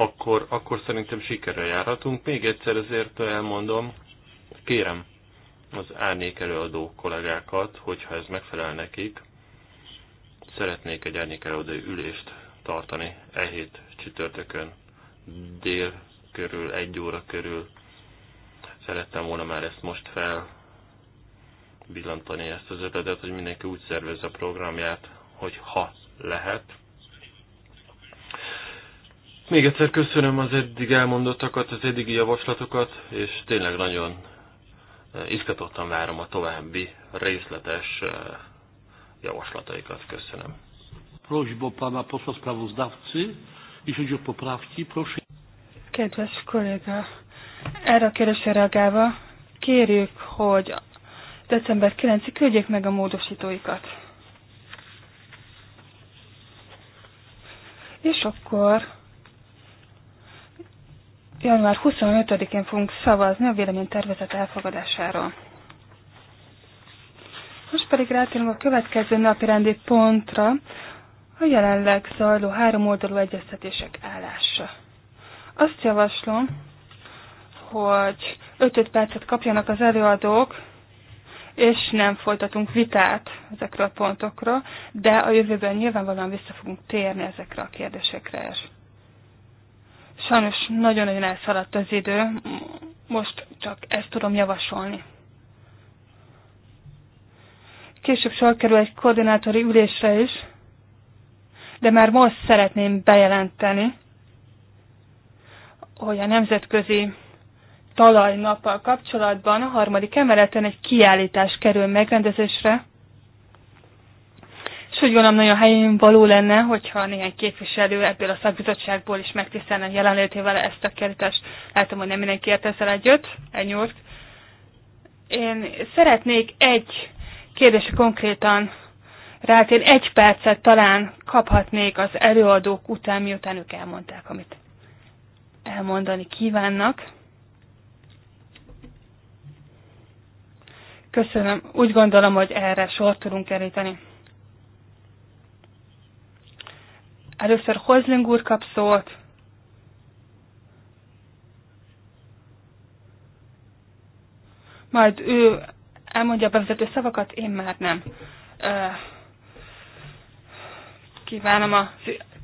akkor, akkor szerintem sikerrel járhatunk. Még egyszer ezért elmondom, kérem az árnyék előadó kollégákat, hogyha ez megfelel nekik, szeretnék egy árnyék előadói ülést tartani e hét csütörtökön dél körül, egy óra körül. Szerettem volna már ezt most fel villantani ezt az ötletet, hogy mindenki úgy szervez a programját, hogy ha lehet, még egyszer köszönöm az eddig elmondottakat, az eddigi javaslatokat, és tényleg nagyon eh, izgatottan várom a további részletes eh, javaslataikat. Köszönöm. Prośba pana posła sprawozdawcy, jeśli chodzi o poprawki, proszę. Kedves kolléga, erre a kérdésre reagálva kérjük, hogy december 9-ig küldjék meg a módosítóikat. És akkor január 25-én fogunk szavazni a véleménytervezet elfogadásáról. Most pedig rátérünk a következő napi rendi pontra, a jelenleg zajló három oldalú egyeztetések állása. Azt javaslom, hogy 5-5 percet kapjanak az előadók, és nem folytatunk vitát ezekről a pontokról, de a jövőben nyilvánvalóan vissza fogunk térni ezekre a kérdésekre is. Sajnos nagyon-nagyon elszaladt az idő, most csak ezt tudom javasolni. Később sor kerül egy koordinátori ülésre is, de már most szeretném bejelenteni, hogy a nemzetközi talajnappal kapcsolatban a harmadik emeleten egy kiállítás kerül megrendezésre, hogy gondolom nagyon helyén való lenne, hogyha néhány képviselő ebből a szakbizottságból is megtisztelne jelenlétével ezt a kérdést. Látom, hogy nem mindenki ért ezzel együtt, elnyúlt. Én szeretnék egy kérdésre konkrétan rátérni. Egy percet talán kaphatnék az előadók után, miután ők elmondták, amit elmondani kívánnak. Köszönöm. Úgy gondolom, hogy erre sor tudunk keríteni. Először Hozling úr kap szót. Majd ő elmondja a bevezető szavakat, én már nem. Kívánom a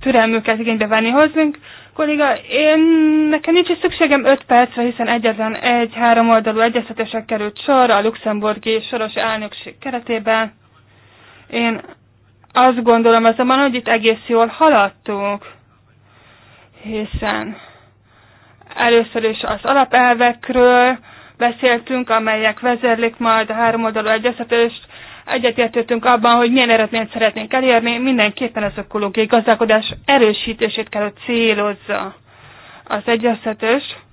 türelmüket igénybe venni hozzunk. Kolléga, én, nekem nincs is szükségem 5 percre, hiszen egyetlen egy három oldalú egyeztetések került sor a luxemburgi soros elnökség keretében. Én azt gondolom azonban, hogy itt egész jól haladtunk, hiszen először is az alapelvekről beszéltünk, amelyek vezérlik majd a háromoldalú egyeztetést, egyetértettünk abban, hogy milyen eredményt szeretnénk elérni, mindenképpen az ökológiai gazdálkodás erősítését kell, hogy célozza az egyeztetést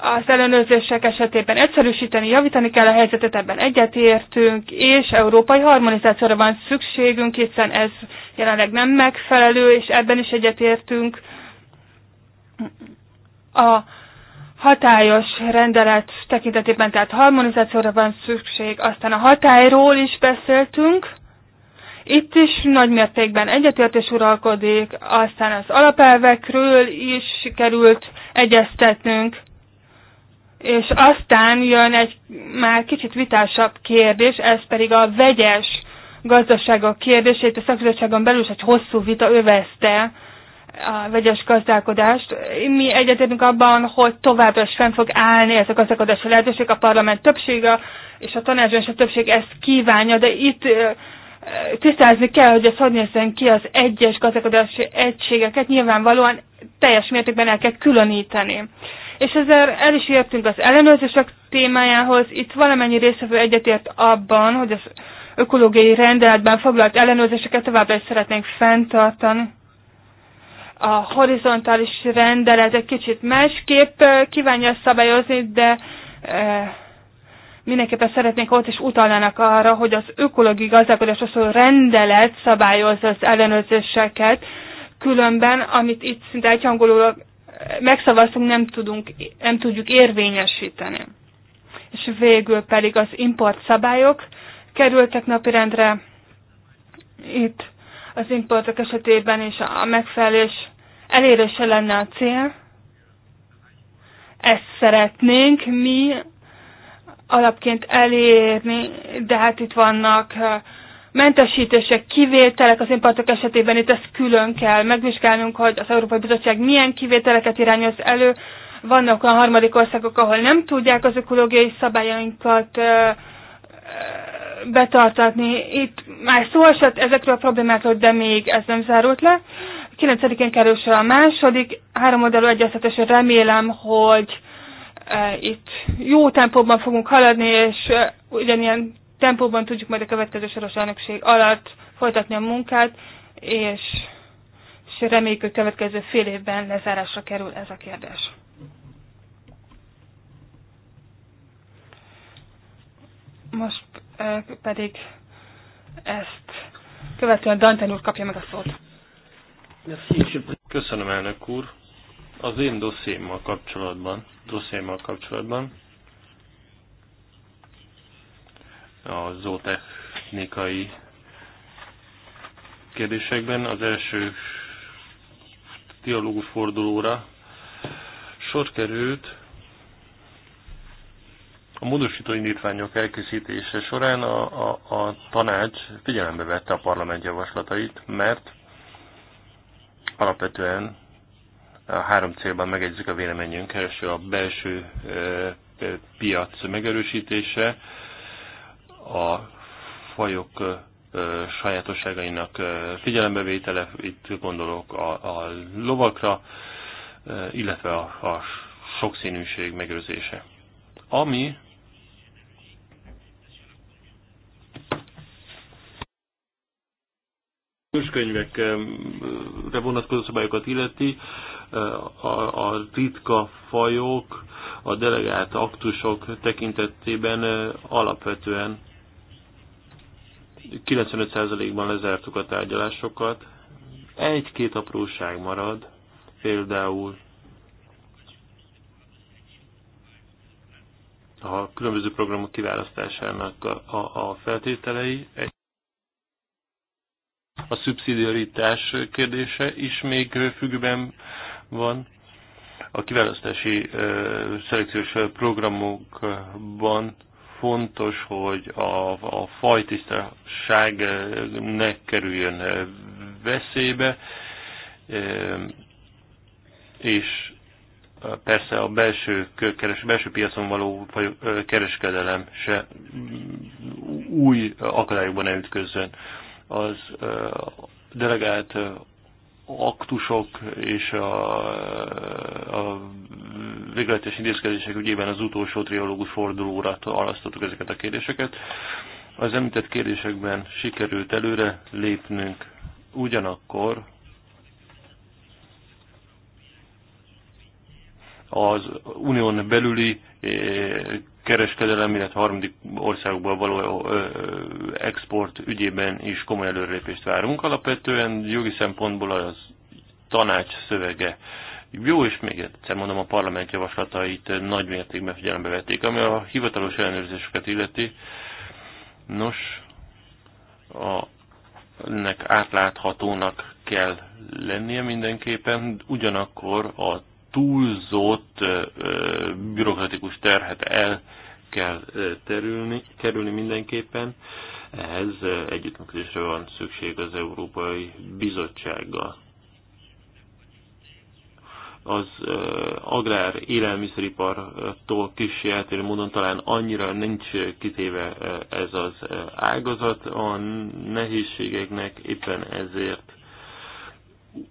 az ellenőrzések esetében egyszerűsíteni, javítani kell a helyzetet, ebben egyetértünk, és európai harmonizációra van szükségünk, hiszen ez jelenleg nem megfelelő, és ebben is egyetértünk. A hatályos rendelet tekintetében, tehát harmonizációra van szükség, aztán a hatályról is beszéltünk, itt is nagy mértékben egyetértés uralkodik, aztán az alapelvekről is sikerült egyeztetnünk, és aztán jön egy már kicsit vitásabb kérdés, ez pedig a vegyes gazdaságok kérdését. A szakbizottságon belül is egy hosszú vita övezte a vegyes gazdálkodást. Mi egyetértünk abban, hogy továbbra is fenn fog állni ez a gazdálkodási lehetőség. A parlament többsége és a tanácsban is a többség ezt kívánja, de itt tisztázni kell, hogy ez hogy nézzen ki az egyes gazdálkodási egységeket. Nyilvánvalóan teljes mértékben el kell különíteni és ezzel el is értünk az ellenőrzések témájához. Itt valamennyi részevő egyetért abban, hogy az ökológiai rendeletben foglalt ellenőrzéseket továbbra is szeretnénk fenntartani. A horizontális rendelet egy kicsit másképp eh, kívánja szabályozni, de e, mindenképpen szeretnénk ott is utalnának arra, hogy az ökológiai gazdálkodásra szóló rendelet szabályozza az ellenőrzéseket, különben, amit itt szinte egyhangulag megszavaztunk, nem, tudunk, nem tudjuk érvényesíteni. És végül pedig az import szabályok kerültek napirendre. Itt az importok esetében is a megfelelés elérése lenne a cél. Ezt szeretnénk mi alapként elérni, de hát itt vannak mentesítések, kivételek az importok esetében, itt ezt külön kell megvizsgálnunk, hogy az Európai Bizottság milyen kivételeket irányoz elő. Vannak olyan harmadik országok, ahol nem tudják az ökológiai szabályainkat betartatni. Itt már szó esett ezekről a problémákról, de még ez nem zárult le. 9-én kerül sor a második háromoldalú egyeztetésre. remélem, hogy itt jó tempóban fogunk haladni, és ugyanilyen tempóban tudjuk majd a következő soros elnökség alatt folytatni a munkát, és, és reméljük, hogy következő fél évben lezárásra kerül ez a kérdés. Most pedig ezt követően Danten úr kapja meg a szót. Köszönöm, elnök úr. Az én dossziémmal kapcsolatban, dossziémmal kapcsolatban a zootechnikai kérdésekben. Az első dialógus fordulóra sor került a módosító indítványok elkészítése során a, a, a tanács figyelembe vette a parlament javaslatait, mert alapvetően a három célban megegyezik a véleményünk, első a belső eh, piac megerősítése, a fajok sajátosságainak figyelembevétele, itt gondolok a, a lovakra, illetve a, a sokszínűség megőrzése. Ami könyvekre vonatkozó szabályokat illeti, a, a ritka fajok, a delegált aktusok tekintetében alapvetően 95%-ban lezártuk a tárgyalásokat. Egy-két apróság marad, például a különböző programok kiválasztásának a, a, a feltételei, a szubszidiaritás kérdése is még függőben van. A kiválasztási szelekciós programokban fontos, hogy a, a fajtisztaság ne kerüljön veszélybe, és persze a belső, keres, belső piacon való kereskedelem se új akadályokban ne ütközön. Az delegált aktusok és a, a végletes intézkedések ügyében az utolsó triológus fordulóra alasztottuk ezeket a kérdéseket. Az említett kérdésekben sikerült előre lépnünk, ugyanakkor az unión belüli eh, kereskedelem, illetve harmadik országokból való export ügyében is komoly előrelépést várunk. Alapvetően jogi szempontból az tanács szövege jó, és még egyszer mondom, a parlament javaslatait nagy mértékben figyelembe vették, ami a hivatalos ellenőrzéseket illeti. Nos, a, ennek átláthatónak kell lennie mindenképpen, ugyanakkor a túlzott bürokratikus terhet el kell terülni, kerülni mindenképpen. Ehhez együttműködésre van szükség az Európai Bizottsággal. Az agrár élelmiszeripartól kis eltérő módon talán annyira nincs kitéve ez az ágazat a nehézségeknek, éppen ezért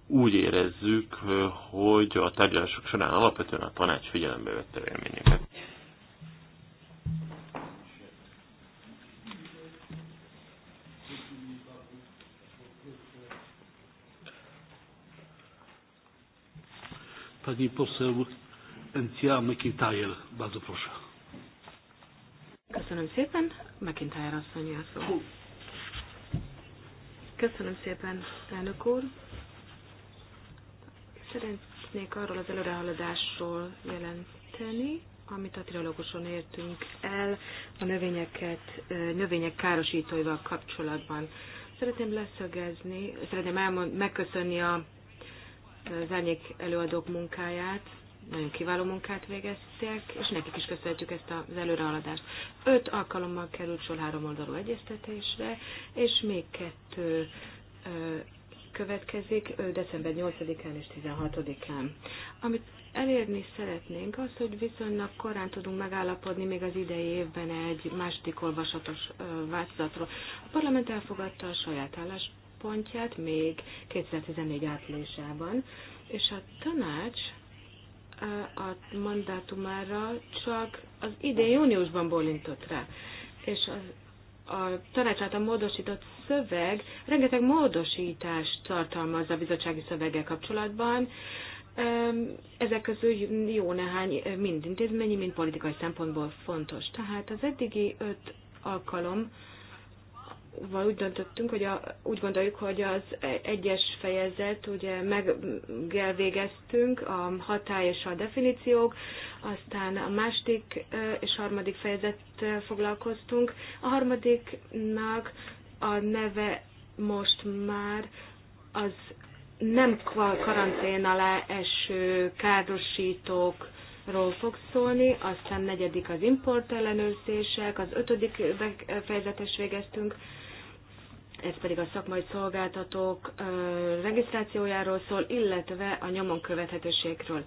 úgy érezzük, hogy a tárgyalások során alapvetően a tanács figyelembe vette véleményeket. Pani poseł Encia McIntyre, bardzo proszę. Köszönöm szépen, McIntyre asszony szó. Köszönöm szépen, elnök úr. Szeretnék arról az előrehaladásról jelenteni, amit a trilóguson értünk el a növényeket, növények károsítóival kapcsolatban. Szeretném leszögezni, szeretném elmond, megköszönni a, az árnyék előadók munkáját, nagyon kiváló munkát végeztek, és nekik is köszönhetjük ezt az előrehaladást. Öt alkalommal került sor három oldalú egyeztetésre, és még kettő következik december 8-án és 16-án. Amit elérni szeretnénk, az, hogy viszonylag korán tudunk megállapodni még az idei évben egy második olvasatos változatról. A parlament elfogadta a saját álláspontját még 2014 áprilisában, és a tanács a mandátumára csak az idén júniusban bólintott rá. És az a tanács által módosított szöveg rengeteg módosítást tartalmaz a bizottsági szövege kapcsolatban. Ezek közül jó néhány mind intézményi, mind politikai szempontból fontos. Tehát az eddigi öt alkalom val úgy döntöttünk, hogy a, úgy gondoljuk, hogy az e- egyes fejezet, ugye meg a hatály és a definíciók, aztán a második e, és harmadik fejezet foglalkoztunk. A harmadiknak a neve most már az nem karantén alá eső károsítók, ról fog szólni, aztán negyedik az import ellenőrzések, az ötödik fejezetes végeztünk, ez pedig a szakmai szolgáltatók regisztrációjáról szól, illetve a nyomon követhetőségről,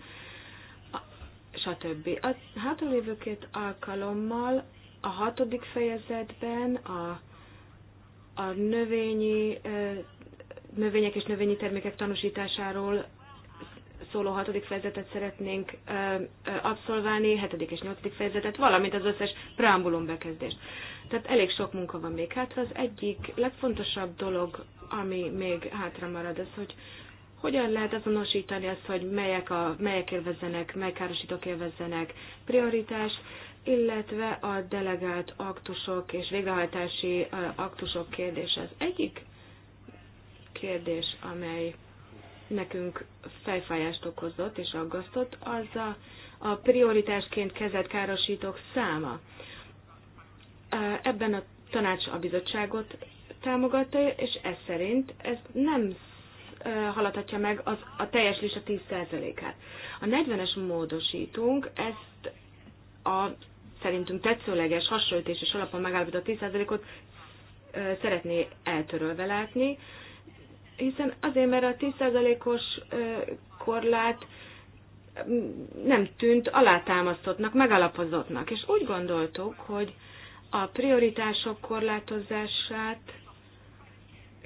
stb. A hátralévő két alkalommal a hatodik fejezetben a, a növényi, növények és növényi termékek tanúsításáról szóló hatodik fejezetet szeretnénk abszolválni, hetedik és nyolcadik fejezetet, valamint az összes preambulum bekezdést. Tehát elég sok munka van még hátra. Az egyik legfontosabb dolog, ami még hátra marad, az, hogy hogyan lehet azonosítani azt, hogy melyek, a, melyek élvezzenek, mely károsítók élvezzenek prioritás, illetve a delegált aktusok és végrehajtási aktusok kérdése. Az egyik kérdés, amely nekünk fejfájást okozott és aggasztott, az a, a prioritásként kezelt károsítók száma. Ebben a tanács a bizottságot támogatta, és ez szerint ez nem haladhatja meg az, a teljes lista 10%-át. A 40-es módosítunk ezt a szerintünk tetszőleges hasonlítés és alapon megállapított 10%-ot szeretné eltörölve látni, hiszen azért, mert a 10%-os korlát nem tűnt alátámasztottnak, megalapozottnak, és úgy gondoltuk, hogy a prioritások korlátozását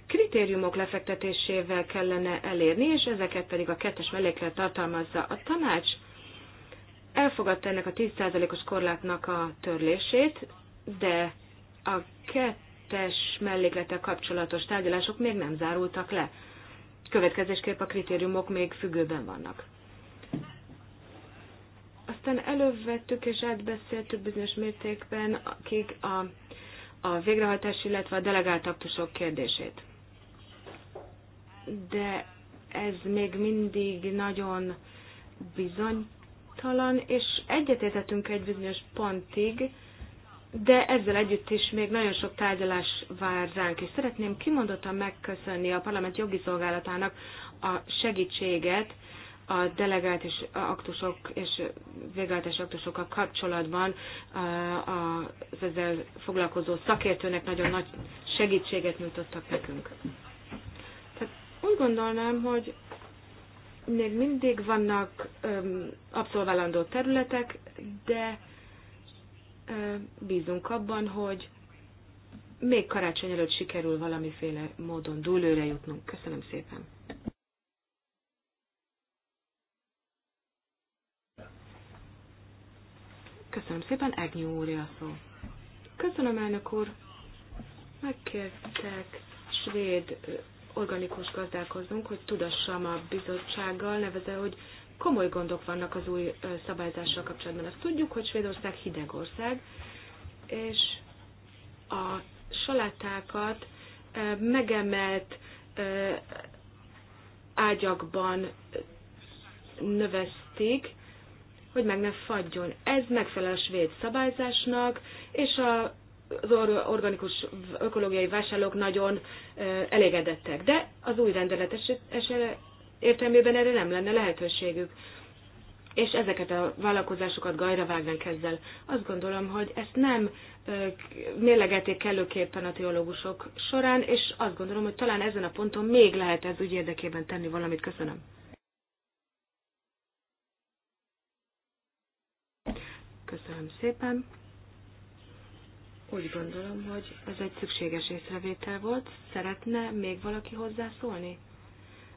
kritériumok lefektetésével kellene elérni, és ezeket pedig a kettes melléklet tartalmazza. A tanács elfogadta ennek a 10%-os korlátnak a törlését, de a kett kettes melléklete kapcsolatos tárgyalások még nem zárultak le. Következésképp a kritériumok még függőben vannak. Aztán elővettük és átbeszéltük bizonyos mértékben akik a, a végrehajtás, illetve a delegált aktusok kérdését. De ez még mindig nagyon bizonytalan, és egyetértettünk egy bizonyos pontig, de ezzel együtt is még nagyon sok tárgyalás vár ránk, és szeretném kimondottan megköszönni a parlament jogi szolgálatának a segítséget a delegált és aktusok és végrehajtási aktusokkal kapcsolatban az ezzel foglalkozó szakértőnek nagyon nagy segítséget nyújtottak nekünk. Tehát úgy gondolnám, hogy még mindig vannak abszolválandó területek, de bízunk abban, hogy még karácsony előtt sikerül valamiféle módon dúlőre jutnunk. Köszönöm szépen! Köszönöm szépen, Egnyú úr a szó. Köszönöm, elnök úr. Megkértek svéd organikus gazdálkozunk, hogy tudassam a bizottsággal, neveze, hogy komoly gondok vannak az új szabályzással kapcsolatban. Azt tudjuk, hogy Svédország hideg ország, és a salátákat megemelt ágyakban növesztik, hogy meg ne fagyjon. Ez megfelel a svéd szabályzásnak, és a, az organikus ökológiai vásárlók nagyon elégedettek. De az új rendelet értelmében erre nem lenne lehetőségük. És ezeket a vállalkozásokat gajra vágnánk ezzel. Azt gondolom, hogy ezt nem mérlegelték kellőképpen a teológusok során, és azt gondolom, hogy talán ezen a ponton még lehet ez ügy érdekében tenni valamit. Köszönöm. Köszönöm szépen. Úgy gondolom, hogy ez egy szükséges észrevétel volt. Szeretne még valaki hozzászólni?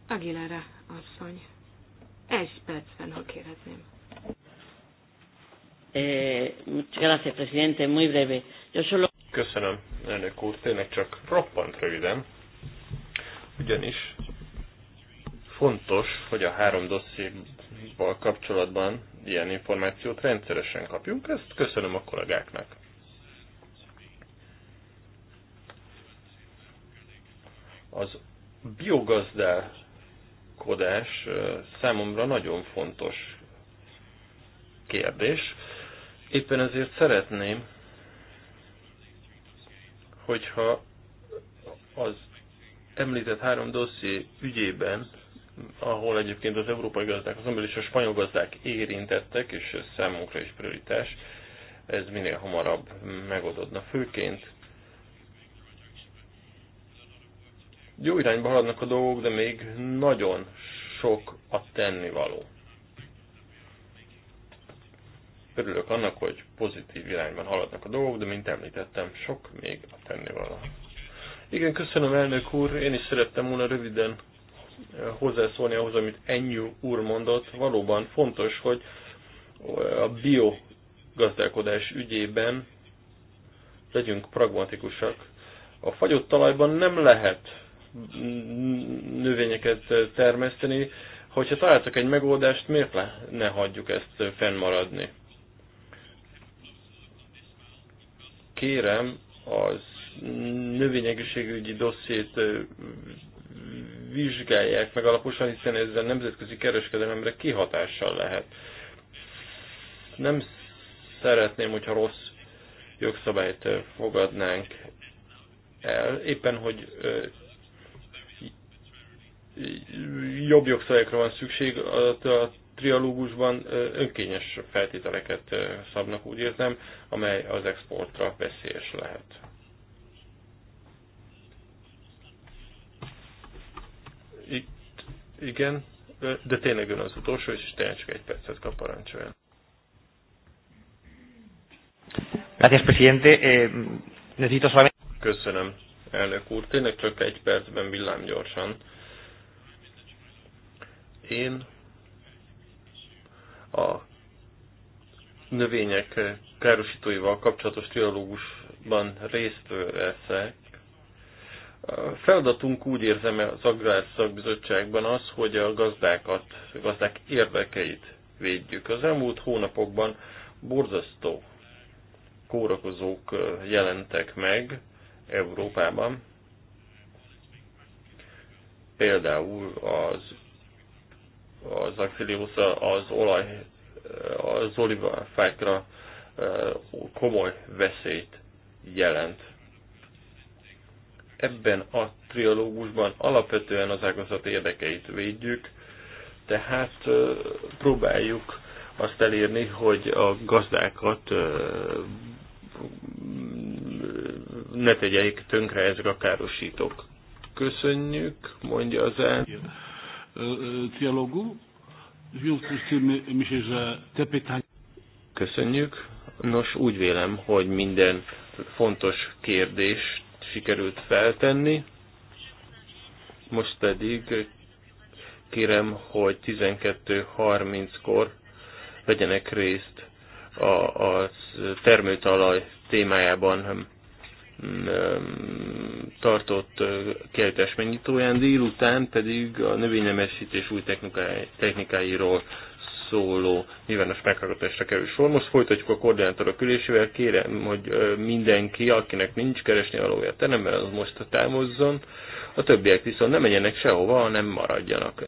Aguilera asszony. Egy percben, ha kérhetném. Eh, köszönöm, elnök úr. Tényleg csak roppant röviden. Ugyanis fontos, hogy a három dossziéval kapcsolatban ilyen információt rendszeresen kapjunk. Ezt köszönöm a kollégáknak. Az biogazdál gondolkodás számomra nagyon fontos kérdés. Éppen ezért szeretném, hogyha az említett három dosszi ügyében, ahol egyébként az európai gazdák, azonban is a spanyol gazdák érintettek, és ez számunkra is prioritás, ez minél hamarabb megoldódna. Főként Jó irányba haladnak a dolgok, de még nagyon sok a tennivaló. Örülök annak, hogy pozitív irányban haladnak a dolgok, de mint említettem, sok még a tennivaló. Igen, köszönöm elnök úr, én is szerettem volna röviden eh, hozzászólni ahhoz, amit Ennyi úr mondott. Valóban fontos, hogy eh, a biogazdálkodás ügyében legyünk pragmatikusak. A fagyott talajban nem lehet növényeket termeszteni. Hogyha találtak egy megoldást, miért le ne hagyjuk ezt fennmaradni? Kérem, az növényegészségügyi dossziét vizsgálják meg alaposan, hiszen ezzel nemzetközi kereskedelemre kihatással lehet. Nem szeretném, hogyha rossz jogszabályt fogadnánk el, éppen hogy jobb jogszabályokra van szükség, a, a trialógusban önkényes feltételeket szabnak, úgy érzem, amely az exportra veszélyes lehet. Itt, igen, de tényleg ön az utolsó, és tényleg csak egy percet kap parancsolja. Gracias, presidente. Eh, necesito solamente... Köszönöm, elnök úr. Tényleg csak egy percben villám gyorsan én a növények károsítóival kapcsolatos trialógusban részt veszek. A feladatunk úgy érzem az Agrár Szakbizottságban az, hogy a gazdákat, a gazdák érdekeit védjük. Az elmúlt hónapokban borzasztó kórakozók jelentek meg Európában. Például az az Axelius az olaj, az olivafákra e, komoly veszélyt jelent. Ebben a triológusban alapvetően az ágazat érdekeit védjük, tehát e, próbáljuk azt elérni, hogy a gazdákat e, ne tegyék tönkre ezek a károsítók. Köszönjük, mondja az el. E, e, dialogu. W związku z tym myślę, że te pytania... Köszönjük. Nos, úgy vélem, hogy minden fontos kérdést sikerült feltenni. Most pedig kérem, hogy 12.30-kor vegyenek részt a, a termőtalaj témájában tartott kertes megnyitóján, délután pedig a növénynemesítés új technikái, technikáiról szóló nyilvános meghallgatásra kerül sor. Most folytatjuk a koordinátorok ülésével. Kérem, hogy mindenki, akinek nincs keresni valója teremben, az most támozzon. A többiek viszont nem menjenek sehova, hanem maradjanak.